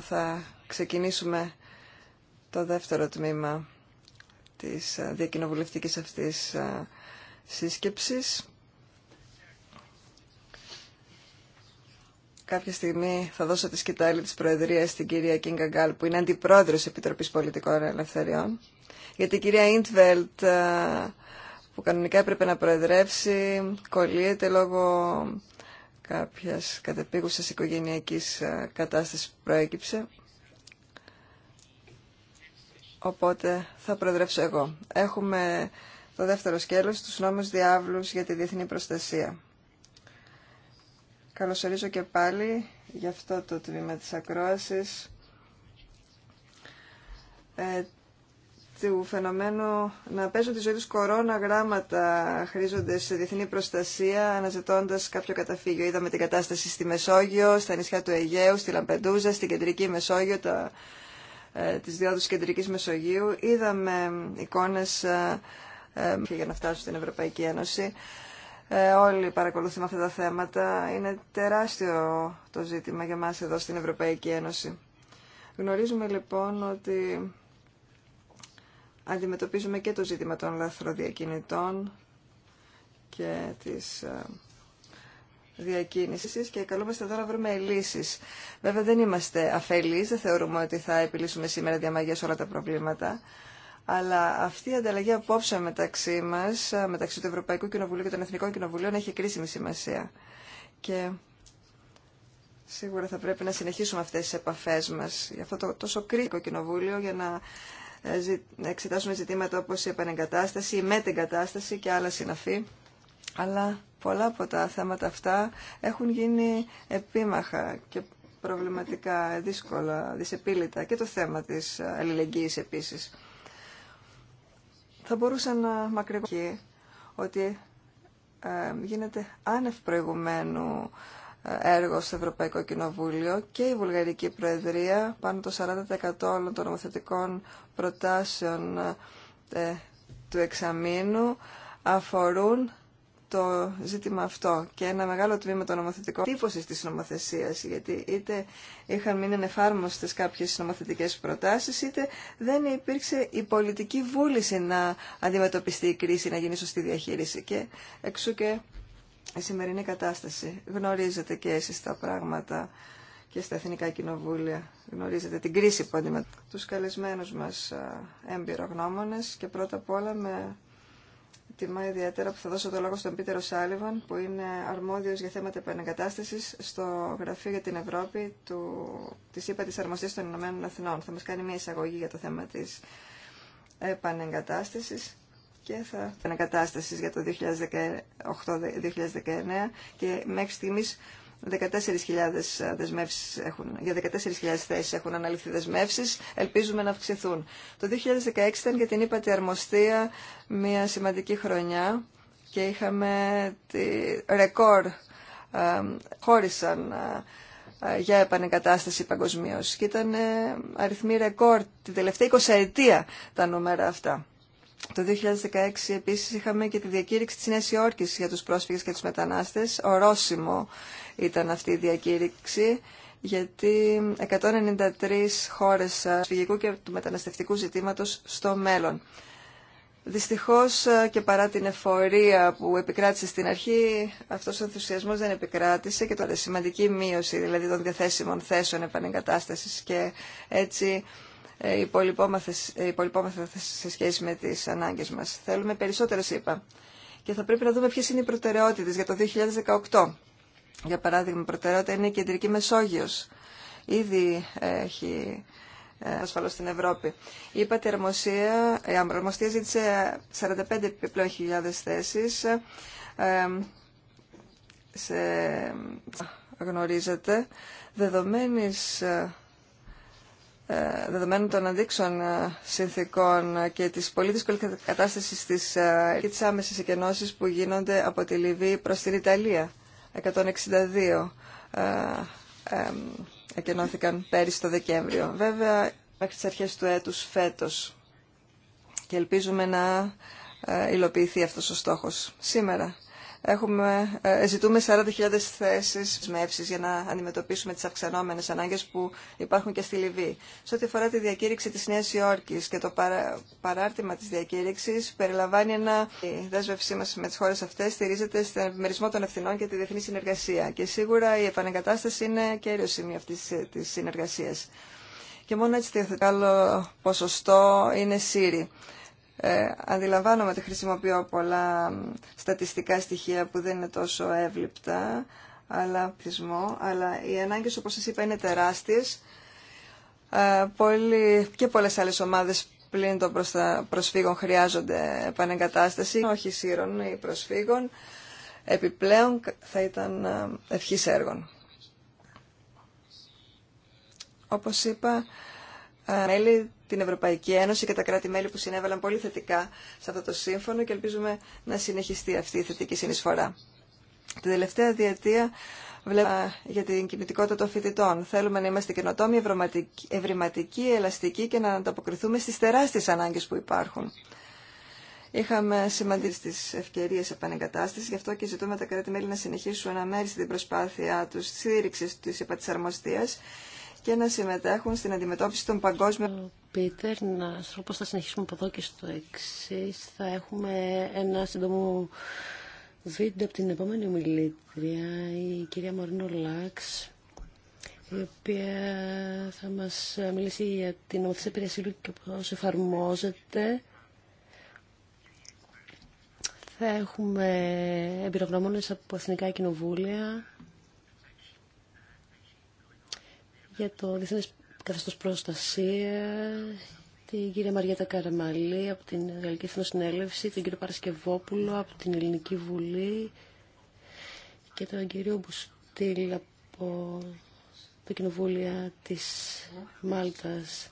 θα ξεκινήσουμε το δεύτερο τμήμα της διακοινοβουλευτικής αυτής σύσκεψης. Κάποια στιγμή θα δώσω τη σκητάλη της Προεδρίας στην κυρία Κίνγκα Γκάλ, που είναι αντιπρόεδρος Επιτροπής Πολιτικών Ελευθεριών, γιατί η κυρία Ιντβελτ που κανονικά έπρεπε να προεδρεύσει, κολλείεται λόγω κάποιας κατεπίγουσας οικογενειακής ε, κατάστασης που προέκυψε. Οπότε θα προεδρεύσω εγώ. Έχουμε το δεύτερο σκέλος, τους νόμους διάβλους για τη διεθνή προστασία. Καλωσορίζω και πάλι για αυτό το τμήμα της ακρόασης ε, του φαινομένου να παίζουν τη ζωή του κορώνα γράμματα χρήζονται σε διεθνή προστασία αναζητώντα κάποιο καταφύγιο. Είδαμε την κατάσταση στη Μεσόγειο, στα νησιά του Αιγαίου, στη Λαμπεντούζα, στην Κεντρική Μεσόγειο, τα, ε, τις διόδους Κεντρικής Μεσογείου. Είδαμε εικόνες ε, ε, για να φτάσουν στην Ευρωπαϊκή Ένωση. Ε, όλοι παρακολουθούμε αυτά τα θέματα. Είναι τεράστιο το ζήτημα για μας εδώ στην Ευρωπαϊκή Ένωση. Γνωρίζουμε λοιπόν ότι αντιμετωπίζουμε και το ζήτημα των λαθροδιακινητών και της ε, διακίνησης και καλούμαστε εδώ να βρούμε λύσεις. Βέβαια δεν είμαστε αφελείς, δεν θεωρούμε ότι θα επιλύσουμε σήμερα διαμαγές όλα τα προβλήματα, αλλά αυτή η ανταλλαγή απόψε μεταξύ μας, ε, μεταξύ του Ευρωπαϊκού Κοινοβουλίου και των Εθνικών Κοινοβουλίων έχει κρίσιμη σημασία. Και σίγουρα θα πρέπει να συνεχίσουμε αυτές τις επαφές μας για αυτό το τόσο κρίσιμο κοινοβούλιο για να να εξετάσουμε ζητήματα όπως η επανεγκατάσταση, η μετεγκατάσταση και άλλα συναφή. Αλλά πολλά από τα θέματα αυτά έχουν γίνει επίμαχα και προβληματικά, δύσκολα, δυσεπίλητα και το θέμα της αλληλεγγύης επίσης. Θα μπορούσα να μακρυγωθεί ότι ε, γίνεται άνευ προηγουμένου έργο στο Ευρωπαϊκό Κοινοβούλιο και η Βουλγαρική Προεδρία πάνω το 40% όλων των νομοθετικών προτάσεων ε, του εξαμήνου αφορούν το ζήτημα αυτό και ένα μεγάλο τμήμα των νομοθετικών τύφωση της νομοθεσίας Γιατί είτε είχαν μείνει ανεφάρμοστε κάποιες νομοθετικές προτάσεις είτε δεν υπήρξε η πολιτική βούληση να αντιμετωπιστεί η κρίση, να γίνει σωστή διαχείριση. Και εξού και η σημερινή κατάσταση. Γνωρίζετε και εσείς τα πράγματα και στα Εθνικά Κοινοβούλια. Γνωρίζετε την κρίση που αντιμετωπίζουμε. Τους καλεσμένους μας εμπειρογνώμονες και πρώτα απ' όλα με τιμά ιδιαίτερα που θα δώσω το λόγο στον Πίτερο Σάλιβαν που είναι αρμόδιος για θέματα επανεγκατάστασης στο Γραφείο για την Ευρώπη του, της ΥΠΑ των Ηνωμένων Θα μας κάνει μια εισαγωγή για το θέμα της επανεγκατάστασης και θα ανακατάστασης για το 2018-2019 και μέχρι στιγμής 14.000 έχουν, για 14.000 θέσεις έχουν αναλυθεί δεσμεύσεις, ελπίζουμε να αυξηθούν. Το 2016 ήταν για την ύπατη αρμοστία μια σημαντική χρονιά και είχαμε τη ρεκόρ, χώρισαν ε, για επανεκατάσταση παγκοσμίω. Και ήταν ε, αριθμοί ρεκόρ την τελευταία 20 ετία τα νούμερα αυτά. Το 2016 επίσης είχαμε και τη διακήρυξη της Νέα Υόρκη για τους πρόσφυγες και τους μετανάστες. Ορόσημο ήταν αυτή η διακήρυξη γιατί 193 χώρε του φυγικού και του μεταναστευτικού ζητήματος στο μέλλον. Δυστυχώ και παρά την εφορία που επικράτησε στην αρχή, αυτός ο ενθουσιασμό δεν επικράτησε και τώρα σημαντική μείωση δηλαδή των διαθέσιμων θέσεων επανεγκατάστασης και έτσι ε, υπολοιπόμεθα ε, σε σχέση με τις ανάγκες μας. Θέλουμε περισσότερε είπα. Και θα πρέπει να δούμε ποιε είναι οι προτεραιότητε για το 2018. Για παράδειγμα, η προτεραιότητα είναι η Κεντρική Μεσόγειος. Ήδη έχει ε, ασφαλώ στην Ευρώπη. Η πατερμοσία, η αρμοστία ζήτησε 45 επιπλέον χιλιάδες θέσεις. σε, γνωρίζετε, δεδομένης ε, δεδομένων των αντίξων ε, συνθήκων ε, και της πολύ δύσκολη κατάστασης της, και της άμεσης που γίνονται από τη Λιβύη προς την Ιταλία. 162 εκενώθηκαν πέρυσι το Δεκέμβριο. Βέβαια, μέχρι τις αρχές του έτους φέτος και ελπίζουμε να υλοποιηθεί αυτός ο στόχος. Σήμερα έχουμε, ε, ζητούμε 40.000 θέσεις σμεύσεις για να αντιμετωπίσουμε τις αυξανόμενες ανάγκες που υπάρχουν και στη Λιβύη. Σε ό,τι αφορά τη διακήρυξη της Νέας Υόρκης και το παρά, παράρτημα της διακήρυξης περιλαμβάνει ένα η δέσμευσή μας με τις χώρες αυτές στηρίζεται στον επιμερισμό των ευθυνών και τη διεθνή συνεργασία και σίγουρα η επανεγκατάσταση είναι κέριο σημείο αυτής της συνεργασίας. Και μόνο έτσι το ποσοστό είναι ΣΥΡΙ. Ε, αντιλαμβάνομαι ότι χρησιμοποιώ πολλά στατιστικά στοιχεία που δεν είναι τόσο εύληπτα, αλλά πισμό. αλλά οι ανάγκες όπως σας είπα είναι τεράστιες. Ε, και πολλές άλλες ομάδες πλήν των προσφύγων χρειάζονται επανεγκατάσταση, όχι σύρων ή προσφύγων. Επιπλέον θα ήταν ε, ευχή έργων. Όπως είπα, μέλη την Ευρωπαϊκή Ένωση και τα κράτη-μέλη που συνέβαλαν πολύ θετικά σε αυτό το σύμφωνο και ελπίζουμε να συνεχιστεί αυτή η θετική συνεισφορά. Την τελευταία διετία βλέπουμε για την κινητικότητα των φοιτητών. Θέλουμε να είμαστε καινοτόμοι, ευρηματικοί, ελαστικοί και να ανταποκριθούμε στις τεράστιε ανάγκες που υπάρχουν. Είχαμε σημαντήσει τι ευκαιρίε επανεγκατάσταση, γι' αυτό και ζητούμε τα κράτη-μέλη να συνεχίσουν αμέριστη την προσπάθειά του στήριξη τη επατησαρμοστία και να συμμετέχουν στην αντιμετώπιση των παγκόσμιων. Πίτερ, να σα πω πώ θα συνεχίσουμε από εδώ και στο εξή. Θα έχουμε ένα σύντομο βίντεο από την επόμενη ομιλήτρια, η κυρία Μωρίνο Λάξ, η οποία θα μας μιλήσει για την νομοθεσία ασύλου και πώς εφαρμόζεται. Θα έχουμε εμπειρογνώμονες από εθνικά κοινοβούλια για το Διεθνέ Καθεστώ Προστασία, ε, την κυρία Μαριέτα Καραμαλή από την Γαλλική Εθνοσυνέλευση, τον κύριο Παρασκευόπουλο από την Ελληνική Βουλή και τον κύριο Μπουστήλ από το Κοινοβούλια της Μάλτας.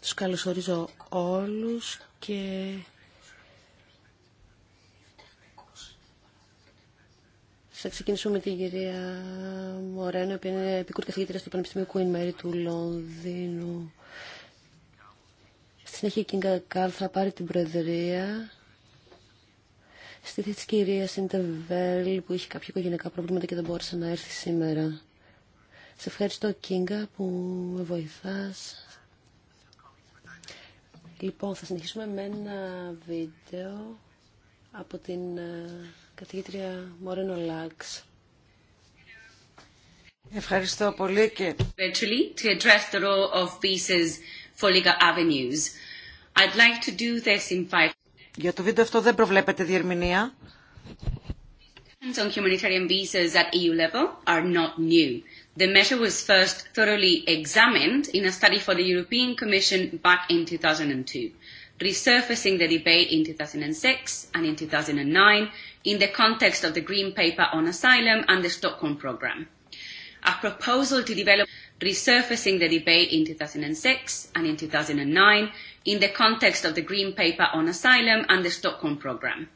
Τους καλωσορίζω όλους και Θα ξεκινήσουμε με την κυρία μωρένο η οποία είναι επικούρ καθηγήτρια στο Πανεπιστημίου Queen Mary του Λονδίνου. Στη συνέχεια η Κίνγκα Κάλ θα πάρει την προεδρία. Στη θέση της κυρίας Ιντεβέλ που είχε κάποια οικογενειακά προβλήματα και δεν μπόρεσε να έρθει σήμερα. Σε ευχαριστώ Κίνγκα που με βοηθάς. Λοιπόν, θα συνεχίσουμε με ένα βίντεο από την ε, καθηγήτρια Μόρενο Λάξ. Ευχαριστώ πολύ και... ...to address the role of pieces for legal avenues. I'd like to do this in five... Για το βίντεο αυτό δεν προβλέπετε διερμηνία. ...on humanitarian visas at EU level are not new. The measure was first thoroughly examined in a study for the European Commission back in 2002 resurfacing the debate in 2006 and in 2009 in the context of the Green Paper on Asylum and the Stockholm Programme. A proposal to develop resurfacing the debate in 2006 and in 2009 in the context of the Green Paper on Asylum and the Stockholm Programme.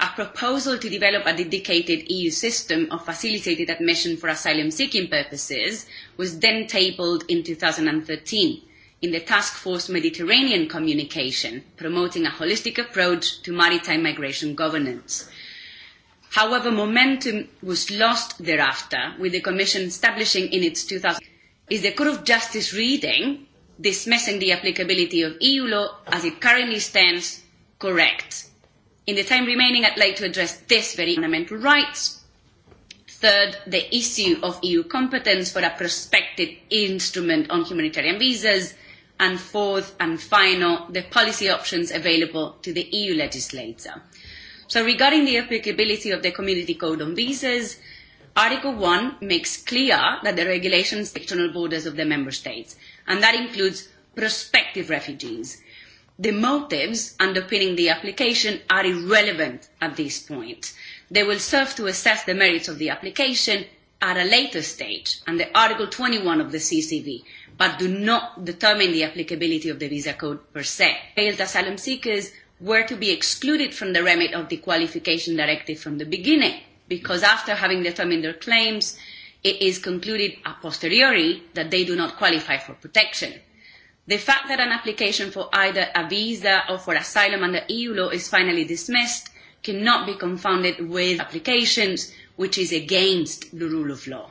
A proposal to develop a dedicated EU system of facilitated admission for asylum seeking purposes was then tabled in 2013 in the Task Force Mediterranean communication, promoting a holistic approach to maritime migration governance. However, momentum was lost thereafter, with the Commission establishing in its 2000 is the Court of Justice reading, dismissing the applicability of EU law as it currently stands, correct? In the time remaining, I'd like to address this very fundamental rights. Third, the issue of EU competence for a prospective instrument on humanitarian visas and fourth and final, the policy options available to the EU legislator. So regarding the applicability of the Community Code on Visas, Article 1 makes clear that the regulations external borders of the Member States, and that includes prospective refugees. The motives underpinning the application are irrelevant at this point. They will serve to assess the merits of the application at a later stage under Article 21 of the CCV, but do not determine the applicability of the visa code per se. Failed asylum seekers were to be excluded from the remit of the qualification directive from the beginning, because after having determined their claims, it is concluded a posteriori that they do not qualify for protection. The fact that an application for either a visa or for asylum under EU law is finally dismissed cannot be confounded with applications which is against the rule of law.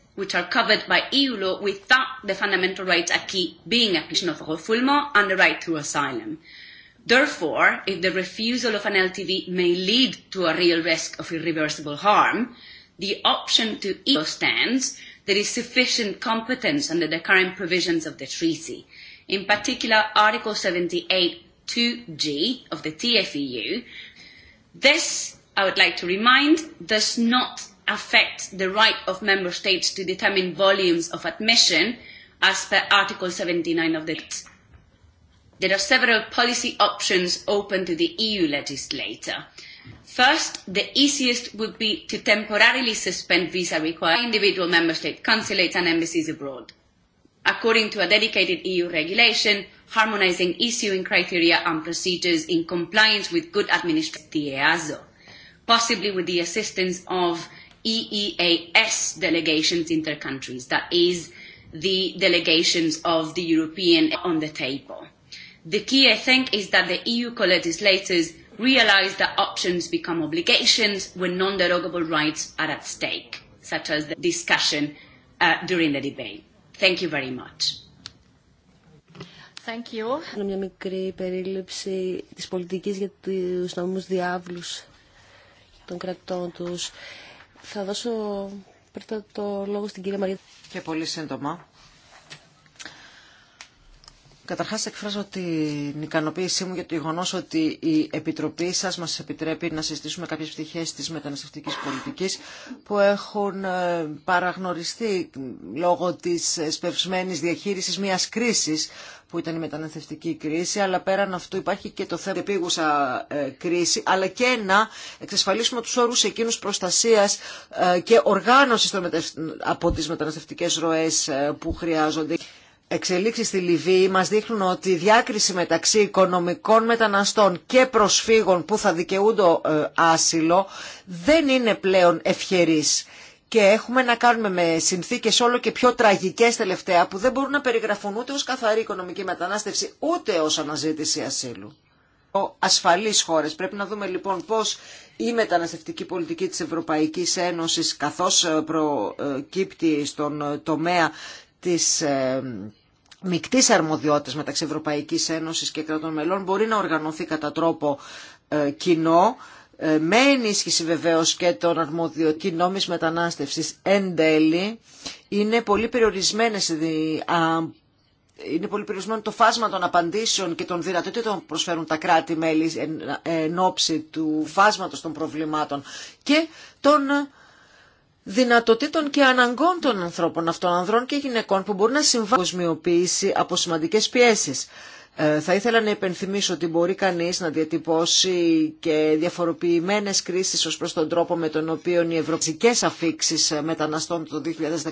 which are covered by EU law without the fundamental rights acquis being a question of refoulement and the right to asylum. Therefore, if the refusal of an LTV may lead to a real risk of irreversible harm, the option to EU stands there is sufficient competence under the current provisions of the treaty. In particular, Article 78 g of the TFEU. This, I would like to remind, does not affect the right of member states to determine volumes of admission as per Article 79 of the There are several policy options open to the EU legislator. First, the easiest would be to temporarily suspend visa requirements individual member state consulates and embassies abroad. According to a dedicated EU regulation, harmonising issuing criteria and procedures in compliance with good administration, the possibly with the assistance of EEAS delegations their countries, that is the delegations of the European on the table. The key, I think, is that the EU co-legislators realize that options become obligations when non-derogable rights are at stake, such as the discussion during the debate. Thank you very much. Thank you. Μια μικρή περίληψη της πολιτικής για τους νόμους διάβλους των κρατών θα δώσω πρώτα το λόγο στην κυρία Μαρία. Και πολύ σύντομα. Καταρχάς εκφράζω την ικανοποίησή μου για το γεγονό ότι η Επιτροπή σας μας επιτρέπει να συζητήσουμε κάποιες πτυχές της μεταναστευτικής πολιτικής που έχουν ε, παραγνωριστεί λόγω της σπευσμένη διαχείρισης μιας κρίσης που ήταν η μεταναστευτική κρίση, αλλά πέραν αυτού υπάρχει και το θέμα επίγουσα ε, κρίση, αλλά και να εξασφαλίσουμε του όρους εκείνους προστασίας ε, και οργάνωσης από τις μεταναστευτικές ροές που χρειάζονται εξελίξεις στη Λιβύη μας δείχνουν ότι η διάκριση μεταξύ οικονομικών μεταναστών και προσφύγων που θα δικαιούνται ε, άσυλο δεν είναι πλέον ευχερής. Και έχουμε να κάνουμε με συνθήκες όλο και πιο τραγικές τελευταία που δεν μπορούν να περιγραφούν ούτε ως καθαρή οικονομική μετανάστευση ούτε ως αναζήτηση ασύλου. ασφαλής χώρες. Πρέπει να δούμε λοιπόν πώς η μεταναστευτική πολιτική της Ευρωπαϊκής Ένωσης καθώς ε, προκύπτει στον ε, τομέα της μεικτής αρμοδιότητας μεταξύ Ευρωπαϊκής Ένωσης και κρατών μελών μπορεί να οργανωθεί κατά τρόπο ε, κοινό ε, με ενίσχυση βεβαίω και των αρμοδιοτήτων νόμης μετανάστευσης εν τέλει είναι πολύ περιορισμένες είναι πολύ περιορισμένο το φάσμα των απαντήσεων και των δυνατοτήτων που προσφέρουν τα κράτη-μέλη εν, ώψη του φάσματος των προβλημάτων και των δυνατοτήτων και αναγκών των ανθρώπων αυτών, ανδρών και γυναικών που μπορεί να συμβάλλουν από σημαντικέ πιέσεις. Ε, θα ήθελα να υπενθυμίσω ότι μπορεί κανείς να διατυπώσει και διαφοροποιημένες κρίσεις ως προς τον τρόπο με τον οποίο οι ευρωπαϊκές αφήξεις μεταναστών το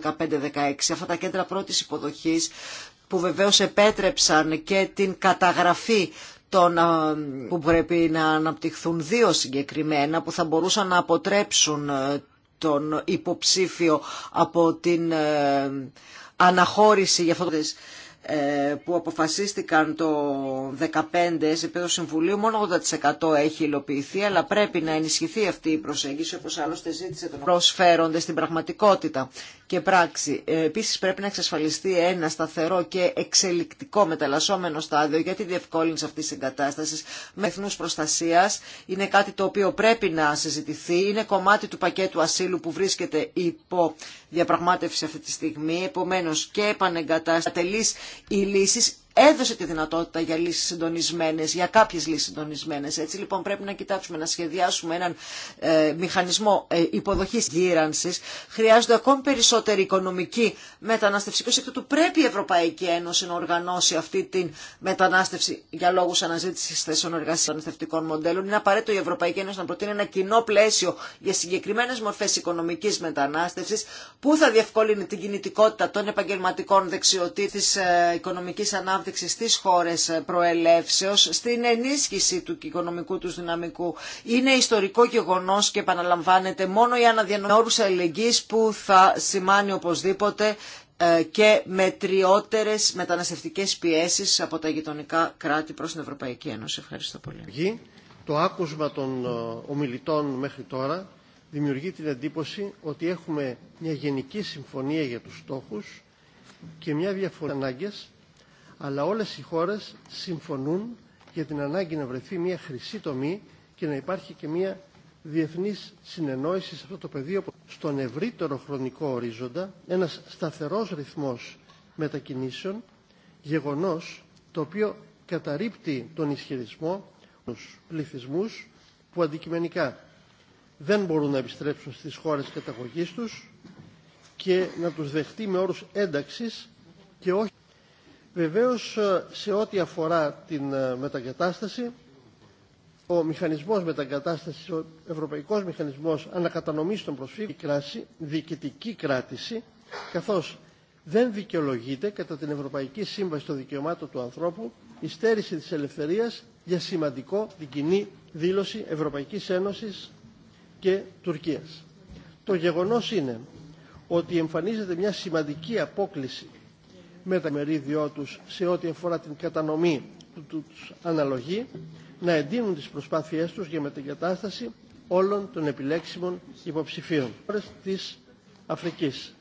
2015-2016, αυτά τα κέντρα πρώτης υποδοχής που βεβαίως επέτρεψαν και την καταγραφή ε, που πρέπει να αναπτυχθούν δύο συγκεκριμένα που θα μπορούσαν να αποτρέψουν ε, τον υποψήφιο από την ε, αναχώρηση για αυτό το ε, που αποφασίστηκαν το 2015 σε επίπεδο Συμβουλίου μόνο 80% έχει υλοποιηθεί αλλά πρέπει να ενισχυθεί αυτή η προσέγγιση όπως άλλωστε ζήτησε τον προσφέρονται στην πραγματικότητα και πράξη. Ε, επίσης πρέπει να εξασφαλιστεί ένα σταθερό και εξελικτικό μεταλλασσόμενο στάδιο για τη διευκόλυνση αυτής της εγκατάστασης με εθνούς προστασίας. Είναι κάτι το οποίο πρέπει να συζητηθεί. Είναι κομμάτι του πακέτου ασύλου που βρίσκεται υπό διαπραγμάτευση αυτή τη στιγμή. Επομένως και επανεγκατάσταση οι λύσεις έδωσε τη δυνατότητα για λύσεις συντονισμένες, για κάποιες λύσεις συντονισμένες. Έτσι λοιπόν πρέπει να κοιτάξουμε, να σχεδιάσουμε έναν ε, μηχανισμό ε, υποδοχής γύρανσης. Χρειάζονται ακόμη περισσότερη οικονομική μετανάστευση. Και του πρέπει η Ευρωπαϊκή Ένωση να οργανώσει αυτή τη μετανάστευση για λόγους αναζήτησης θέσεων εργασίας αναθευτικών μοντέλων. Είναι απαραίτητο η Ευρωπαϊκή Ένωση να προτείνει ένα κοινό πλαίσιο για συγκεκριμένε μορφές οικονομικής μετανάστευσης που θα διευκολύνει την κινητικότητα των επαγγελματικών δεξιοτήτων τη ε, οικονομικής ανάπτυξη ανάπτυξη στι χώρες προελεύσεω στην ενίσχυση του οικονομικού του δυναμικού. Είναι ιστορικό γεγονός και επαναλαμβάνεται μόνο η αναδιανομή όρους που θα σημάνει οπωσδήποτε ε, και μετριότερες μεταναστευτικέ πιέσεις από τα γειτονικά κράτη προς την Ευρωπαϊκή Ένωση. Ευχαριστώ πολύ. Το άκουσμα των ε, ομιλητών μέχρι τώρα δημιουργεί την εντύπωση ότι έχουμε μια γενική συμφωνία για τους στόχους και μια διαφορά αλλά όλες οι χώρες συμφωνούν για την ανάγκη να βρεθεί μια χρυσή τομή και να υπάρχει και μια διεθνής συνεννόηση σε αυτό το πεδίο. Στον ευρύτερο χρονικό ορίζοντα, ένας σταθερός ρυθμός μετακινήσεων, γεγονός το οποίο καταρρύπτει τον ισχυρισμό τους πληθυσμούς που αντικειμενικά δεν μπορούν να επιστρέψουν στις χώρες καταγωγής τους και να τους δεχτεί με όρους ένταξης και όχι Βεβαίως ε, σε ό,τι αφορά την ε, μετακατάσταση, ο μηχανισμός μετακατάστασης, ο ευρωπαϊκός μηχανισμός ανακατανομής των προσφύγων κράση, διοικητική κράτηση, καθώς δεν δικαιολογείται κατά την Ευρωπαϊκή Σύμβαση των Δικαιωμάτων του Ανθρώπου η στέρηση της ελευθερίας για σημαντικό την κοινή δήλωση Ευρωπαϊκής Ένωσης και Τουρκίας. Το γεγονός είναι ότι εμφανίζεται μια σημαντική απόκληση με τα μερίδιό τους σε ό,τι αφορά την κατανομή του τους αναλογή να εντείνουν τις προσπάθειές τους για μετεγκατάσταση όλων των επιλέξιμων υποψηφίων της Αφρικής.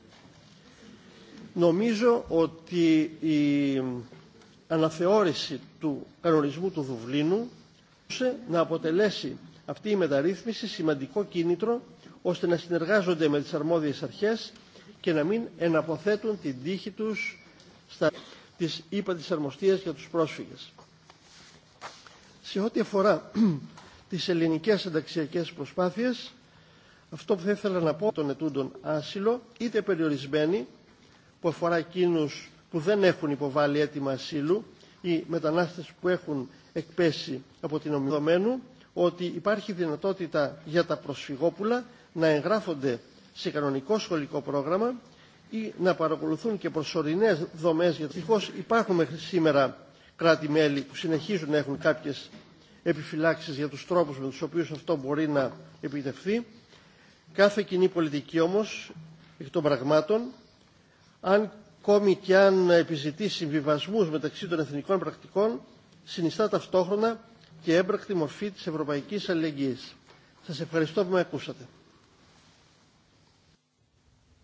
Νομίζω ότι η αναθεώρηση του κανονισμού του Δουβλίνου να αποτελέσει αυτή η μεταρρύθμιση σημαντικό κίνητρο ώστε να συνεργάζονται με τις αρμόδιες αρχές και να μην εναποθέτουν την τύχη τους στα, της ΥΠΑ της Αρμοστίας για τους πρόσφυγες. Σε ό,τι αφορά τις ελληνικές ενταξιακές προσπάθειες, αυτό που θα ήθελα να πω των ετούντων άσυλο, είτε περιορισμένοι, που αφορά εκείνου που δεν έχουν υποβάλει αίτημα ασύλου ή μετανάστες που έχουν εκπέσει από την ομιδομένου, ότι υπάρχει δυνατότητα για τα προσφυγόπουλα να εγγράφονται σε κανονικό σχολικό πρόγραμμα ή να παρακολουθούν και προσωρινες δομέ, δομές γιατί δυστυχώς υπάρχουν μέχρι σήμερα κράτη-μέλη που συνεχίζουν να έχουν κάποιες επιφυλάξει για τους τρόπους με τους οποίους αυτό μπορεί να επιτευχθεί. Κάθε κοινή πολιτική όμως εκ των πραγμάτων αν ακόμη και αν επιζητεί συμβιβασμού μεταξύ των εθνικών πρακτικών συνιστά ταυτόχρονα και έμπρακτη μορφή της ευρωπαϊκής αλληλεγγύης. Σας ευχαριστώ που με ακούσατε.